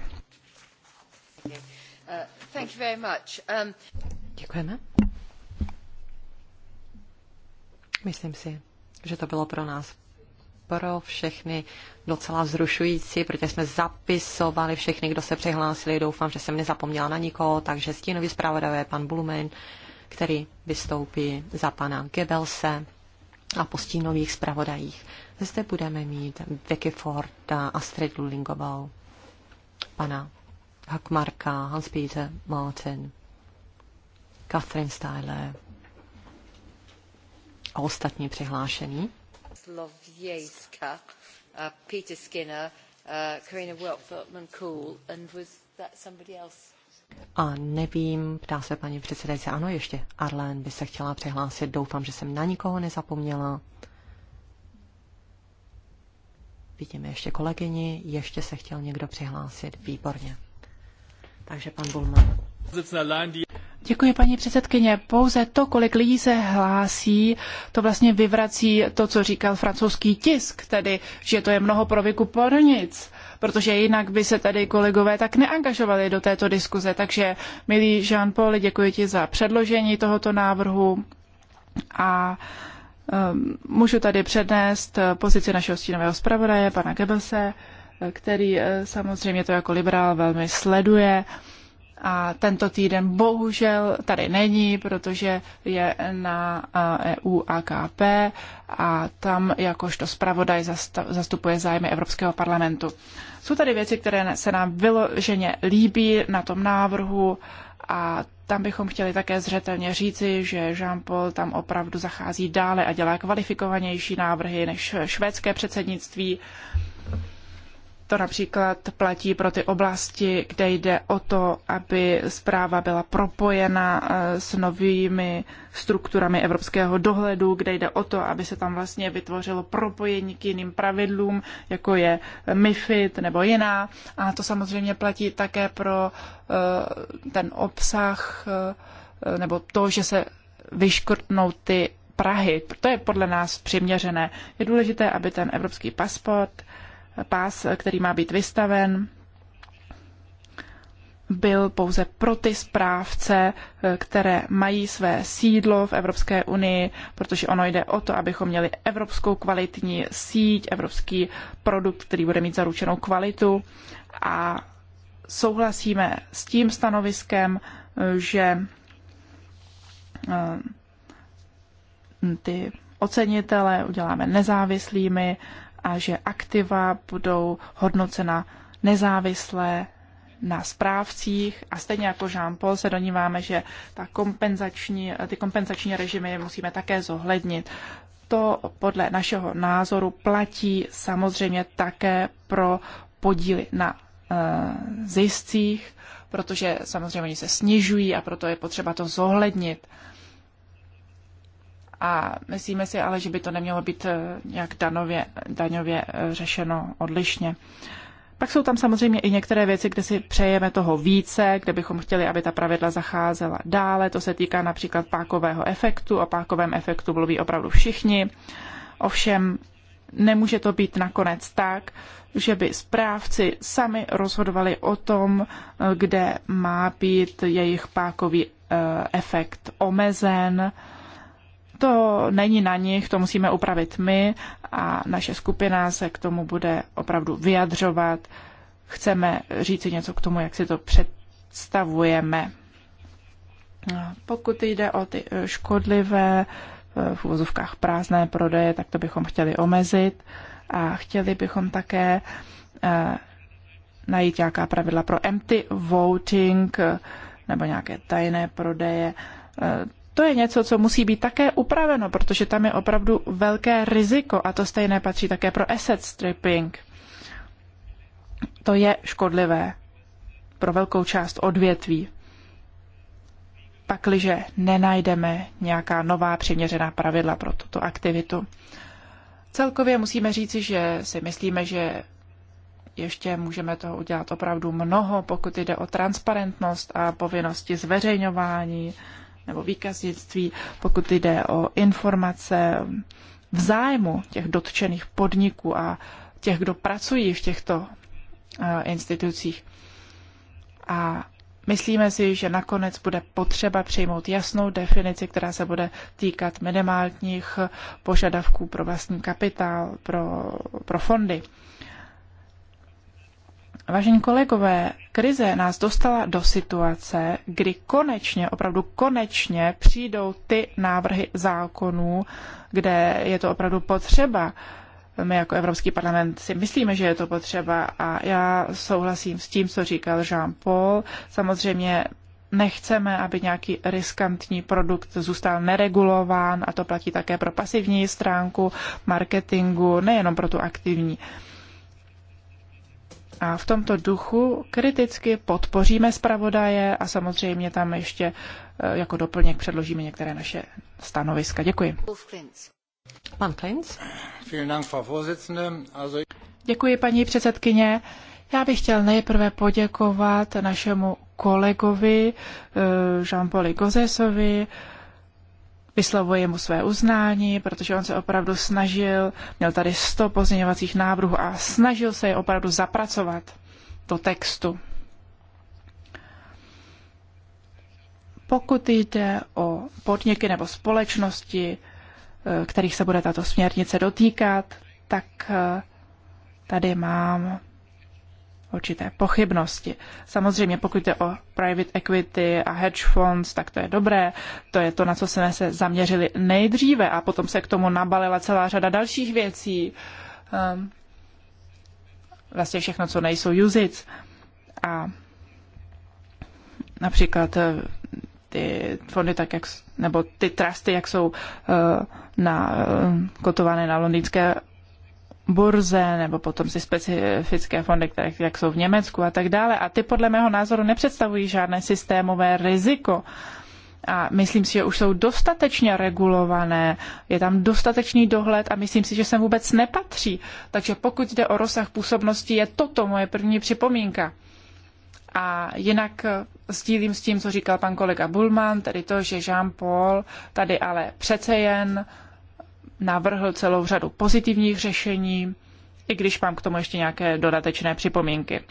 Um, Děkujeme. Myslím si, že to bylo pro nás pro všechny docela vzrušující, protože jsme zapisovali všechny, kdo se přihlásili. Doufám, že jsem nezapomněla na nikoho, takže stínový zpravodaj pan Blumen, který vystoupí za pana Gebelse a po stínových zpravodajích. Zde budeme mít Vicky Ford a Astrid Lulingovou, pana Hakmarka, Hans-Peter Martin, Catherine Styler a ostatní přihlášení. Slovějska, eh, Peter Skinner, eh, Karina Weltman-Cool and was that somebody else? A nevím, ptá se paní předsedající, ano, ještě Arlen, by se chtěla přihlásit. Doufám, že jsem na nikoho nezapomněla. Vidíme ještě kolegyni, ještě se chtěl někdo přihlásit. Výborně. Takže pan Bulman. Děkuji, paní předsedkyně. Pouze to, kolik lidí se hlásí, to vlastně vyvrací to, co říkal francouzský tisk, tedy, že to je mnoho pro vykupornic protože jinak by se tady kolegové tak neangažovali do této diskuze. Takže, milý Jean-Paul, děkuji ti za předložení tohoto návrhu a um, můžu tady přednést pozici našeho stínového zpravodaje, pana Gebelse, který eh, samozřejmě to jako liberál velmi sleduje. Um, a tento týden bohužel tady není, protože je na EU AKP a tam jakožto zpravodaj zastupuje zájmy Evropského parlamentu. Jsou tady věci, které se nám vyloženě líbí na tom návrhu a tam bychom chtěli také zřetelně říci, že Jean-Paul tam opravdu zachází dále a dělá kvalifikovanější návrhy než švédské předsednictví. To například platí pro ty oblasti, kde jde o to, aby zpráva byla propojena eh, s novými strukturami evropského dohledu, kde jde o to, aby se tam vlastně vytvořilo propojení k jiným pravidlům, jako je MIFID nebo jiná. A to samozřejmě platí také pro eh, ten obsah eh, nebo to, že se vyškrtnou ty Prahy. To je podle nás přiměřené. Je důležité, aby ten evropský pasport pás, který má být vystaven, byl pouze pro ty správce, které mají své sídlo v Evropské unii, protože ono jde o to, abychom měli evropskou kvalitní síť, evropský produkt, který bude mít zaručenou kvalitu. A souhlasíme s tím stanoviskem, že eh, ty ocenitele uděláme nezávislými a že aktiva budou hodnocena nezávisle na správcích a stejně jako Jean-Paul se doníváme, že ta kompenzační, ty kompenzační režimy musíme také zohlednit. To podle našeho názoru platí samozřejmě také pro podíly na eh, ziscích, protože samozřejmě oni se snižují a proto je potřeba to zohlednit. A myslíme si ale, že by to nemělo být eh, nějak danově, daňově eh, řešeno odlišně. Pak jsou tam samozřejmě i některé věci, kde si přejeme toho více, kde bychom chtěli, aby ta pravidla zacházela dále. To se týká například pákového efektu. O pákovém efektu mluví opravdu všichni. Ovšem nemůže to být nakonec tak, že by správci sami rozhodovali o tom, eh, kde má být jejich pákový efekt omezen to není na nich, to musíme upravit my a naše skupina se k tomu bude opravdu vyjadřovat. Chceme říci něco k tomu, jak si to představujeme. Pokud jde o ty e, škodlivé e, v uvozovkách prázdné prodeje, tak to bychom chtěli omezit a chtěli bychom také e, najít nějaká pravidla pro empty voting nebo nějaké tajné prodeje to je něco, co musí být také upraveno, protože tam je opravdu velké riziko a to stejné patří také pro asset stripping. To je škodlivé pro velkou část odvětví. Pakliže nenajdeme nějaká nová přiměřená pravidla pro tuto aktivitu. Celkově musíme říci, že si myslíme, že ještě můžeme toho udělat opravdu mnoho, pokud jde o transparentnost a povinnosti zveřejňování, nebo výkaznictví, pokud jde o informace v zájmu těch dotčených podniků a těch, kdo pracují v těchto eh, institucích. A myslíme si, že nakonec bude potřeba přijmout jasnou definici, která se bude týkat minimálních požadavků pro vlastní kapitál, pro, pro fondy. Vážení kolegové, krize nás dostala do situace, kdy konečně, opravdu konečně přijdou ty návrhy zákonů, kde je to opravdu potřeba. My jako Evropský parlament si myslíme, že je to potřeba a já souhlasím s tím, co říkal Jean-Paul. Samozřejmě nechceme, aby nějaký riskantní produkt zůstal neregulován a to platí také pro pasivní stránku marketingu, nejenom pro tu aktivní. A v tomto duchu kriticky podpoříme zpravodaje a samozřejmě tam ještě eh, jako doplněk předložíme některé naše stanoviska. Děkuji. Pan Klinc. Děkuji, paní předsedkyně. Já bych chtěl nejprve poděkovat našemu kolegovi eh, jean paul Gozesovi, Vyslovuji mu své uznání, protože on se opravdu snažil, měl tady 100 pozměňovacích návrhů a snažil se je opravdu zapracovat do textu. Pokud jde o podniky nebo společnosti, eh, kterých se bude tato směrnice dotýkat, tak eh, tady mám určité pochybnosti. Samozřejmě pokud jde o private equity a hedge funds, tak to je dobré. To je to, na co jsme se zaměřili nejdříve a potom se k tomu nabalila celá řada dalších věcí. Um, vlastně všechno, co nejsou usage. A například eh, ty fondy, tak jak, nebo ty trusty, jak jsou uh, na, uh, kotované na londýnské burze nebo potom si specifické fondy, které jak jsou v Německu a tak dále. A ty podle mého názoru nepředstavují žádné systémové riziko. A myslím si, že už jsou dostatečně regulované, je tam dostatečný dohled a myslím si, že sem vůbec nepatří. Takže pokud jde o rozsah působnosti, je toto moje první připomínka. A jinak sdílím s tím, co říkal pan kolega Bulman, tedy to, že Jean-Paul tady ale přece jen uh, navrhl celou řadu pozitivních řešení, i když mám k tomu ještě nějaké dodatečné připomínky.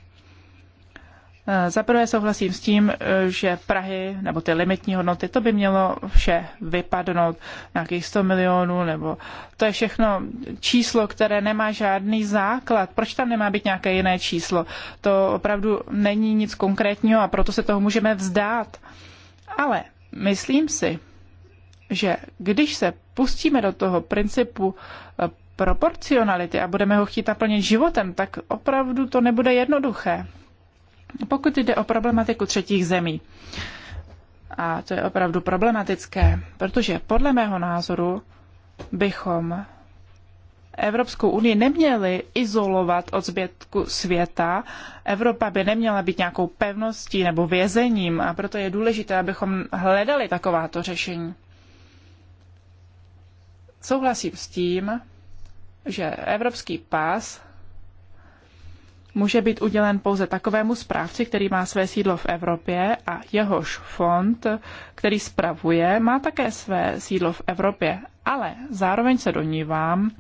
E, za prvé souhlasím s tím, e, že Prahy nebo ty limitní hodnoty, to by mělo vše vypadnout, nějakých 100 milionů, nebo to je všechno číslo, které nemá žádný základ. Proč tam nemá být nějaké jiné číslo? To opravdu není nic konkrétního a proto se toho můžeme vzdát. Ale myslím si, že když se pustíme do toho principu eh, proporcionality a budeme ho chtít naplnit životem, tak opravdu to nebude jednoduché. Pokud jde o problematiku třetích zemí, a to je opravdu problematické, protože podle mého názoru bychom Evropskou unii neměli izolovat od zbytku světa. Evropa by neměla být nějakou pevností nebo vězením a proto je důležité, abychom hledali takováto řešení souhlasím s tím, že evropský pás může být udělen pouze takovému správci, který má své sídlo v Evropě a jehož fond, který spravuje, má také své sídlo v Evropě. Ale zároveň se donívám,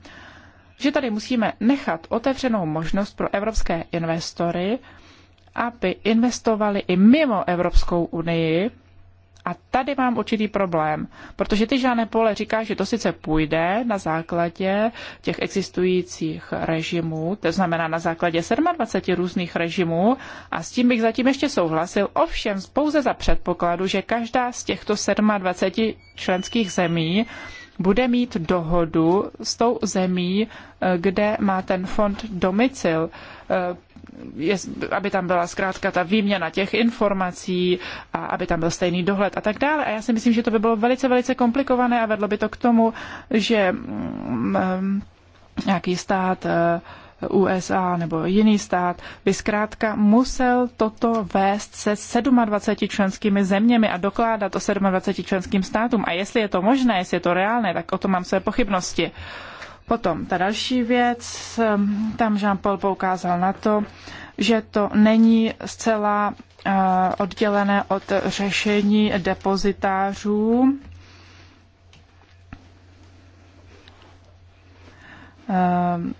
že tady musíme nechat otevřenou možnost pro evropské investory, aby investovali i mimo Evropskou unii, a tady mám určitý problém, protože ty žádné pole říká, že to sice půjde na základě těch existujících režimů, to znamená na základě 27 různých režimů a s tím bych zatím ještě souhlasil, ovšem pouze za předpokladu, že každá z těchto 27 členských zemí bude mít dohodu s tou zemí, eh, kde má ten fond domicil. Eh, je, aby tam byla zkrátka ta výměna těch informací a aby tam byl stejný dohled a tak dále. A já si myslím, že to by bylo velice, velice komplikované a vedlo by to k tomu, že um, nějaký stát eh, USA nebo jiný stát by zkrátka musel toto vést se 27 členskými zeměmi a dokládat to 27 členským státům. A jestli je to možné, jestli je to reálné, tak o tom mám své pochybnosti. Uh, Potom ta další věc, ehm, tam Jean-Paul poukázal na to, že to není zcela eh, oddělené od řešení depozitářů. Ehm,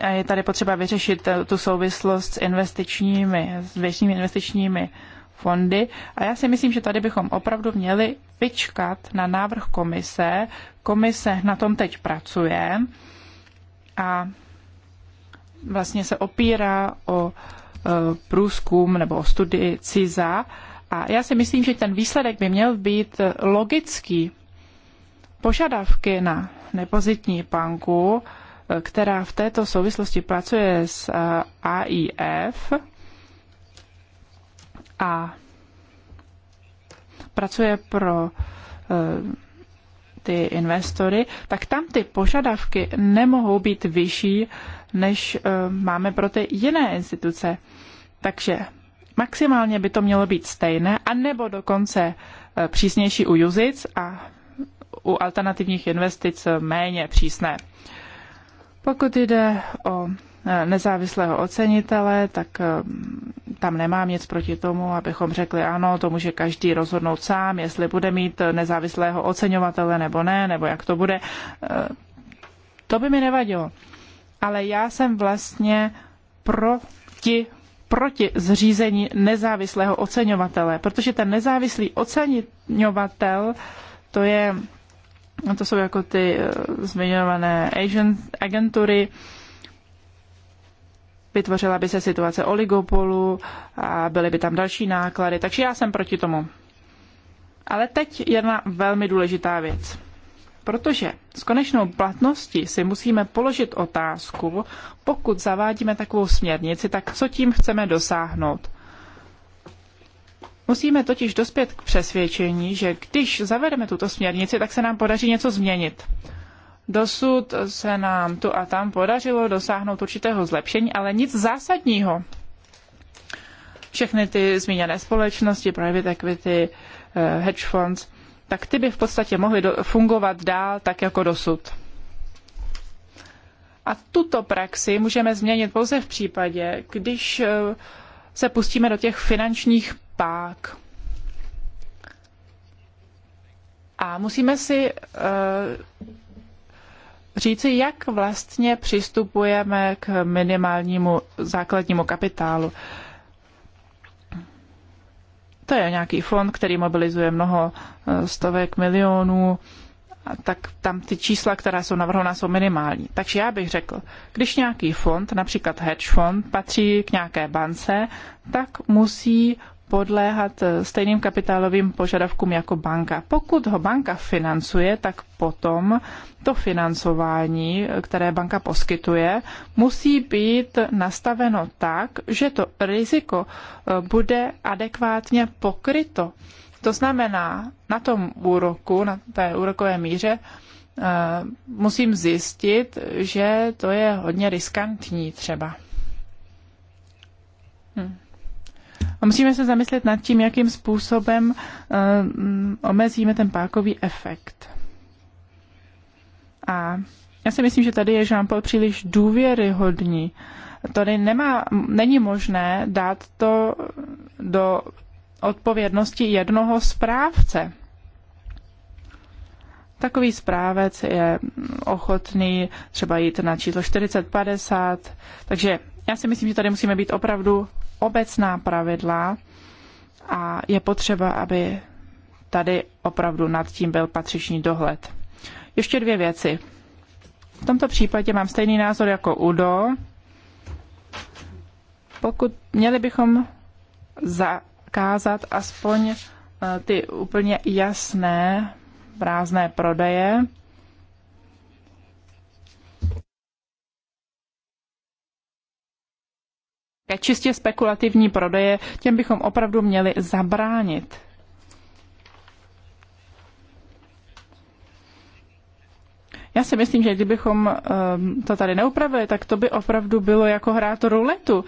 a je tady potřeba vyřešit eh, tu souvislost s investičními, s většími investičními fondy. A já si myslím, že tady bychom opravdu měli vyčkat na návrh komise, Komise na tom teď pracuje a vlastně se opírá o e, průzkum nebo o studii CISA a já si myslím, že ten výsledek by měl být logický. Požadavky na nepozitní banku, e, která v této souvislosti pracuje s e, AIF a pracuje pro ty investory, tak tam ty požadavky nemohou být vyšší, než eh, máme pro ty jiné instituce. Takže maximálně by to mělo být stejné, anebo dokonce eh, přísnější u Juzic a u alternativních investic eh, méně přísné. Pokud jde o nezávislého ocenitele, tak eh, tam nemám nic proti tomu, abychom řekli ano, to může každý rozhodnout sám, jestli bude mít nezávislého oceňovatele nebo ne, nebo jak to bude. Eh, to by mi nevadilo. Ale já jsem vlastně proti proti zřízení nezávislého oceňovatele, protože ten nezávislý oceňovatel, to je, to jsou jako ty eh, zmiňované agentury, vytvořila by se situace oligopolu a byly by tam další náklady, takže já jsem proti tomu. Ale teď jedna velmi důležitá věc. Protože s konečnou platností si musíme položit otázku, pokud zavádíme takovou směrnici, tak co tím chceme dosáhnout. Musíme totiž dospět k přesvědčení, že když zavedeme tuto směrnici, tak se nám podaří něco změnit. Dosud se nám tu a tam podařilo dosáhnout určitého zlepšení, ale nic zásadního. Všechny ty zmíněné společnosti, private equity, eh, hedge funds, tak ty by v podstatě mohly fungovat dál tak jako dosud. A tuto praxi můžeme změnit pouze v případě, když eh, se pustíme do těch finančních pák. A musíme si uh, říci, jak vlastně přistupujeme k minimálnímu základnímu kapitálu. To je nějaký fond, který mobilizuje mnoho eh, stovek milionů, tak tam ty čísla, která jsou navrhovaná, jsou minimální. Takže já bych řekl, když nějaký fond, například hedge fond, patří k nějaké bance, tak musí podléhat eh, stejným kapitálovým požadavkům jako banka. Pokud ho banka financuje, tak potom to financování, eh, které banka poskytuje, musí být nastaveno tak, že to riziko eh, bude adekvátně pokryto. To znamená, na tom úroku, na té úrokové míře, musím zjistit, že to je hodně riskantní třeba. Hm. A musíme se zamyslet nad tím, jakým způsobem eh, mm, omezíme ten pákový efekt. A já si myslím, že tady je Jean-Paul příliš důvěryhodný. Tady nemá, není možné dát to do odpovědnosti jednoho správce. Takový správec je ochotný třeba jít na číslo 40-50, takže já si myslím, že tady musíme být opravdu obecná pravidla a je potřeba, aby tady opravdu nad tím byl patřičný dohled. Ještě dvě věci. V tomto případě mám stejný názor jako Udo. Pokud měli bychom zakázat aspoň eh, ty úplně jasné prázdné prodeje, nějaké čistě spekulativní prodeje, těm bychom opravdu měli zabránit. Já si myslím, že kdybychom eh, to tady neupravili, tak to by opravdu bylo jako hrát ruletu.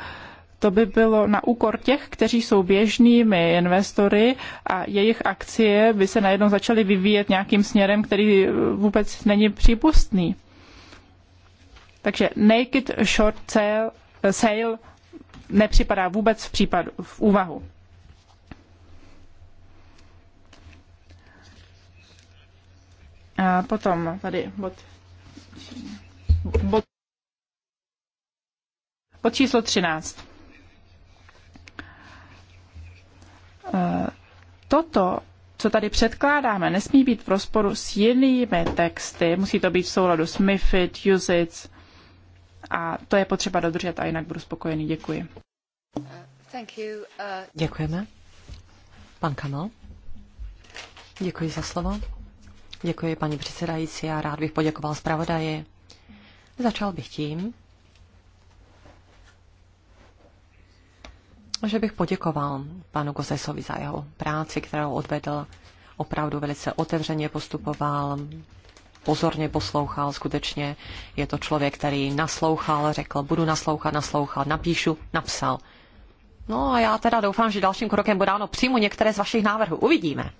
To by bylo na úkor těch, kteří jsou běžnými investory a jejich akcie by se najednou začaly vyvíjet nějakým směrem, který vůbec není přípustný. Takže naked short sale, sale nepřipadá vůbec v, případu, v úvahu. A potom tady bod, bod, bod číslo 13. E, toto, co tady předkládáme, nesmí být v rozporu s jinými texty. Musí to být v souladu s MIFID, USITS a to je potřeba dodržet a jinak budu spokojený. Děkuji. Uh, Děkujeme. Pan Kamal. Děkuji za slovo. Děkuji, paní předsedající. Já rád bych poděkoval zpravodaji. Začal bych tím, že bych poděkoval panu Gozesovi za jeho práci, kterou odvedl. Opravdu velice otevřeně postupoval, pozorně poslouchal, skutečně je to člověk, který naslouchal, řekl, budu naslouchat, naslouchat, napíšu, napsal. No a já teda doufám, že dalším krokem bude dáno přímo některé z vašich návrhů. Uvidíme.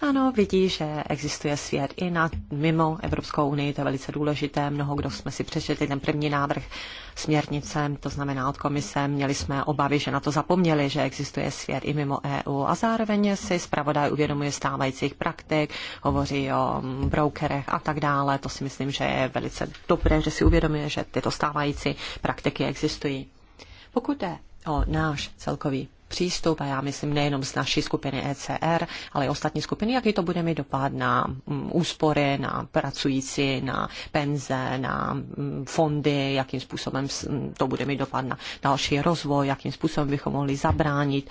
Ano, vidí, že existuje svět i na, mimo Evropskou unii, to je velice důležité. Mnoho, kdo jsme si přečetli ten první návrh směrnice, to znamená od komise, měli jsme obavy, že na to zapomněli, že existuje svět i mimo EU a zároveň si zpravodaj uvědomuje stávajících praktik, hovoří o brokerech a tak dále. To si myslím, že je velice dobré, že si uvědomuje, že tyto stávající praktiky existují. Pokud jde o náš celkový přístup a já myslím nejenom z naší skupiny ECR, ale i ostatní skupiny, jaký to bude mít dopad na mm, úspory, na pracující, na penze, na mm, fondy, jakým způsobem mm, to bude mít dopad na další rozvoj, jakým způsobem bychom mohli zabránit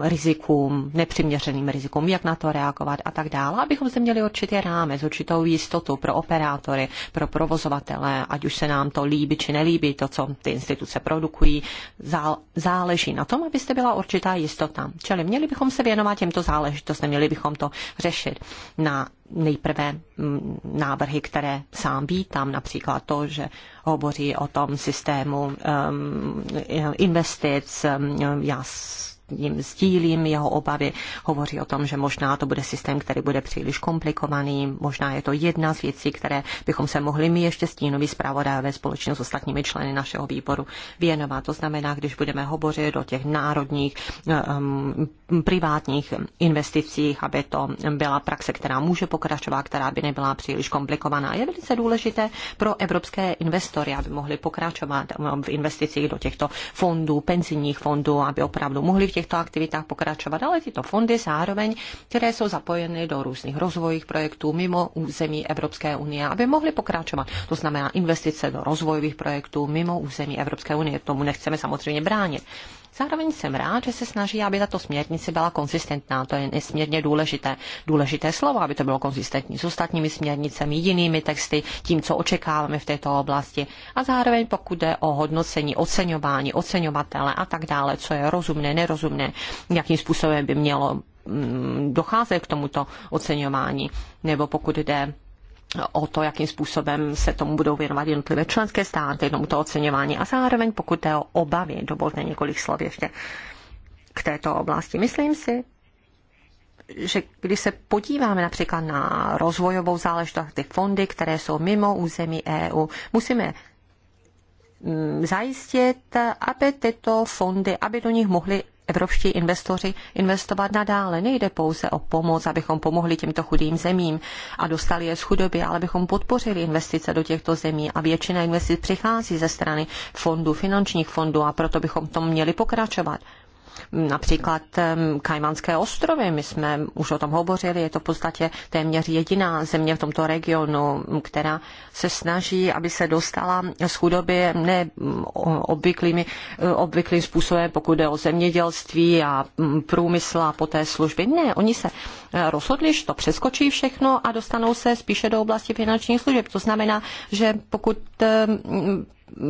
rizikům, nepřiměřeným rizikům, jak na to reagovat a tak dále, abychom se měli určitý rámec, určitou jistotu pro operátory, pro provozovatele, ať už se nám to líbí či nelíbí, to, co ty instituce produkují, záleží na tom, abyste zde byla určitá jistota. Čili měli bychom se věnovat těmto záležitostem, měli bychom to řešit na nejprve mm, návrhy, které sám vítám, například to, že hovoří o tom systému um, investic. Um, já tím sdílím jeho obavy. Hovoří o tom, že možná to bude systém, který bude příliš komplikovaný, možná je to jedna z věcí, které bychom se mohli my ještě stínový zpravodajové společně s ostatními členy našeho výboru věnovat. To znamená, když budeme hovořit o těch národních um, privátních investicích, aby to byla praxe, která může pokračovat, která by nebyla příliš komplikovaná. Je velice důležité pro evropské investory, aby mohli pokračovat v investicích do těchto fondů, penzijních fondů, aby opravdu mohli v těch těchto aktivitách pokračovat, ale tyto fondy zároveň, které jsou zapojeny do různých rozvojových projektů mimo území Evropské unie, aby mohly pokračovat. To znamená investice do rozvojových projektů mimo území Evropské unie. Tomu nechceme samozřejmě bránit. Zároveň jsem rád, že se snaží, aby tato směrnice byla konzistentná. To je nesmírně důležité. Důležité slovo, aby to bylo konzistentní s ostatními směrnicemi, jinými texty, tím, co očekáváme v této oblasti. A zároveň, pokud jde o hodnocení, oceňování, oceňovatele a tak dále, co je rozumné, nerozumné, jakým způsobem by mělo mm, docházet k tomuto oceňování, nebo pokud jde o to, jakým způsobem se tomu budou věnovat jednotlivé členské státy, tomuto oceňování. A zároveň, pokud je o obavy, dovolte několik slov ještě k této oblasti. Myslím si, že když se podíváme například na rozvojovou záležitost, ty fondy, které jsou mimo území EU, musíme mm, zajistit, aby tyto fondy, aby do nich mohly evropští investoři investovat nadále. Nejde pouze o pomoc, abychom pomohli těmto chudým zemím a dostali je z chudoby, ale abychom podpořili investice do těchto zemí a většina investic přichází ze strany fondů, finančních fondů a proto bychom tom měli pokračovat například Kajmanské ostrovy. My jsme už o tom hovořili, je to v podstatě téměř jediná země v tomto regionu, která se snaží, aby se dostala z chudoby ne obvyklými, e, obvyklým způsobem, pokud jde o zemědělství a průmysl a poté služby. Ne, oni se e, rozhodli, že to přeskočí všechno a dostanou se spíše do oblasti finančních služeb. To znamená, že pokud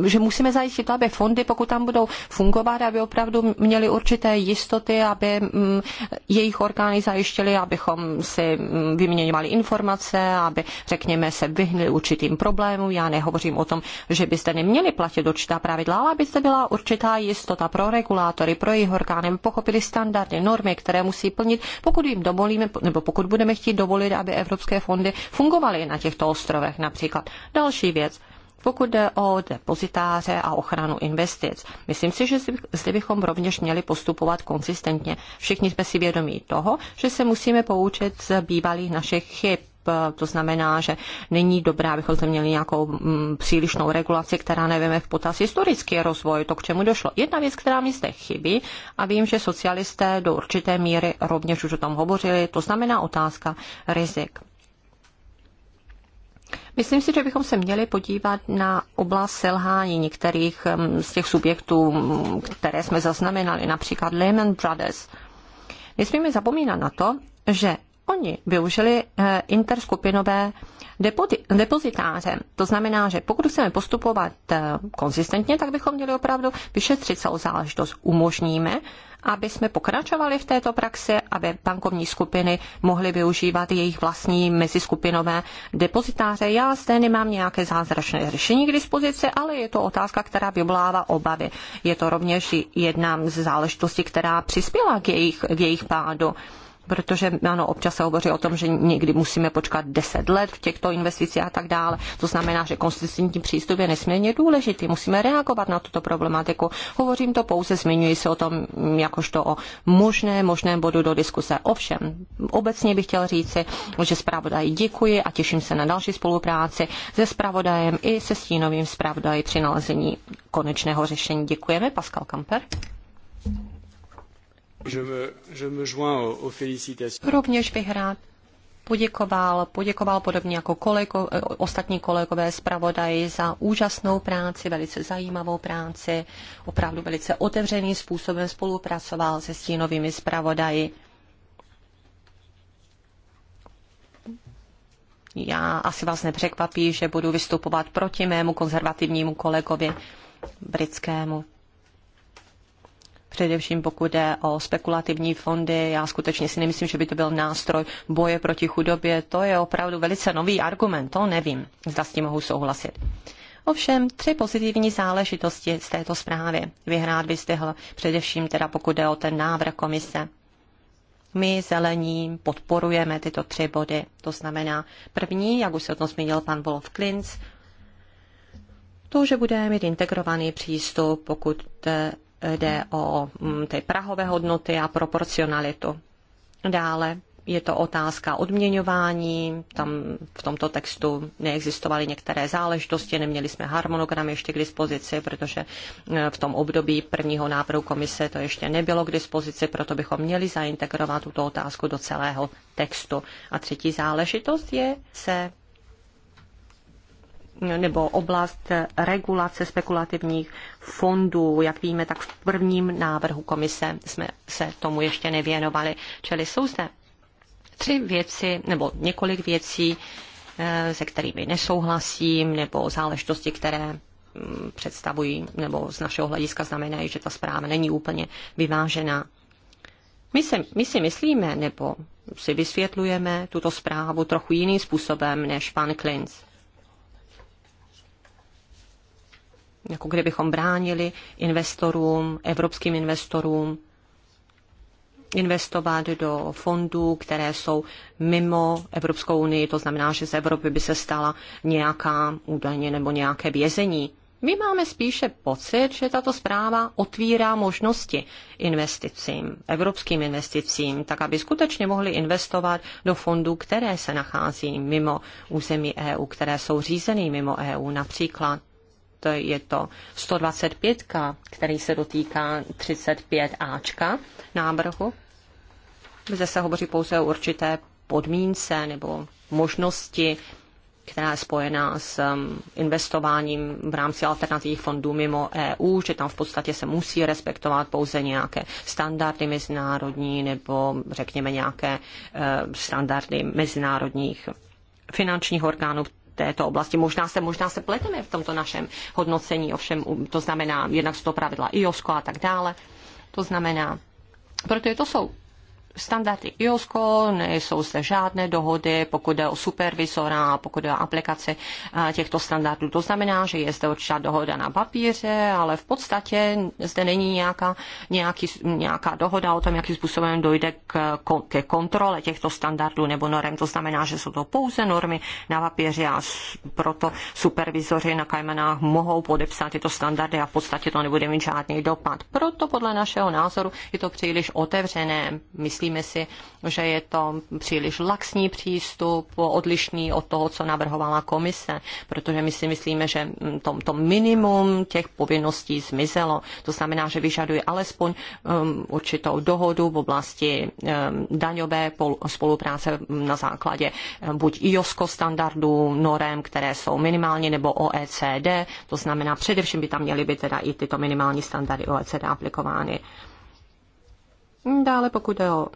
že musíme zajistit to, aby fondy, pokud tam budou fungovat, aby opravdu měly určité jistoty, aby mm, jejich orgány zajištěly, abychom si mm, vyměňovali informace, aby, řekněme, se vyhnuli určitým problémům. Já nehovořím o tom, že byste neměli platit určitá pravidla, ale aby se byla určitá jistota pro regulátory, pro jejich orgány, aby pochopili standardy, normy, které musí plnit, pokud jim dovolíme, nebo pokud budeme chtít dovolit, aby evropské fondy fungovaly na těchto ostrovech například. Další věc pokud jde o depozitáře a ochranu investic, myslím si, že zde bychom rovněž měli postupovat konsistentně. Všichni jsme si vědomí toho, že se musíme poučit z bývalých našich chyb to znamená, že není dobré, abychom zde měli nějakou m, mm, přílišnou regulaci, která nevíme v potaz historický rozvoj, to, k čemu došlo. Jedna věc, která mi zde chybí, a vím, že socialisté do určité míry rovněž už o tom hovořili, to znamená otázka rizik. Myslím si, že bychom se měli podívat na oblast selhání některých mm, z těch subjektů, mm, které jsme zaznamenali, například Lehman Brothers. Nesmíme zapomínat na to, že oni využili eh, interskupinové depozitáře. To znamená, že pokud chceme postupovat eh, konzistentně, tak bychom měli opravdu vyšetřit celou záležitost. Umožníme, aby jsme pokračovali v této praxi, aby bankovní skupiny mohly využívat jejich vlastní meziskupinové depozitáře. Já zde nemám nějaké zázračné řešení k dispozici, ale je to otázka, která vyvolává obavy. Je to rovněž jedna z záležitostí, která přispěla k jejich, k jejich pádu protože ano, občas se hovoří o tom, že někdy musíme počkat 10 let v těchto investicích a tak dále. To znamená, že konsistentní přístup je nesmírně důležitý. Musíme reagovat na tuto problematiku. Hovořím to pouze, zmiňuji se o tom jakožto o možné, možném bodu do diskuse. Ovšem, obecně bych chtěl říci, že zpravodaji děkuji a těším se na další spolupráci se zpravodajem i se stínovým zpravodaji při nalezení konečného řešení. Děkujeme, Pascal Kamper. Rovněž bych rád poděkoval, poděkoval podobně jako kolego, eh, ostatní kolegové zpravodaji za úžasnou práci, velice zajímavou práci, opravdu velice otevřeným způsobem spolupracoval se stínovými zpravodaji. Já asi vás nepřekvapí, že budu vystupovat proti mému konzervativnímu kolegovi britskému především pokud jde o spekulativní fondy. Já skutečně si nemyslím, že by to byl nástroj boje proti chudobě. To je opravdu velice nový argument, to nevím, zda s tím mohu souhlasit. Ovšem, tři pozitivní záležitosti z této zprávy vyhrát vystihl, především teda pokud jde o ten návrh komise. My zelení podporujeme tyto tři body. To znamená první, jak už se o tom zmínil pan Volov Klinc, to, že budeme mít integrovaný přístup, pokud jde o mm, ty prahové hodnoty a proporcionalitu. Dále je to otázka odměňování, tam v tomto textu neexistovaly některé záležitosti, neměli jsme harmonogram ještě k dispozici, protože mm, v tom období prvního návrhu komise to ještě nebylo k dispozici, proto bychom měli zaintegrovat tuto otázku do celého textu. A třetí záležitost je se nebo oblast regulace spekulativních fondů. Jak víme, tak v prvním návrhu komise jsme se tomu ještě nevěnovali. Čili jsou zde tři věci nebo několik věcí, eh, se kterými nesouhlasím, nebo záležitosti, které mm, představují nebo z našeho hlediska znamenají, že ta zpráva není úplně vyvážená. My, se, my si myslíme, nebo si vysvětlujeme tuto zprávu trochu jiným způsobem než pan Klinc. jako kdybychom bránili investorům, evropským investorům, investovat do fondů, které jsou mimo Evropskou unii, to znamená, že z Evropy by se stala nějaká údajně nebo nějaké vězení. My máme spíše pocit, že tato zpráva otvírá možnosti investicím, evropským investicím, tak aby skutečně mohli investovat do fondů, které se nachází mimo území EU, které jsou řízeny mimo EU, například je to 125, který se dotýká 35Ačka návrhu, Zde se hovoří pouze o určité podmínce nebo možnosti, která je spojená s um, investováním v rámci alternativních fondů mimo EU, že tam v podstatě se musí respektovat pouze nějaké standardy mezinárodní nebo řekněme nějaké uh, standardy mezinárodních finančních orgánů této oblasti. Možná se, možná se pleteme v tomto našem hodnocení, ovšem to znamená, jednak jsou to pravidla IOSCO a tak dále. To znamená, protože to jsou standardy IOSCO, nejsou zde žádné dohody, pokud jde o supervizora, pokud jde o aplikaci eh, těchto standardů. To znamená, že je zde určitá dohoda na papíře, ale v podstatě zde není nějaká, nějaký, nějaká dohoda o tom, jakým způsobem dojde k, ke kontrole těchto standardů nebo norm. To znamená, že jsou to pouze normy na papíře a proto supervizoři na Kajmanách mohou podepsat tyto standardy a v podstatě to nebude mít žádný dopad. Proto podle našeho názoru je to příliš otevřené. Myslím, Myslíme si, že je to příliš laxní přístup, odlišný od toho, co navrhovala komise, protože my si myslíme, že to, to minimum těch povinností zmizelo. To znamená, že vyžaduje alespoň um, určitou dohodu v oblasti um, daňové spolupráce na základě um, buď IOSCO standardů, norem, které jsou minimálně, nebo OECD. To znamená, především by tam měly být teda i tyto minimální standardy OECD aplikovány. Dále pokud je o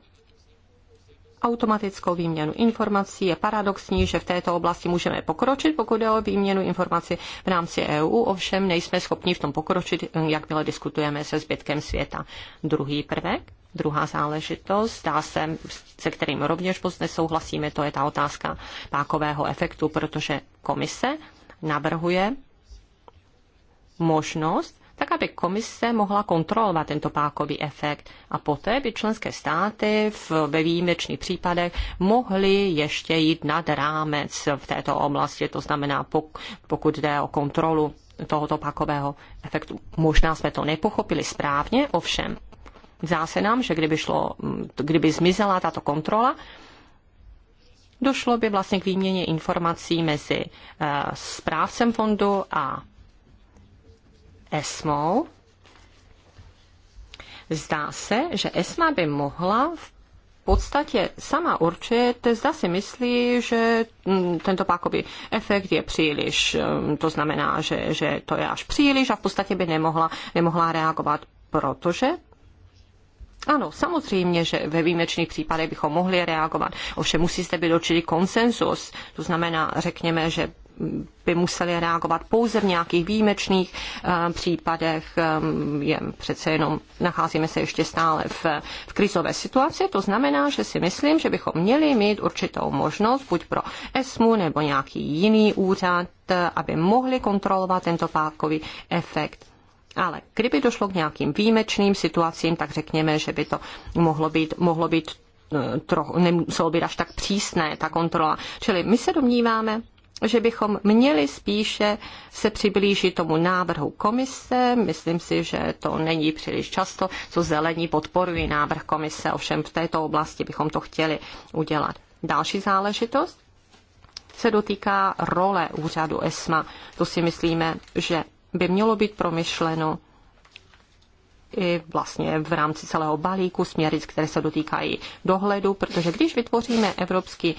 automatickou výměnu informací. Je paradoxní, že v této oblasti můžeme pokročit, pokud je o výměnu informací v rámci EU, ovšem nejsme schopni v tom pokročit, jakmile diskutujeme se zbytkem světa. Druhý prvek, druhá záležitost, zdá se, se kterým rovněž moc nesouhlasíme, to je ta otázka pákového efektu, protože komise navrhuje možnost tak aby komise mohla kontrolovat tento pákový efekt a poté by členské státy v, ve výjimečných případech mohly ještě jít nad rámec v této oblasti, to znamená pokud jde o kontrolu tohoto pákového efektu. Možná jsme to nepochopili správně, ovšem zdá se nám, že kdyby, šlo, kdyby zmizela tato kontrola, došlo by vlastně k výměně informací mezi eh, správcem fondu a ESMou. Zdá se, že ESMA by mohla v podstatě sama určit. zda si myslí, že mm, tento pákový efekt je příliš, mm, to znamená, že, že to je až příliš a v podstatě by nemohla, nemohla reagovat, protože ano, samozřejmě, že ve výjimečných případech bychom mohli reagovat. Ovšem musí zde být určitý konsensus. To znamená, řekněme, že by museli reagovat pouze v nějakých výjimečných eh, případech. Ehm, je přece jenom, nacházíme se ještě stále v, v krizové situaci, to znamená, že si myslím, že bychom měli mít určitou možnost, buď pro ESMU nebo nějaký jiný úřad, eh, aby mohli kontrolovat tento pákový efekt. Ale kdyby došlo k nějakým výjimečným situacím, tak řekněme, že by to mohlo být, mohlo být eh, trochu, nemuselo být až tak přísné ta kontrola. Čili my se domníváme, že bychom měli spíše se přiblížit tomu návrhu komise. Myslím si, že to není příliš často, co zelení podporují návrh komise, ovšem v této oblasti bychom to chtěli udělat. Další záležitost se dotýká role úřadu ESMA. To si myslíme, že by mělo být promyšleno i vlastně v rámci celého balíku směrnic, které se dotýkají dohledu, protože když vytvoříme evropský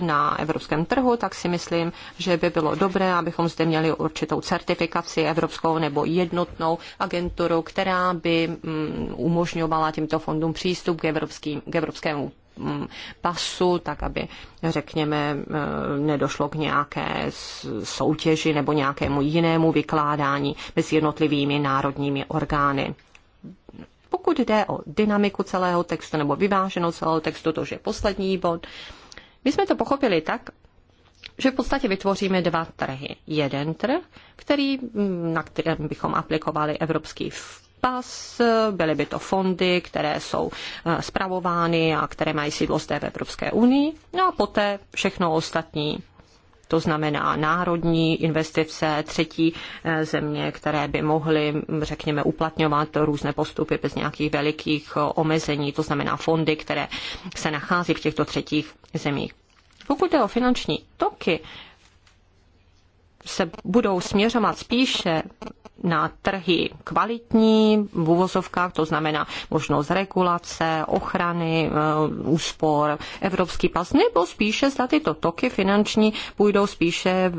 na evropském trhu, tak si myslím, že by bylo dobré, abychom zde měli určitou certifikaci evropskou nebo jednotnou agenturu, která by mm, umožňovala těmto fondům přístup k, evropským, k evropskému mm, pasu, tak aby, řekněme, mm, nedošlo k nějaké soutěži nebo nějakému jinému vykládání mezi jednotlivými národními orgány. Pokud jde o dynamiku celého textu nebo vyváženou celého textu, to je poslední bod, my jsme to pochopili tak, že v podstatě vytvoříme dva trhy. Jeden trh, který, mm, na kterém bychom aplikovali evropský pas, byly by to fondy, které jsou eh, spravovány a které mají sídlo zde v Evropské unii, no a poté všechno ostatní to znamená národní investice, třetí eh, země, které by mohly, řekněme, uplatňovat různé postupy bez nějakých velikých eh, omezení, to znamená fondy, které se nachází v těchto třetích zemích. Pokud je o finanční toky, se budou směřovat spíše na trhy kvalitní, v úvozovkách, to znamená možnost regulace, ochrany, eh, úspor, evropský pas, nebo spíše za tyto toky finanční půjdou spíše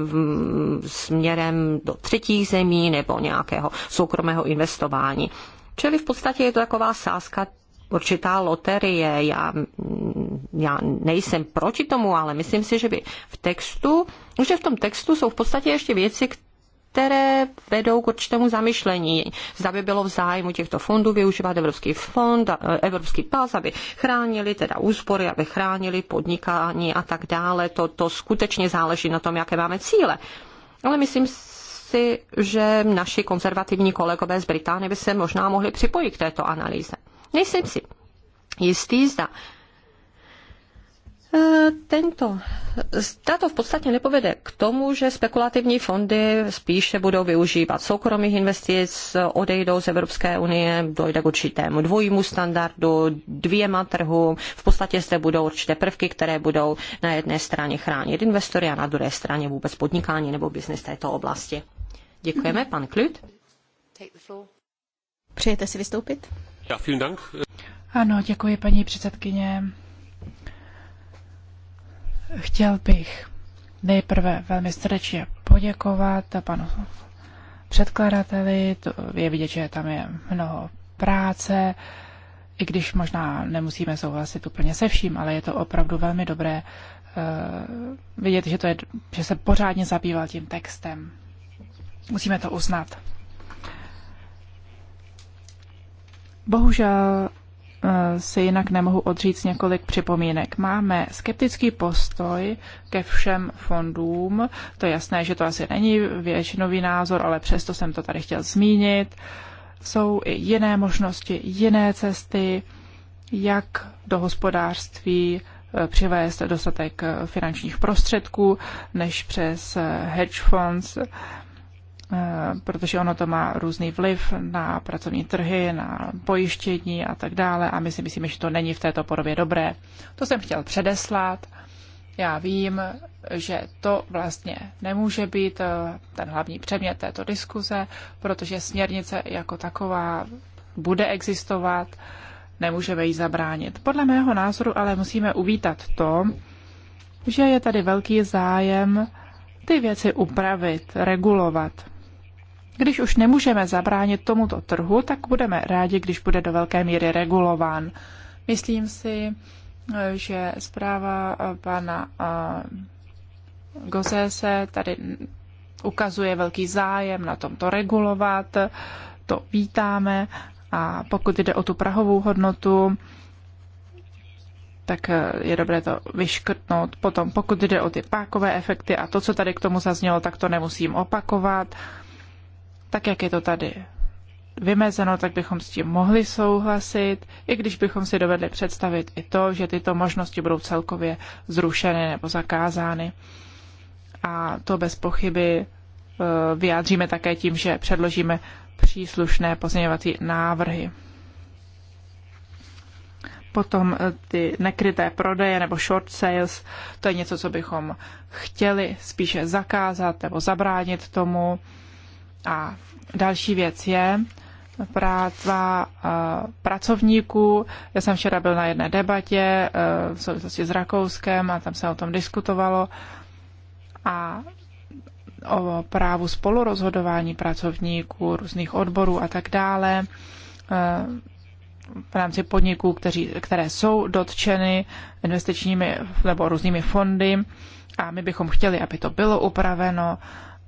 směrem do třetích zemí nebo nějakého soukromého investování. Čili v podstatě je to taková sázka určitá loterie. Já, já nejsem proti tomu, ale myslím si, že by v textu, že v tom textu jsou v podstatě ještě věci, které vedou k určitému zamyšlení. Zda by bylo v zájmu těchto fondů využívat Evropský fond, e, Evropský pas, aby chránili teda úspory, aby chránili podnikání a tak dále. To, to skutečně záleží na tom, jaké máme cíle. Ale myslím si, že naši konzervativní kolegové z Británie by se možná mohli připojit k této analýze. Nejsem si jistý, zda E, tento, tato v podstatě nepovede k tomu, že spekulativní fondy spíše budou využívat soukromých investic, odejdou z Evropské unie, dojde k určitému dvojímu standardu, dvěma trhům. V podstatě zde budou určité prvky, které budou na jedné straně chránit investory a na druhé straně vůbec podnikání nebo biznis této oblasti. Děkujeme, pan Klut. Přejete si vystoupit? Ja, vielen Dank. Ano, děkuji, paní předsedkyně. Chtěl bych nejprve velmi srdečně poděkovat panu předkladateli. To je vidět, že tam je mnoho práce, i když možná nemusíme souhlasit úplně se vším, ale je to opravdu velmi dobré uh, vidět, že, to je, že se pořádně zabýval tím textem. Musíme to uznat. Bohužel se jinak nemohu odříct několik připomínek. Máme skeptický postoj ke všem fondům. To je jasné, že to asi není většinový názor, ale přesto jsem to tady chtěl zmínit. Jsou i jiné možnosti, jiné cesty, jak do hospodářství eh, přivést dostatek eh, finančních prostředků, než přes eh, hedge funds Eh, protože ono to má různý vliv na pracovní trhy, na pojištění a tak dále a my si myslíme, že to není v této podobě dobré. To jsem chtěl předeslat. Já vím, že to vlastně nemůže být eh, ten hlavní předmět této diskuze, protože směrnice jako taková bude existovat, nemůžeme jí zabránit. Podle mého názoru ale musíme uvítat to, že je tady velký zájem ty věci upravit, regulovat. Když už nemůžeme zabránit tomuto trhu, tak budeme rádi, když bude do velké míry regulován. Myslím si, že zpráva eh, pana eh, se tady ukazuje velký zájem na tomto regulovat, to vítáme a pokud jde o tu prahovou hodnotu, tak eh, je dobré to vyškrtnout. Potom, pokud jde o ty pákové efekty a to, co tady k tomu zaznělo, tak to nemusím opakovat tak jak je to tady vymezeno, tak bychom s tím mohli souhlasit, i když bychom si dovedli představit i to, že tyto možnosti budou celkově zrušeny nebo zakázány. A to bez pochyby e, vyjádříme také tím, že předložíme příslušné pozměňovací návrhy. Potom e, ty nekryté prodeje nebo short sales, to je něco, co bychom chtěli spíše zakázat nebo zabránit tomu a další věc je práva eh, pracovníků. Já jsem včera byl na jedné debatě eh, v souvislosti s Rakouskem a tam se o tom diskutovalo. A o právu spolurozhodování pracovníků, různých odborů a tak dále eh, v rámci podniků, kteří, které jsou dotčeny investičními nebo různými fondy. A my bychom chtěli, aby to bylo upraveno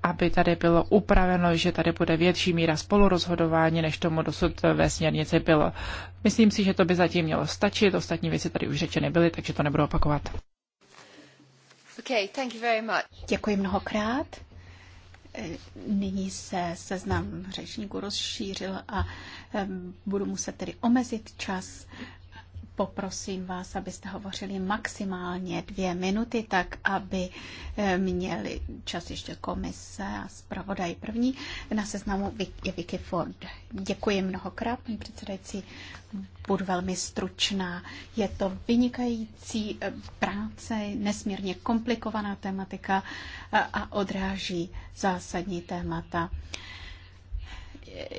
aby tady bylo upraveno, že tady bude větší míra spolurozhodování, než tomu dosud ve směrnici bylo. Myslím si, že to by zatím mělo stačit, ostatní věci tady už řečeny byly, takže to nebudu opakovat. Okay, thank you very much. Děkuji mnohokrát. Nyní se seznam řečníků rozšířil a budu muset tedy omezit čas Poprosím vás, abyste hovořili maximálně dvě minuty, tak aby eh, měli čas ještě komise a zpravodaj první. Na seznamu je Vicky Ford. Děkuji mnohokrát, paní předsedající. Budu velmi stručná. Je to vynikající eh, práce, nesmírně komplikovaná tematika eh, a odráží zásadní témata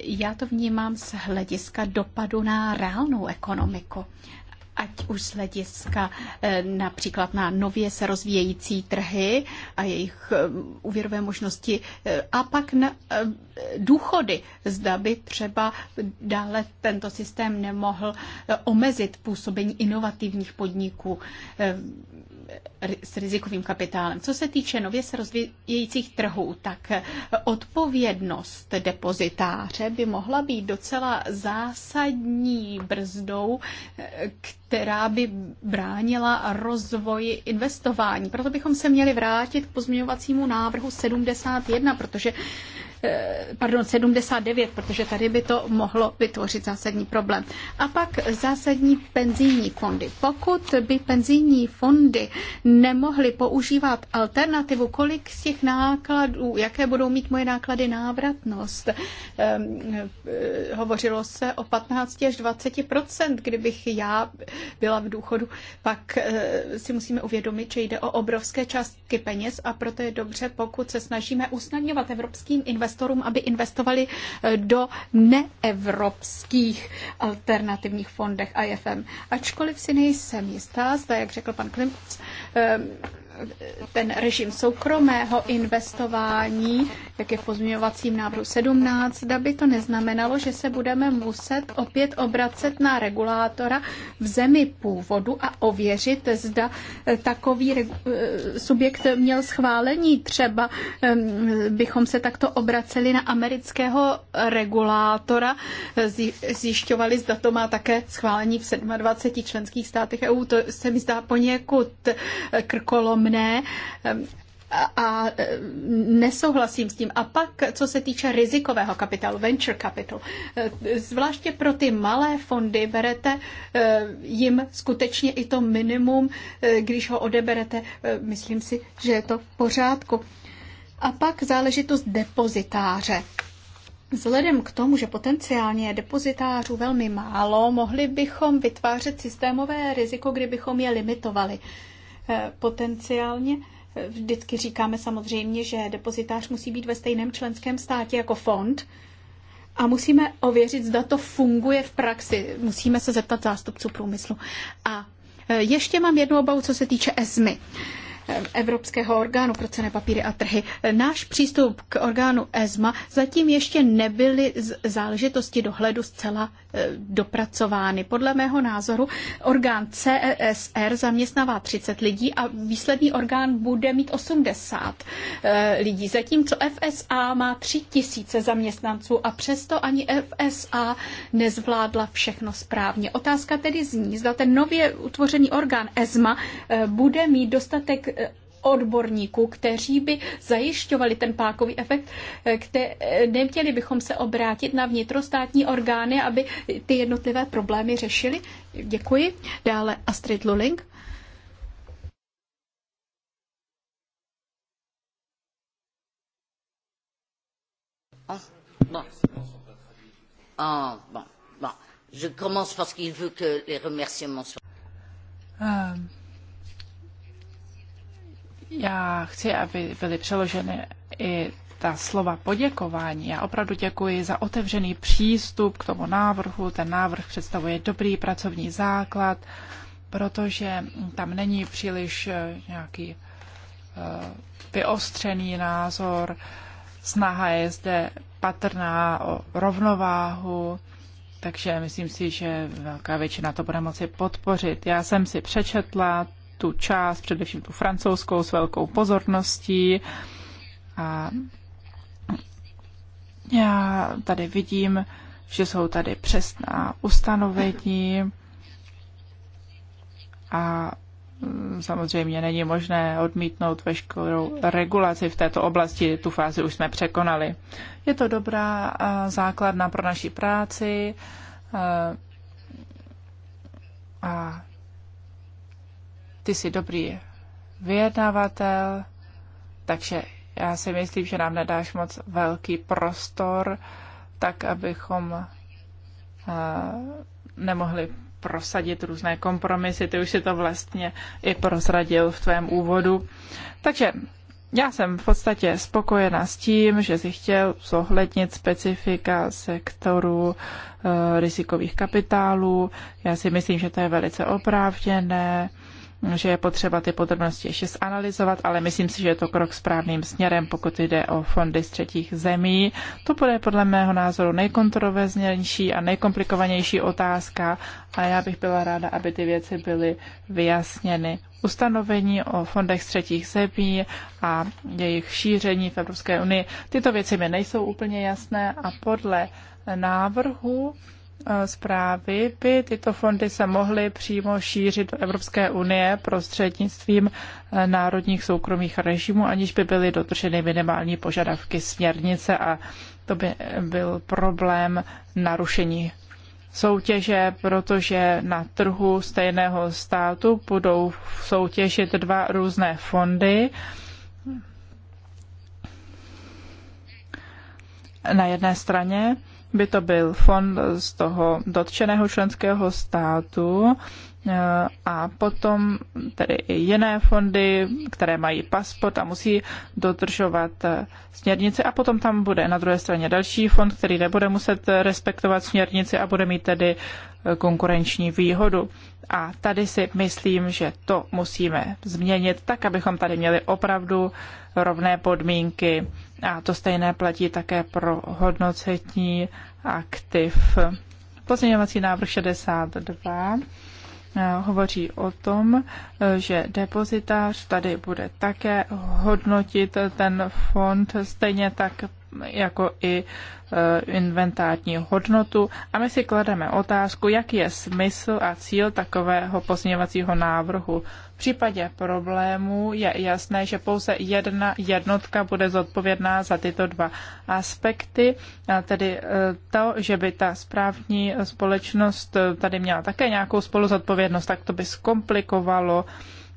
já to vnímám z hlediska dopadu na reálnou ekonomiku ať už z hlediska eh, například na nově se rozvíjející trhy a jejich eh, úvěrové možnosti eh, a pak na důchody. Zda by třeba dále tento systém nemohl omezit působení inovativních podniků s rizikovým kapitálem. Co se týče nově se rozvíjejících trhů, tak odpovědnost depozitáře by mohla být docela zásadní brzdou, která by bránila rozvoji investování. Proto bychom se měli vrátit k pozměňovacímu návrhu 71, protože Eh, pardon, 79, protože tady by to mohlo vytvořit zásadní problém. A pak zásadní penzijní fondy. Pokud by penzijní fondy nemohly používat alternativu, kolik z těch nákladů, jaké budou mít moje náklady návratnost, ehm, eh, hovořilo se o 15 až 20 kdybych já byla v důchodu, pak eh, si musíme uvědomit, že jde o obrovské částky peněz a proto je dobře, pokud se snažíme usnadňovat evropským investicím, investorům, aby investovali eh, do neevropských alternativních fondech IFM. Ačkoliv si nejsem jistá, zda, jak řekl pan Klimc, eh, ten režim soukromého investování, jak je v pozměňovacím návrhu 17, by to neznamenalo, že se budeme muset opět obracet na regulátora v zemi původu a ověřit, zda eh, takový eh, subjekt měl schválení. Třeba ehm, bychom se takto obraceli na amerického regulátora, eh, zjišťovali, zda to má také schválení v 27 členských státech EU. To se mi zdá poněkud krkolomné mne a nesouhlasím s tím. A pak, co se týče rizikového kapitálu, venture capital, zvláště pro ty malé fondy berete eh, jim skutečně i to minimum, eh, když ho odeberete, eh, myslím si, že je to v pořádku. A pak záležitost depozitáře. Vzhledem k tomu, že potenciálně je depozitářů velmi málo, mohli bychom vytvářet systémové riziko, kdybychom je limitovali. Eh, potenciálně eh, vždycky říkáme samozřejmě, že depozitář musí být ve stejném členském státě jako fond a musíme ověřit, zda to funguje v praxi. Musíme se zeptat zástupců průmyslu. A eh, ještě mám jednu obavu, co se týče ESMI, Evropského orgánu pro cené papíry a trhy. Náš přístup k orgánu ESMA zatím ještě nebyly záležitosti dohledu zcela Eh, dopracovány. Podle mého názoru orgán CSR zaměstnává 30 lidí a výsledný orgán bude mít 80 eh, lidí, zatímco FSA má 3 tisíce zaměstnanců a přesto ani FSA nezvládla všechno správně. Otázka tedy zní, zda ten nově utvořený orgán ESMA eh, bude mít dostatek odborníků, kteří by zajišťovali ten pákový efekt. Eh, kte- eh, neměli bychom se obrátit na vnitrostátní orgány, aby ty jednotlivé problémy řešili. Děkuji. Dále Astrid Luling. Ah, bon. Ah, bon. Bon. Je commence parce qu'il veut que les remerciements soient. Um. Já chci, aby byly přeloženy i ta slova poděkování. Já opravdu děkuji za otevřený přístup k tomu návrhu. Ten návrh představuje dobrý pracovní základ, protože tam není příliš eh, nějaký eh, vyostřený názor. Snaha je zde patrná o rovnováhu, takže myslím si, že velká většina to bude moci podpořit. Já jsem si přečetla tu část, především tu francouzskou, s velkou pozorností. A já tady vidím, že jsou tady přesná ustanovení a mm, samozřejmě není možné odmítnout veškerou regulaci v této oblasti. Tu fázi už jsme překonali. Je to dobrá základna pro naši práci a ty jsi dobrý vyjednávatel, takže já si myslím, že nám nedáš moc velký prostor, tak abychom eh, nemohli prosadit různé kompromisy. Ty už si to vlastně i prozradil v tvém úvodu. Takže já jsem v podstatě spokojená s tím, že si chtěl zohlednit specifika sektoru e, rizikových kapitálů. Já si myslím, že to je velice oprávněné. E, že je potřeba ty podrobnosti ještě zanalizovat, ale myslím si, že je to krok správným směrem, pokud jde o fondy z třetích zemí. To bude podle mého názoru nejkontroverznější a nejkomplikovanější otázka a já bych byla ráda, aby ty věci byly vyjasněny. Ustanovení o fondech z třetích zemí a jejich šíření v Evropské unii. Tyto věci mi nejsou úplně jasné a podle návrhu Eh, zprávy by tyto fondy se mohly přímo šířit do Evropské unie prostřednictvím eh, národních soukromých režimů, aniž by byly dotrženy minimální požadavky směrnice a to by eh, byl problém narušení soutěže, protože na trhu stejného státu budou soutěžit dva různé fondy. Na jedné straně by to byl fond z toho dotčeného členského státu eh, a potom tedy i jiné fondy, které mají pasport a musí dodržovat eh, směrnici a potom tam bude na druhé straně další fond, který nebude muset respektovat směrnici a bude mít tedy eh, konkurenční výhodu. A tady si myslím, že to musíme změnit tak, abychom tady měli opravdu rovné podmínky a to stejné platí také pro hodnocení aktiv. Pozměňovací návrh 62 eh, hovoří o tom, eh, že depozitář tady bude také hodnotit ten fond stejně tak jako i eh, inventární hodnotu. A my si klademe otázku, jak je smysl a cíl takového pozměňovacího návrhu případě problémů je jasné, že pouze jedna jednotka bude zodpovědná za tyto dva aspekty, tedy e, to, že by ta správní společnost e, tady měla také nějakou spoluzodpovědnost, tak to by zkomplikovalo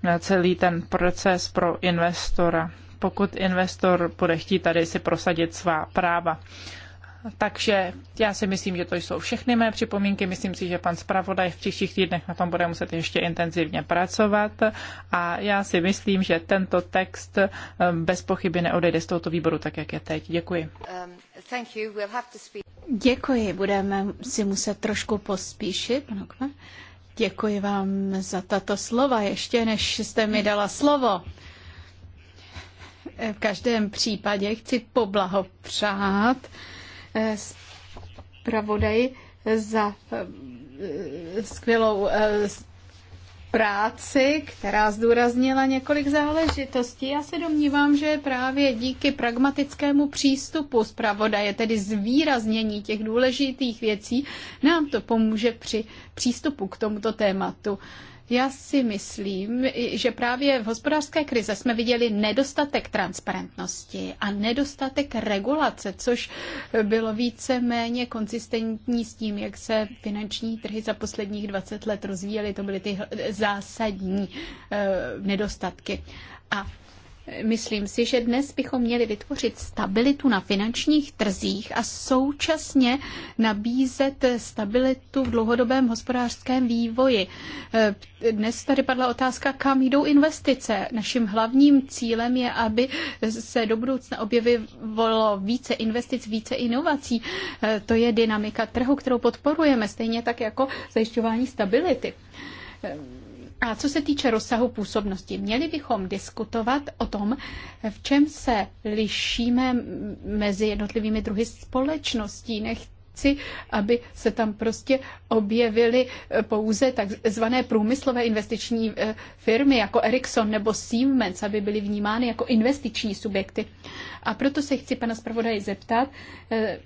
e, celý ten proces pro investora, pokud investor bude chtít tady si prosadit svá práva. Takže já si myslím, že to jsou všechny mé připomínky. Myslím si, že pan zpravodaj v příštích týdnech na tom bude muset ještě intenzivně pracovat. A já si myslím, že tento text eh, bez pochyby neodejde z tohoto výboru tak, jak je teď. Děkuji. Um, Děkuji. Budeme si muset trošku pospíšit. Děkuji vám za tato slova, ještě než jste mi dala slovo. V každém případě chci poblahopřát zpravodaji za eh, skvělou eh, práci, která zdůraznila několik záležitostí. Já se domnívám, že právě díky pragmatickému přístupu zpravodaje, tedy zvýraznění těch důležitých věcí, nám to pomůže při přístupu k tomuto tématu. Já si myslím, že právě v hospodářské krize jsme viděli nedostatek transparentnosti a nedostatek regulace, což bylo více-méně konzistentní s tím, jak se finanční trhy za posledních 20 let rozvíjely. To byly ty zásadní eh, nedostatky. A Myslím si, že dnes bychom měli vytvořit stabilitu na finančních trzích a současně nabízet stabilitu v dlouhodobém hospodářském vývoji. Eh, dnes tady padla otázka, kam jdou investice. Naším hlavním cílem je, aby se do budoucna objevilo více investic, více inovací. Eh, to je dynamika trhu, kterou podporujeme, stejně tak jako zajišťování stability eh, a co se týče rozsahu působnosti, měli bychom diskutovat o tom, v čem se lišíme mezi jednotlivými druhy společností. Nechci, aby se tam prostě objevily e, pouze takzvané průmyslové investiční e, firmy jako Ericsson nebo Siemens, aby byly vnímány jako investiční subjekty. A proto se chci pana zpravodaje zeptat, e,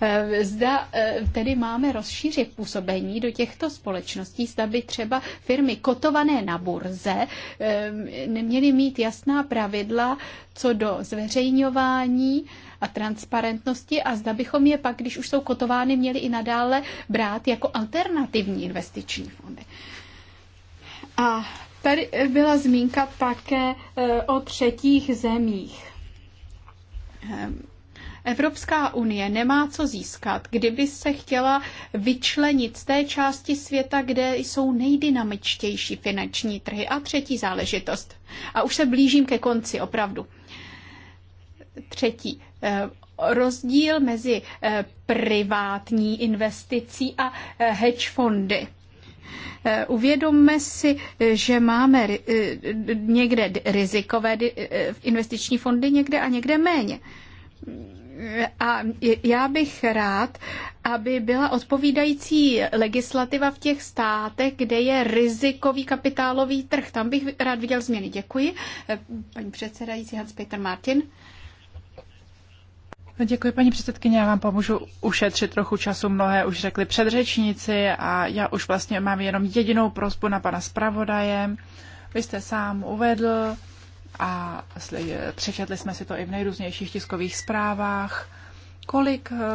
Eh, zda eh, tedy máme rozšířit působení do těchto společností, zda by třeba firmy kotované na burze eh, neměly mít jasná pravidla co do zveřejňování a transparentnosti a zda bychom je pak, když už jsou kotovány, měli i nadále brát jako alternativní investiční fondy. A tady byla zmínka také o třetích zemích Evropská unie nemá co získat, kdyby se chtěla vyčlenit z té části světa, kde jsou nejdynamičtější finanční trhy. A třetí záležitost. A už se blížím ke konci, opravdu. Třetí eh, rozdíl mezi eh, privátní investicí a eh, hedge fondy. Uvědomme si, že máme někde rizikové investiční fondy, někde a někde méně a já bych rád, aby byla odpovídající legislativa v těch státech, kde je rizikový kapitálový trh. Tam bych rád viděl změny. Děkuji. Paní předsedající Hans-Peter Martin. Děkuji, paní předsedkyně, já vám pomůžu ušetřit trochu času. Mnohé už řekli předřečníci a já už vlastně mám jenom jedinou prosbu na pana zpravodaje. Vy jste sám uvedl, a přečetli jsme si to i v nejrůznějších tiskových zprávách, kolik eh,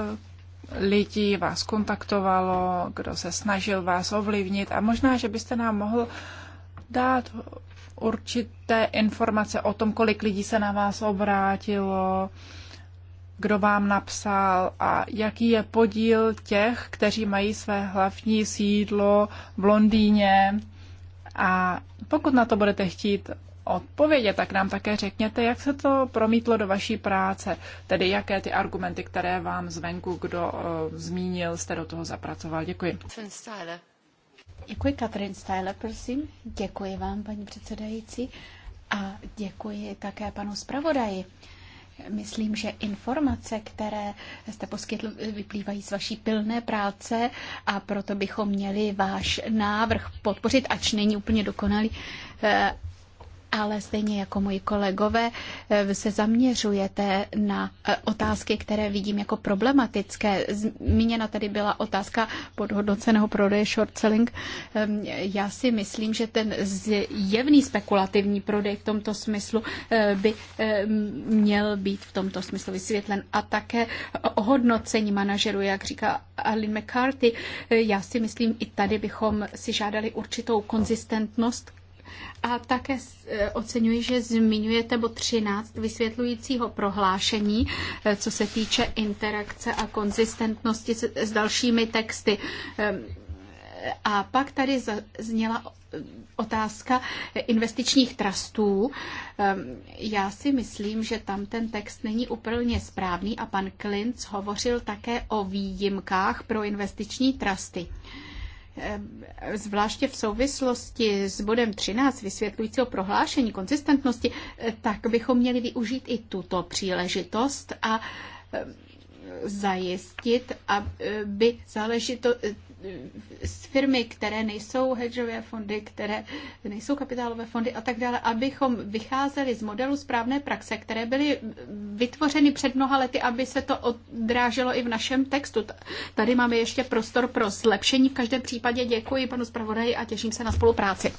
lidí vás kontaktovalo, kdo se snažil vás ovlivnit a možná, že byste nám mohl dát určité informace o tom, kolik lidí se na vás obrátilo, kdo vám napsal a jaký je podíl těch, kteří mají své hlavní sídlo v Londýně. A pokud na to budete chtít odpovědět, tak nám také řekněte, jak se to promítlo do vaší práce, tedy jaké ty argumenty, které vám zvenku kdo uh, zmínil, jste do toho zapracoval. Děkuji. Děkuji, Katrin Styler, prosím. Děkuji vám, paní předsedající. A děkuji také panu zpravodaji. Myslím, že informace, které jste poskytl, vyplývají z vaší pilné práce a proto bychom měli váš návrh podpořit, ač není úplně dokonalý, eh, ale stejně jako moji kolegové eh, se zaměřujete na eh, otázky, které vidím jako problematické. Zmíněna tady byla otázka podhodnoceného prodeje short selling. Ehm, já si myslím, že ten zjevný spekulativní prodej v tomto smyslu eh, by ehm, měl být v tomto smyslu vysvětlen. A také ohodnocení manažerů, jak říká Arlene McCarthy, já si myslím, i tady bychom si žádali určitou konzistentnost, a také e, oceňuji, že zmiňujete bod 13 vysvětlujícího prohlášení, e, co se týče interakce a konzistentnosti s dalšími texty. Ehm, a pak tady zněla otázka investičních trustů. Ehm, já si myslím, že tam ten text není úplně správný a pan Klinc hovořil také o výjimkách pro investiční trusty zvláště v souvislosti s bodem 13 vysvětlujícího prohlášení konzistentnosti, eh, tak bychom měli využít i tuto příležitost a zajistit, aby eh, záležito, firmy, které nejsou hedžové fondy, které nejsou kapitálové fondy a tak dále, abychom vycházeli z modelu správné praxe, které byly vytvořeny před mnoha lety, aby se to odráželo i v našem textu. Tady máme ještě prostor pro zlepšení. V každém případě děkuji panu zpravodaji a těším se na spolupráci.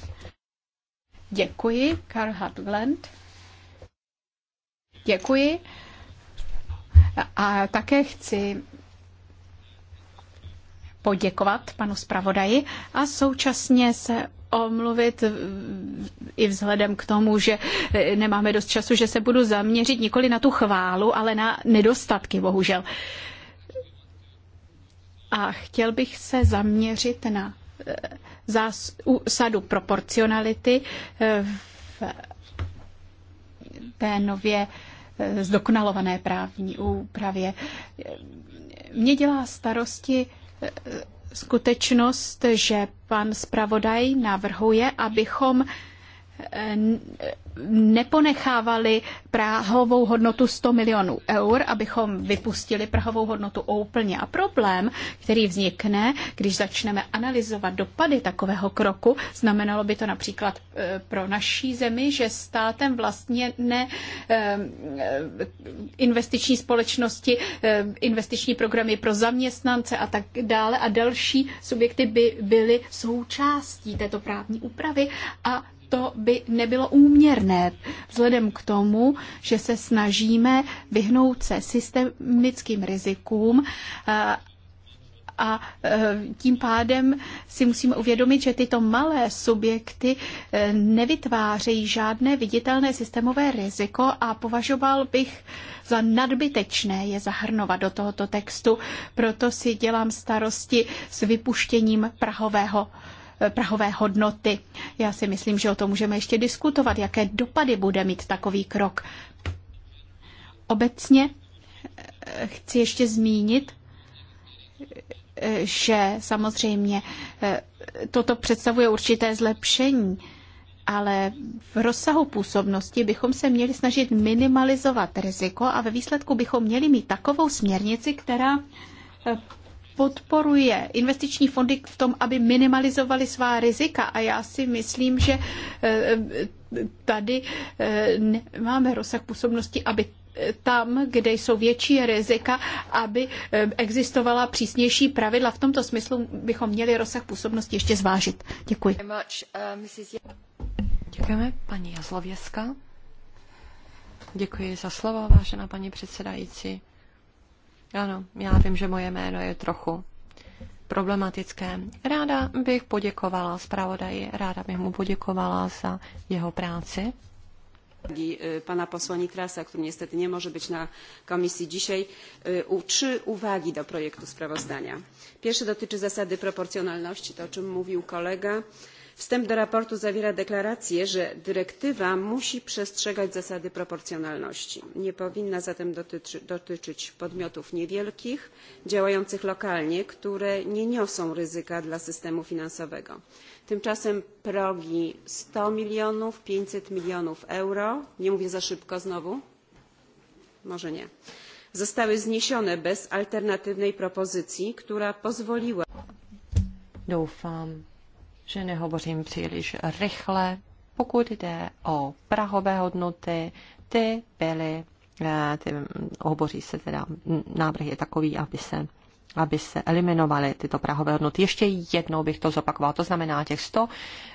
Děkuji, Karl Hartland. Děkuji. A také chci poděkovat panu zpravodaji a současně se omluvit i vzhledem k tomu, že e, nemáme dost času, že se budu zaměřit nikoli na tu chválu, ale na nedostatky, bohužel. A chtěl bych se zaměřit na e, zásadu proporcionality e, v té nově zdokonalované právní úpravě. Mě dělá starosti skutečnost, že pan zpravodaj navrhuje, abychom neponechávali prahovou hodnotu 100 milionů eur, abychom vypustili prahovou hodnotu úplně. A problém, který vznikne, když začneme analyzovat dopady takového kroku, znamenalo by to například eh, pro naší zemi, že státem vlastně ne eh, investiční společnosti, eh, investiční programy pro zaměstnance a tak dále a další subjekty by byly součástí této právní úpravy a to by nebylo úměrné vzhledem k tomu, že se snažíme vyhnout se systemickým rizikům a tím pádem si musíme uvědomit, že tyto malé subjekty e, nevytvářejí žádné viditelné systémové riziko a považoval bych za nadbytečné je zahrnovat do tohoto textu. Proto si dělám starosti s vypuštěním prahového Eh, prahové hodnoty. Já si myslím, že o tom můžeme ještě diskutovat, jaké dopady bude mít takový krok. Obecně eh, chci ještě zmínit, eh, že samozřejmě toto představuje určité zlepšení, ale v rozsahu působnosti bychom se měli snažit minimalizovat riziko a ve výsledku bychom měli mít takovou směrnici, která podporuje investiční fondy v tom, aby minimalizovali svá rizika. A já si myslím, že eh, tady eh, nemáme rozsah působnosti, aby eh, tam, kde jsou větší rizika, aby existovala přísnější pravidla. V tomto smyslu bychom měli rozsah působnosti ještě zvážit. Děkuji. Děkujeme, paní Jazlověska. Děkuji za slovo, vážená paní předsedající. Ano, já vím, že moje jméno je trochu problematické. Ráda bych poděkovala zpravodaji, ráda bych mu poděkovala za jeho práci. E, pana posła Nitrasa, który niestety nie może być na komisji dzisiaj, e, trzy uwagi do projektu sprawozdania. Pierwsze dotyczy zasady proporcjonalności, to o czym mówił kolega wstęp do sprawozdania zawiera deklarację że dyrektywa musi przestrzegać zasady proporcjonalności nie powinna zatem dotyczyć podmiotów niewielkich działających lokalnie które nie niosą ryzyka dla systemu finansowego. tymczasem progi sto milionów pięćset milionów euro nie mówię za szybko znowu może nie zostały zniesione bez alternatywnej propozycji która pozwoliła že nehovořím příliš rychle. Pokud jde o prahové hodnoty, ty byly, eh, ty, hovoří se teda, návrh je takový, aby se aby se eliminovaly tyto prahové hodnoty. Ještě jednou bych to zopakoval. To znamená těch 100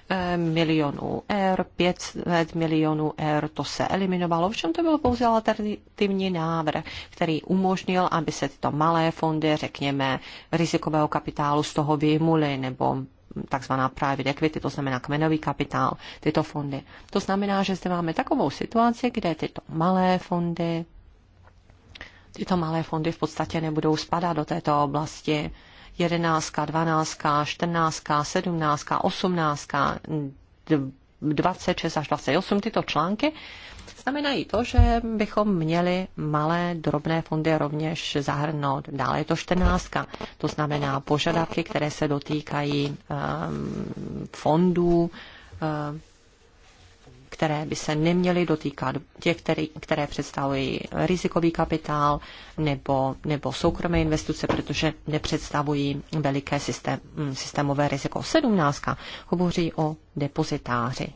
eh, milionů eur, 500 milionů eur, to se eliminovalo. V čem to byl pouze alternativní návrh, který umožnil, aby se tyto malé fondy, řekněme, rizikového kapitálu z toho vyjmuly nebo tzv. private equity, to znamená kmenový kapitál, tyto fondy. To znamená, že zde máme takovou situaci, kde tyto malé fondy, tyto malé fondy v podstatě nebudou spadat do této oblasti. 11, 12, 14, 17, 18, 26 až 28 tyto články, znamenají to, že bychom měli malé drobné fondy rovněž zahrnout. Dále je to 14. To znamená požadavky, které se dotýkají um, fondů, um, které by se neměly dotýkat těch, které, které představují rizikový kapitál nebo, nebo soukromé investice, protože nepředstavují veliké systém, systémové riziko. 17. hovoří o depozitáři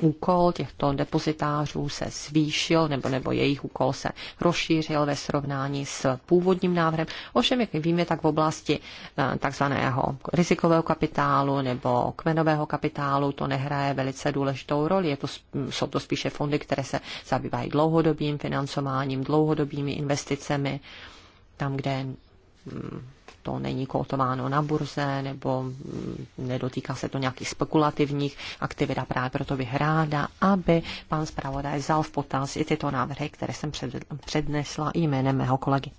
úkol těchto depozitářů se zvýšil, nebo, nebo jejich úkol se rozšířil ve srovnání s původním návrhem. Ovšem, jak víme, tak v oblasti eh, takzvaného rizikového kapitálu nebo kmenového kapitálu to nehraje velice důležitou roli. Je to, jsou to spíše fondy, které se zabývají dlouhodobým financováním, dlouhodobými investicemi, tam, kde mm, to není kotováno na burze nebo mm, nedotýká se to nějakých spekulativních aktivit a právě proto bych ráda, aby pan zpravodaj vzal v potaz i tyto návrhy, které jsem přednesla jménem mého kolegy.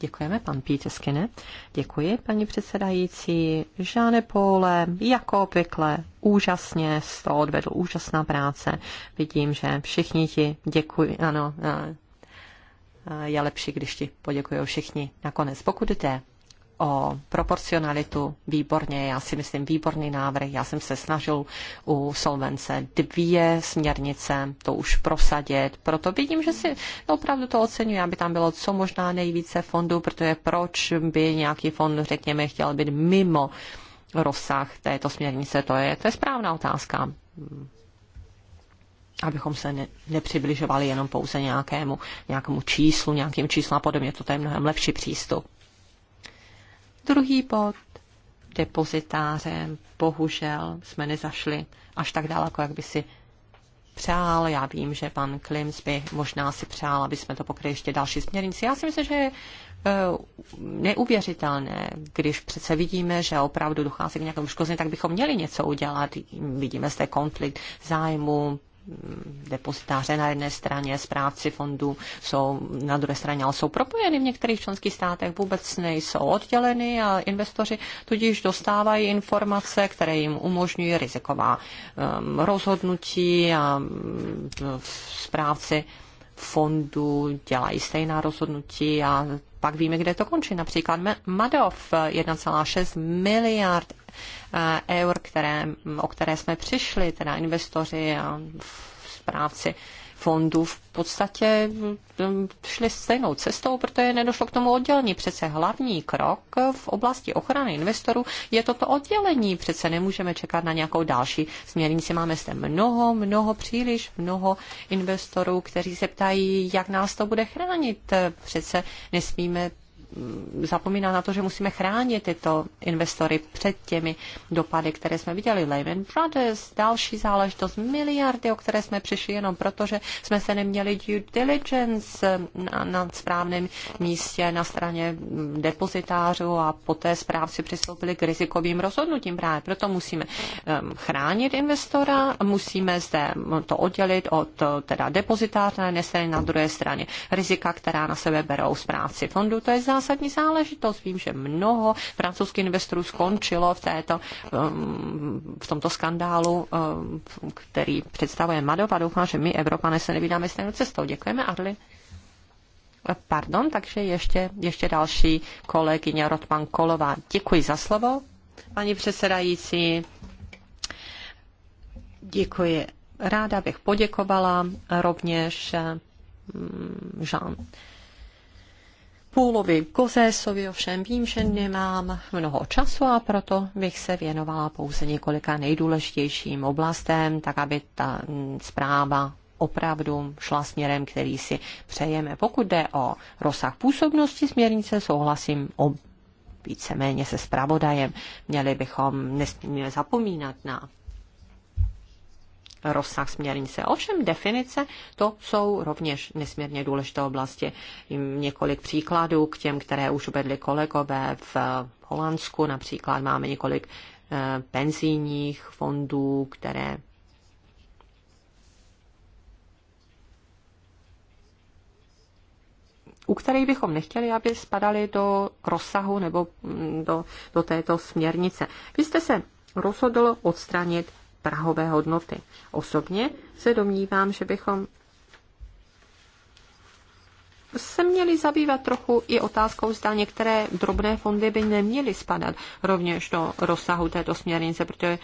Děkujeme, pan Pítě Skine. Děkuji, paní předsedající. Žáne Pole, jako obvykle, úžasně toho odvedl úžasná práce. Vidím, že všichni ti děkuji, ano, je lepší, když ti poděkuji všichni nakonec. Pokud jde o proporcionalitu, výborně, já si myslím výborný návrh. Já jsem se snažil u Solvence dvě směrnice to už prosadit, proto vidím, že si opravdu to oceňuji, aby tam bylo co možná nejvíce fondů, protože proč by nějaký fond, řekněme, chtěl být mimo rozsah této směrnice, to je, to je správná otázka abychom se ne, nepřibližovali jenom pouze nějakému, nějakému číslu, nějakým číslu a podobně. To je mnohem lepší přístup. Druhý bod, depozitářem, bohužel jsme nezašli až tak daleko, jak by si přál. Já vím, že pan Klims by možná si přál, aby jsme to pokryli ještě další směrnici. Já si myslím, že je eh, neuvěřitelné, když přece vidíme, že opravdu dochází k nějakému škození, tak bychom měli něco udělat. Vidíme zde konflikt zájmu, depozitáře na jedné straně, správci fondů jsou na druhé straně, ale jsou propojeny v některých členských státech, vůbec nejsou odděleny a investoři tudíž dostávají informace, které jim umožňují riziková um, rozhodnutí a um, správci fondů dělají stejná rozhodnutí a pak víme, kde to končí. Například Madov 1,6 miliard eh, eur, které, o které jsme přišli, teda investoři a správci fondů v podstatě šli stejnou cestou, protože nedošlo k tomu oddělení. Přece hlavní krok v oblasti ochrany investorů je toto oddělení. Přece nemůžeme čekat na nějakou další směrnici. Máme zde mnoho, mnoho, příliš mnoho investorů, kteří se ptají, jak nás to bude chránit. Přece nesmíme Mm, zapomíná na to, že musíme chránit tyto investory před těmi dopady, které jsme viděli. Lehman Brothers, další záležitost, miliardy, o které jsme přišli jenom proto, že jsme se neměli due diligence na, na správném místě na straně depozitářů a poté správci přistoupili k rizikovým rozhodnutím. Právě proto musíme ehm, chránit investora, musíme zde to oddělit od teda depozitáře na jedné straně, na druhé straně rizika, která na sebe berou správci fondu. To je zás zásadní záležitost. Vím, že mnoho francouzských investorů skončilo v, této, um, v tomto skandálu, um, který představuje Madov a doufám, že my, Evropané, se nevydáme stejnou cestou. Děkujeme, Arli. Pardon, takže ještě, ještě další kolegyně Rotman Kolová. Děkuji za slovo, paní předsedající. Děkuji. Ráda bych poděkovala rovněž Jean mm, Půlovi Gozésovi ovšem vím, že nemám mnoho času a proto bych se věnovala pouze několika nejdůležitějším oblastem, tak aby ta mm, zpráva opravdu šla směrem, který si přejeme. Pokud jde o rozsah působnosti směrnice, souhlasím o víceméně se zpravodajem. Měli bychom nesmíme zapomínat na rozsah směrnice. Ovšem definice, to jsou rovněž nesmírně důležité oblasti. Několik příkladů k těm, které už uvedli kolegové v eh, Holandsku. Například máme několik eh, penzijních fondů, které u kterých bychom nechtěli, aby spadali do rozsahu nebo mm, do, do této směrnice. Vy jste se rozhodl odstranit prahové hodnoty. Osobně se domnívám, že bychom se měli zabývat trochu i otázkou, zda některé drobné fondy by neměly spadat rovněž do rozsahu této směrnice, protože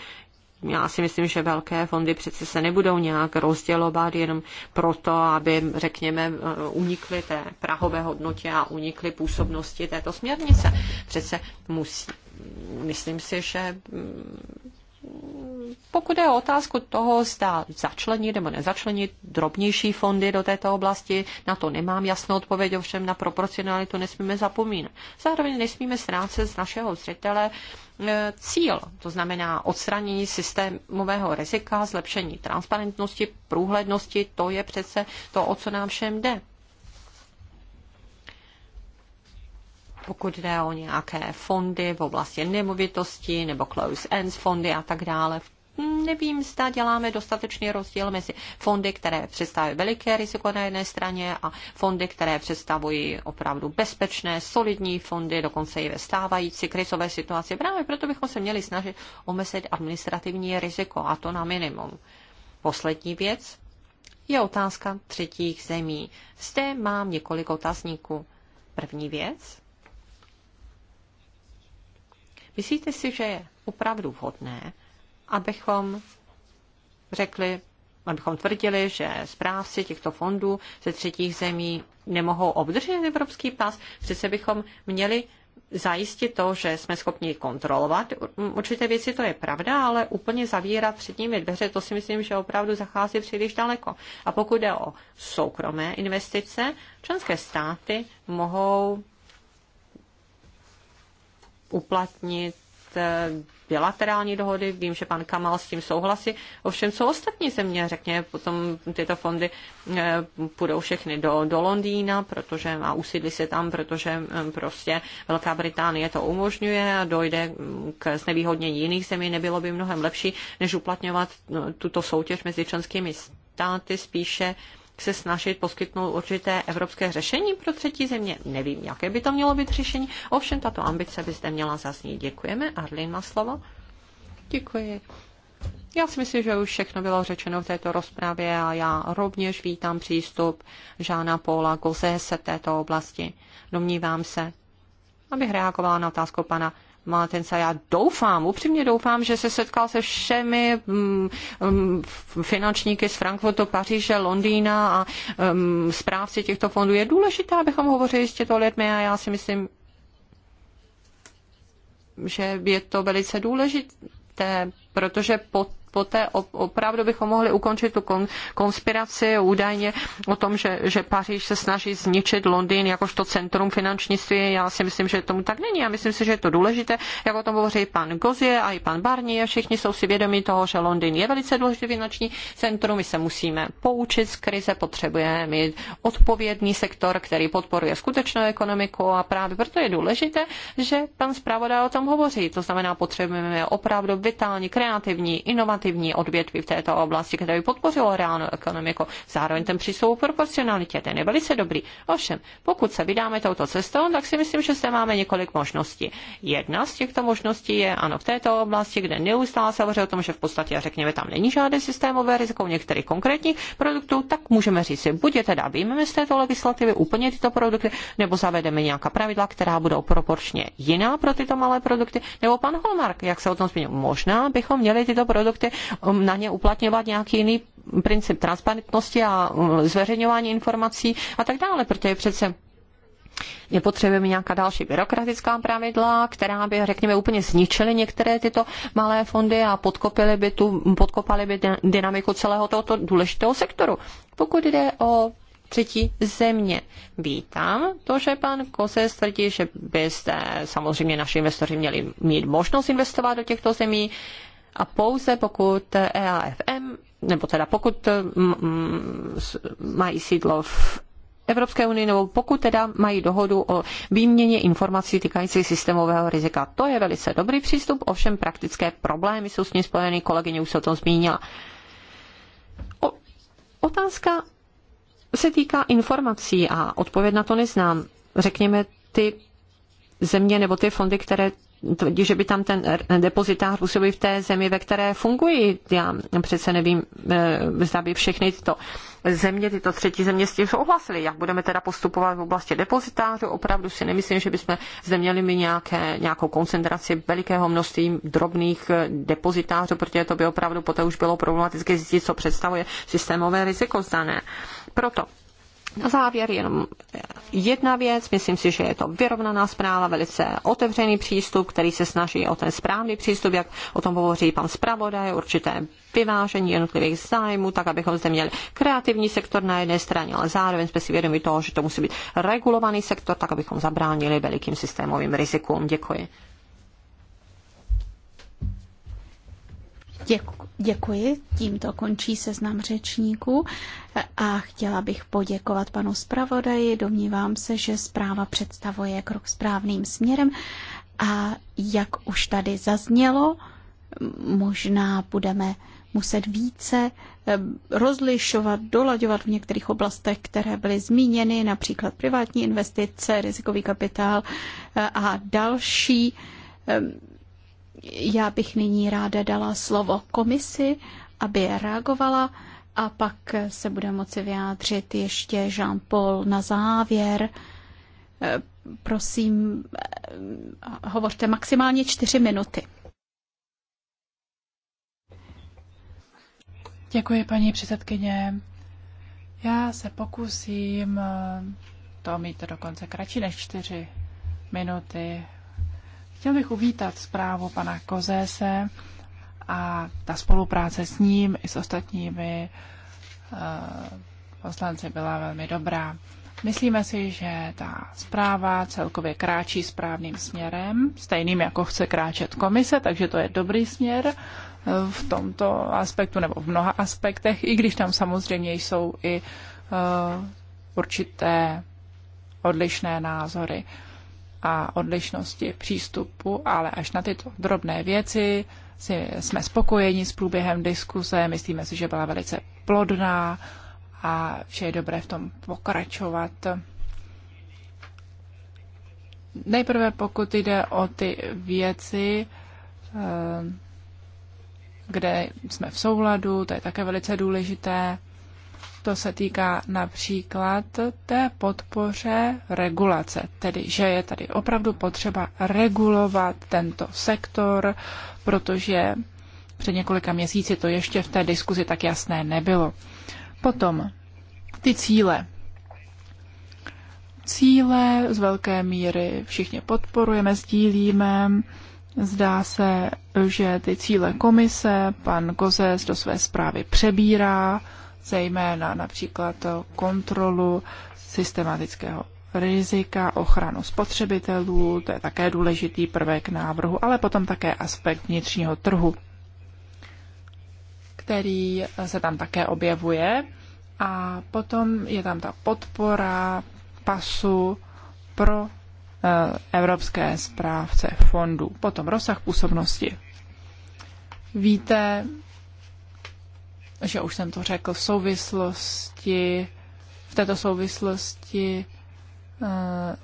já si myslím, že velké fondy přece se nebudou nějak rozdělovat jenom proto, aby, řekněme, unikly té prahové hodnotě a unikly působnosti této směrnice. Přece musí, myslím si, že pokud je o otázku toho, zda začlenit nebo nezačlenit drobnější fondy do této oblasti, na to nemám jasnou odpověď, ovšem na proporcionalitu nesmíme zapomínat. Zároveň nesmíme ztrácet z našeho zřetele e, cíl, to znamená odstranění systémového rizika, zlepšení transparentnosti, průhlednosti, to je přece to, o co nám všem jde. pokud jde o nějaké fondy v oblasti nemovitosti nebo close-ends fondy a tak dále. Nevím, zda děláme dostatečný rozdíl mezi fondy, které představují veliké riziko na jedné straně a fondy, které představují opravdu bezpečné, solidní fondy, dokonce i ve stávající krizové situaci. Právě proto bychom se měli snažit omezit administrativní riziko a to na minimum. Poslední věc je otázka třetích zemí. Zde mám několik otazníků. První věc, Myslíte si, že je opravdu vhodné, abychom řekli, abychom tvrdili, že správci těchto fondů ze třetích zemí nemohou obdržet evropský pas, přece bychom měli zajistit to, že jsme schopni kontrolovat určité věci, to je pravda, ale úplně zavírat před nimi dveře, to si myslím, že opravdu zachází příliš daleko. A pokud jde o soukromé investice, členské státy mohou uplatnit eh, bilaterální dohody. Vím, že pan Kamal s tím souhlasí. Ovšem, co ostatní země, řekně, potom tyto fondy eh, půjdou všechny do, do Londýna, protože a usídli se tam, protože eh, prostě Velká Británie to umožňuje a dojde mm, k znevýhodnění jiných zemí. Nebylo by mnohem lepší, než uplatňovat no, tuto soutěž mezi členskými státy, spíše se snažit poskytnout určité evropské řešení pro třetí země. Nevím, jaké by to mělo být řešení, ovšem tato ambice byste měla zaznít. Děkujeme. Arlín má slovo. Děkuji. Já si myslím, že už všechno bylo řečeno v této rozprávě a já rovněž vítám přístup Žána Paula Gozé se této oblasti. Domnívám se, abych reagovala na otázku pana má ten se. Já doufám, upřímně doufám, že se setkal se všemi um, um, finančníky z Frankfurtu, Paříže, Londýna a um, správci těchto fondů. Je důležité, abychom hovořili s těto lidmi a já si myslím, že je to velice důležité, protože pot poté opravdu bychom mohli ukončit tu konspiraci údajně o tom, že, že Paříž se snaží zničit Londýn jakožto centrum finančnictví. Já si myslím, že tomu tak není. Já myslím si, že je to důležité, jak o tom hovoří pan Gozie a i pan Barnier. Všichni jsou si vědomi toho, že Londýn je velice důležitý finanční centrum. My se musíme poučit z krize, potřebujeme mít odpovědný sektor, který podporuje skutečnou ekonomiku a právě proto je důležité, že pan zpravodaj o tom hovoří. To znamená, potřebujeme opravdu vitální, kreativní, inovativní alternativní odvětví v této oblasti, které by podpořilo reálnou ekonomiku. Zároveň ten přístup proporcionalitě, ten je velice dobrý. Ovšem, pokud se vydáme touto cestou, tak si myslím, že se máme několik možností. Jedna z těchto možností je, ano, v této oblasti, kde neustále se hovoří o tom, že v podstatě, řekněme, tam není žádné systémové riziko u některých konkrétních produktů, tak můžeme říct že buď je teda vyjmeme z této legislativy úplně tyto produkty, nebo zavedeme nějaká pravidla, která budou proporčně jiná pro tyto malé produkty, nebo pan Holmark, jak se o tom zmínil, možná bychom měli tyto produkty Um, na ně uplatňovat nějaký jiný princip transparentnosti a um, zveřejňování informací a tak dále, protože přece Nepotřebujeme nějaká další byrokratická pravidla, která by, řekněme, úplně zničily některé tyto malé fondy a podkopily by tu, podkopaly by dynamiku celého tohoto důležitého sektoru. Pokud jde o třetí země. Vítám to, že pan Kose tvrdí, že byste samozřejmě naši investoři měli mít možnost investovat do těchto zemí a pouze pokud EAFM, nebo teda pokud eh, mají sídlo v Evropské unii, nebo pokud teda mají dohodu o výměně informací týkající systémového rizika. To je velice dobrý přístup, ovšem praktické problémy jsou s ním spojeny, kolegyně už se o tom zmínila. O, otázka se týká informací a odpověď na to neznám. Řekněme, ty země nebo ty fondy, které tvrdí, že by tam ten depozitář musel být v té zemi, ve které fungují. Já přece nevím, eh, zda by všechny tyto země, tyto třetí země s tím souhlasily. Jak budeme teda postupovat v oblasti depozitářů? Opravdu si nemyslím, že bychom zde měli mi nějaké, nějakou koncentraci velikého množství drobných eh, depozitářů, protože to by opravdu poté už bylo problematické zjistit, co představuje systémové riziko zdané. Proto na závěr jenom jedna věc, myslím si, že je to vyrovnaná zpráva, velice otevřený přístup, který se snaží o ten správný přístup, jak o tom hovoří pan zpravodaj, určité vyvážení jednotlivých zájmů, tak abychom zde měli kreativní sektor na jedné straně, ale zároveň jsme si vědomi toho, že to musí být regulovaný sektor, tak abychom zabránili velikým systémovým rizikům. Děkuji. děkuji, tímto končí seznam řečníků a chtěla bych poděkovat panu zpravodaji. Domnívám se, že zpráva představuje krok správným směrem a jak už tady zaznělo, možná budeme muset více eh, rozlišovat, dolaďovat v některých oblastech, které byly zmíněny, například privátní investice, rizikový kapitál eh, a další eh, já bych nyní ráda dala slovo komisi, aby reagovala a pak se bude moci vyjádřit ještě Jean-Paul na závěr. Prosím, hovořte maximálně čtyři minuty. Děkuji, paní předsedkyně. Já se pokusím to mít dokonce kratší než čtyři minuty, Chtěl bych uvítat zprávu pana Kozése a ta spolupráce s ním i s ostatními eh, poslanci byla velmi dobrá. Myslíme si, že ta zpráva celkově kráčí správným směrem, stejným jako chce kráčet komise, takže to je dobrý směr eh, v tomto aspektu nebo v mnoha aspektech, i když tam samozřejmě jsou i uh, určité odlišné názory. Uh, a odlišnosti přístupu, ale až na tyto drobné věci si, jsme spokojeni s průběhem diskuse, myslíme si, že byla velice plodná a vše je dobré v tom pokračovat. Nejprve pokud jde o ty věci, eh, kde jsme v souladu, to je také velice důležité. To se týká například té podpoře regulace, tedy že je tady opravdu potřeba regulovat tento sektor, protože před několika měsíci to ještě v té diskuzi tak jasné nebylo. Potom ty cíle. Cíle z velké míry všichni podporujeme, sdílíme. Zdá se, že ty cíle komise pan Gozes do své zprávy přebírá zejména například kontrolu systematického rizika, ochranu spotřebitelů, to je také důležitý prvek návrhu, ale potom také aspekt vnitřního trhu, který se tam také objevuje. A potom je tam ta podpora pasu pro eh, evropské správce fondů, potom rozsah působnosti. Víte, že už jsem to řekl v souvislosti, v této souvislosti, eh,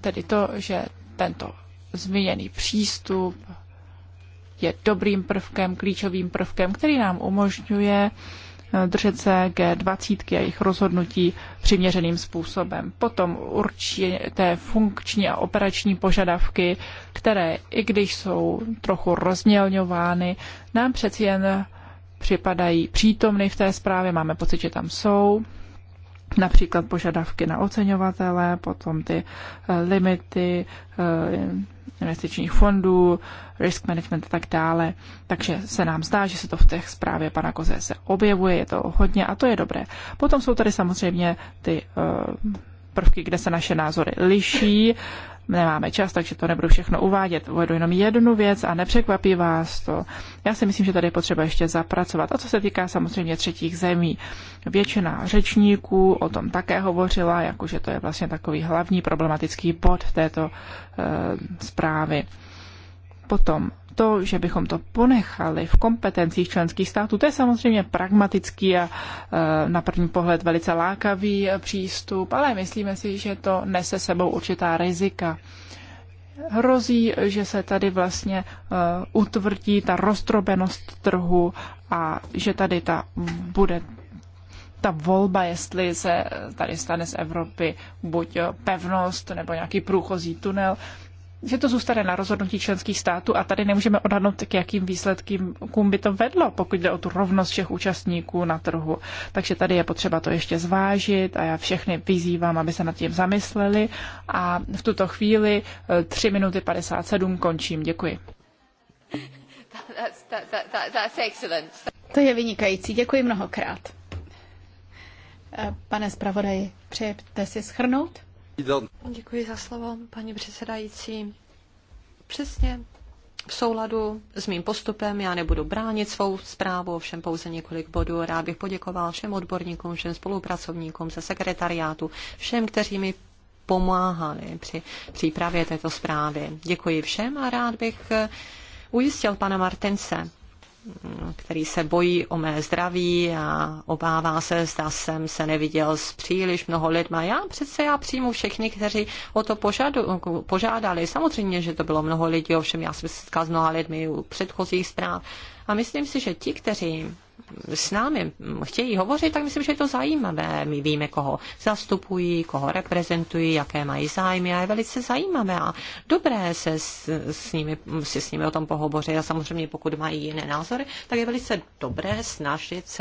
tedy to, že tento zmíněný přístup je dobrým prvkem, klíčovým prvkem, který nám umožňuje eh, držet se G20 a jejich rozhodnutí přiměřeným způsobem. Potom určité funkční a operační požadavky, které, i když jsou trochu rozmělňovány, nám přeci jen připadají přítomny v té zprávě, máme pocit, že tam jsou. Například požadavky na oceňovatele, potom ty eh, limity eh, investičních fondů, risk management a tak dále. Takže se nám zdá, že se to v těch zprávě pana Koze se objevuje, je to hodně a to je dobré. Potom jsou tady samozřejmě ty eh, prvky, kde se naše názory liší nemáme čas, takže to nebudu všechno uvádět. Uvedu jenom jednu věc a nepřekvapí vás to. Já si myslím, že tady je potřeba ještě zapracovat. A co se týká samozřejmě třetích zemí, většina řečníků o tom také hovořila, jakože to je vlastně takový hlavní problematický bod této e, zprávy. Potom to, že bychom to ponechali v kompetencích členských států, to je samozřejmě pragmatický a e, na první pohled velice lákavý přístup, ale myslíme si, že to nese sebou určitá rizika. Hrozí, že se tady vlastně e, utvrdí ta roztrobenost trhu a že tady ta bude ta volba, jestli se tady stane z Evropy buď pevnost nebo nějaký průchozí tunel, že to zůstane na rozhodnutí členských států a tady nemůžeme odhadnout, k jakým výsledkům by to vedlo, pokud jde o tu rovnost všech účastníků na trhu. Takže tady je potřeba to ještě zvážit a já všechny vyzývám, aby se nad tím zamysleli a v tuto chvíli 3 eh, minuty 57 končím. Děkuji. To je vynikající, děkuji mnohokrát. Eh, Pane zpravodaji, přejete si schrnout? Děkuji za slovo, paní předsedající. Přesně v souladu s mým postupem, já nebudu bránit svou zprávu, všem pouze několik bodů. Rád bych poděkoval všem odborníkům, všem spolupracovníkům ze sekretariátu, všem, kteří mi pomáhali při přípravě této zprávy. Děkuji všem a rád bych eh, ujistil pana Martense, který se bojí o mé zdraví a obává se, zda jsem se neviděl s příliš mnoho lidma. Já přece já přijmu všechny, kteří o to požadu, požádali. Samozřejmě, že to bylo mnoho lidí, ovšem já jsem se setkal s mnoha lidmi u předchozích zpráv. A myslím si, že ti, kteří s námi chtějí hovořit, tak myslím, že je to zajímavé. My víme, koho zastupují, koho reprezentují, jaké mají zájmy a je velice zajímavé a dobré se s, s nimi, si s nimi o tom pohovořit a samozřejmě pokud mají jiné názory, tak je velice dobré snažit se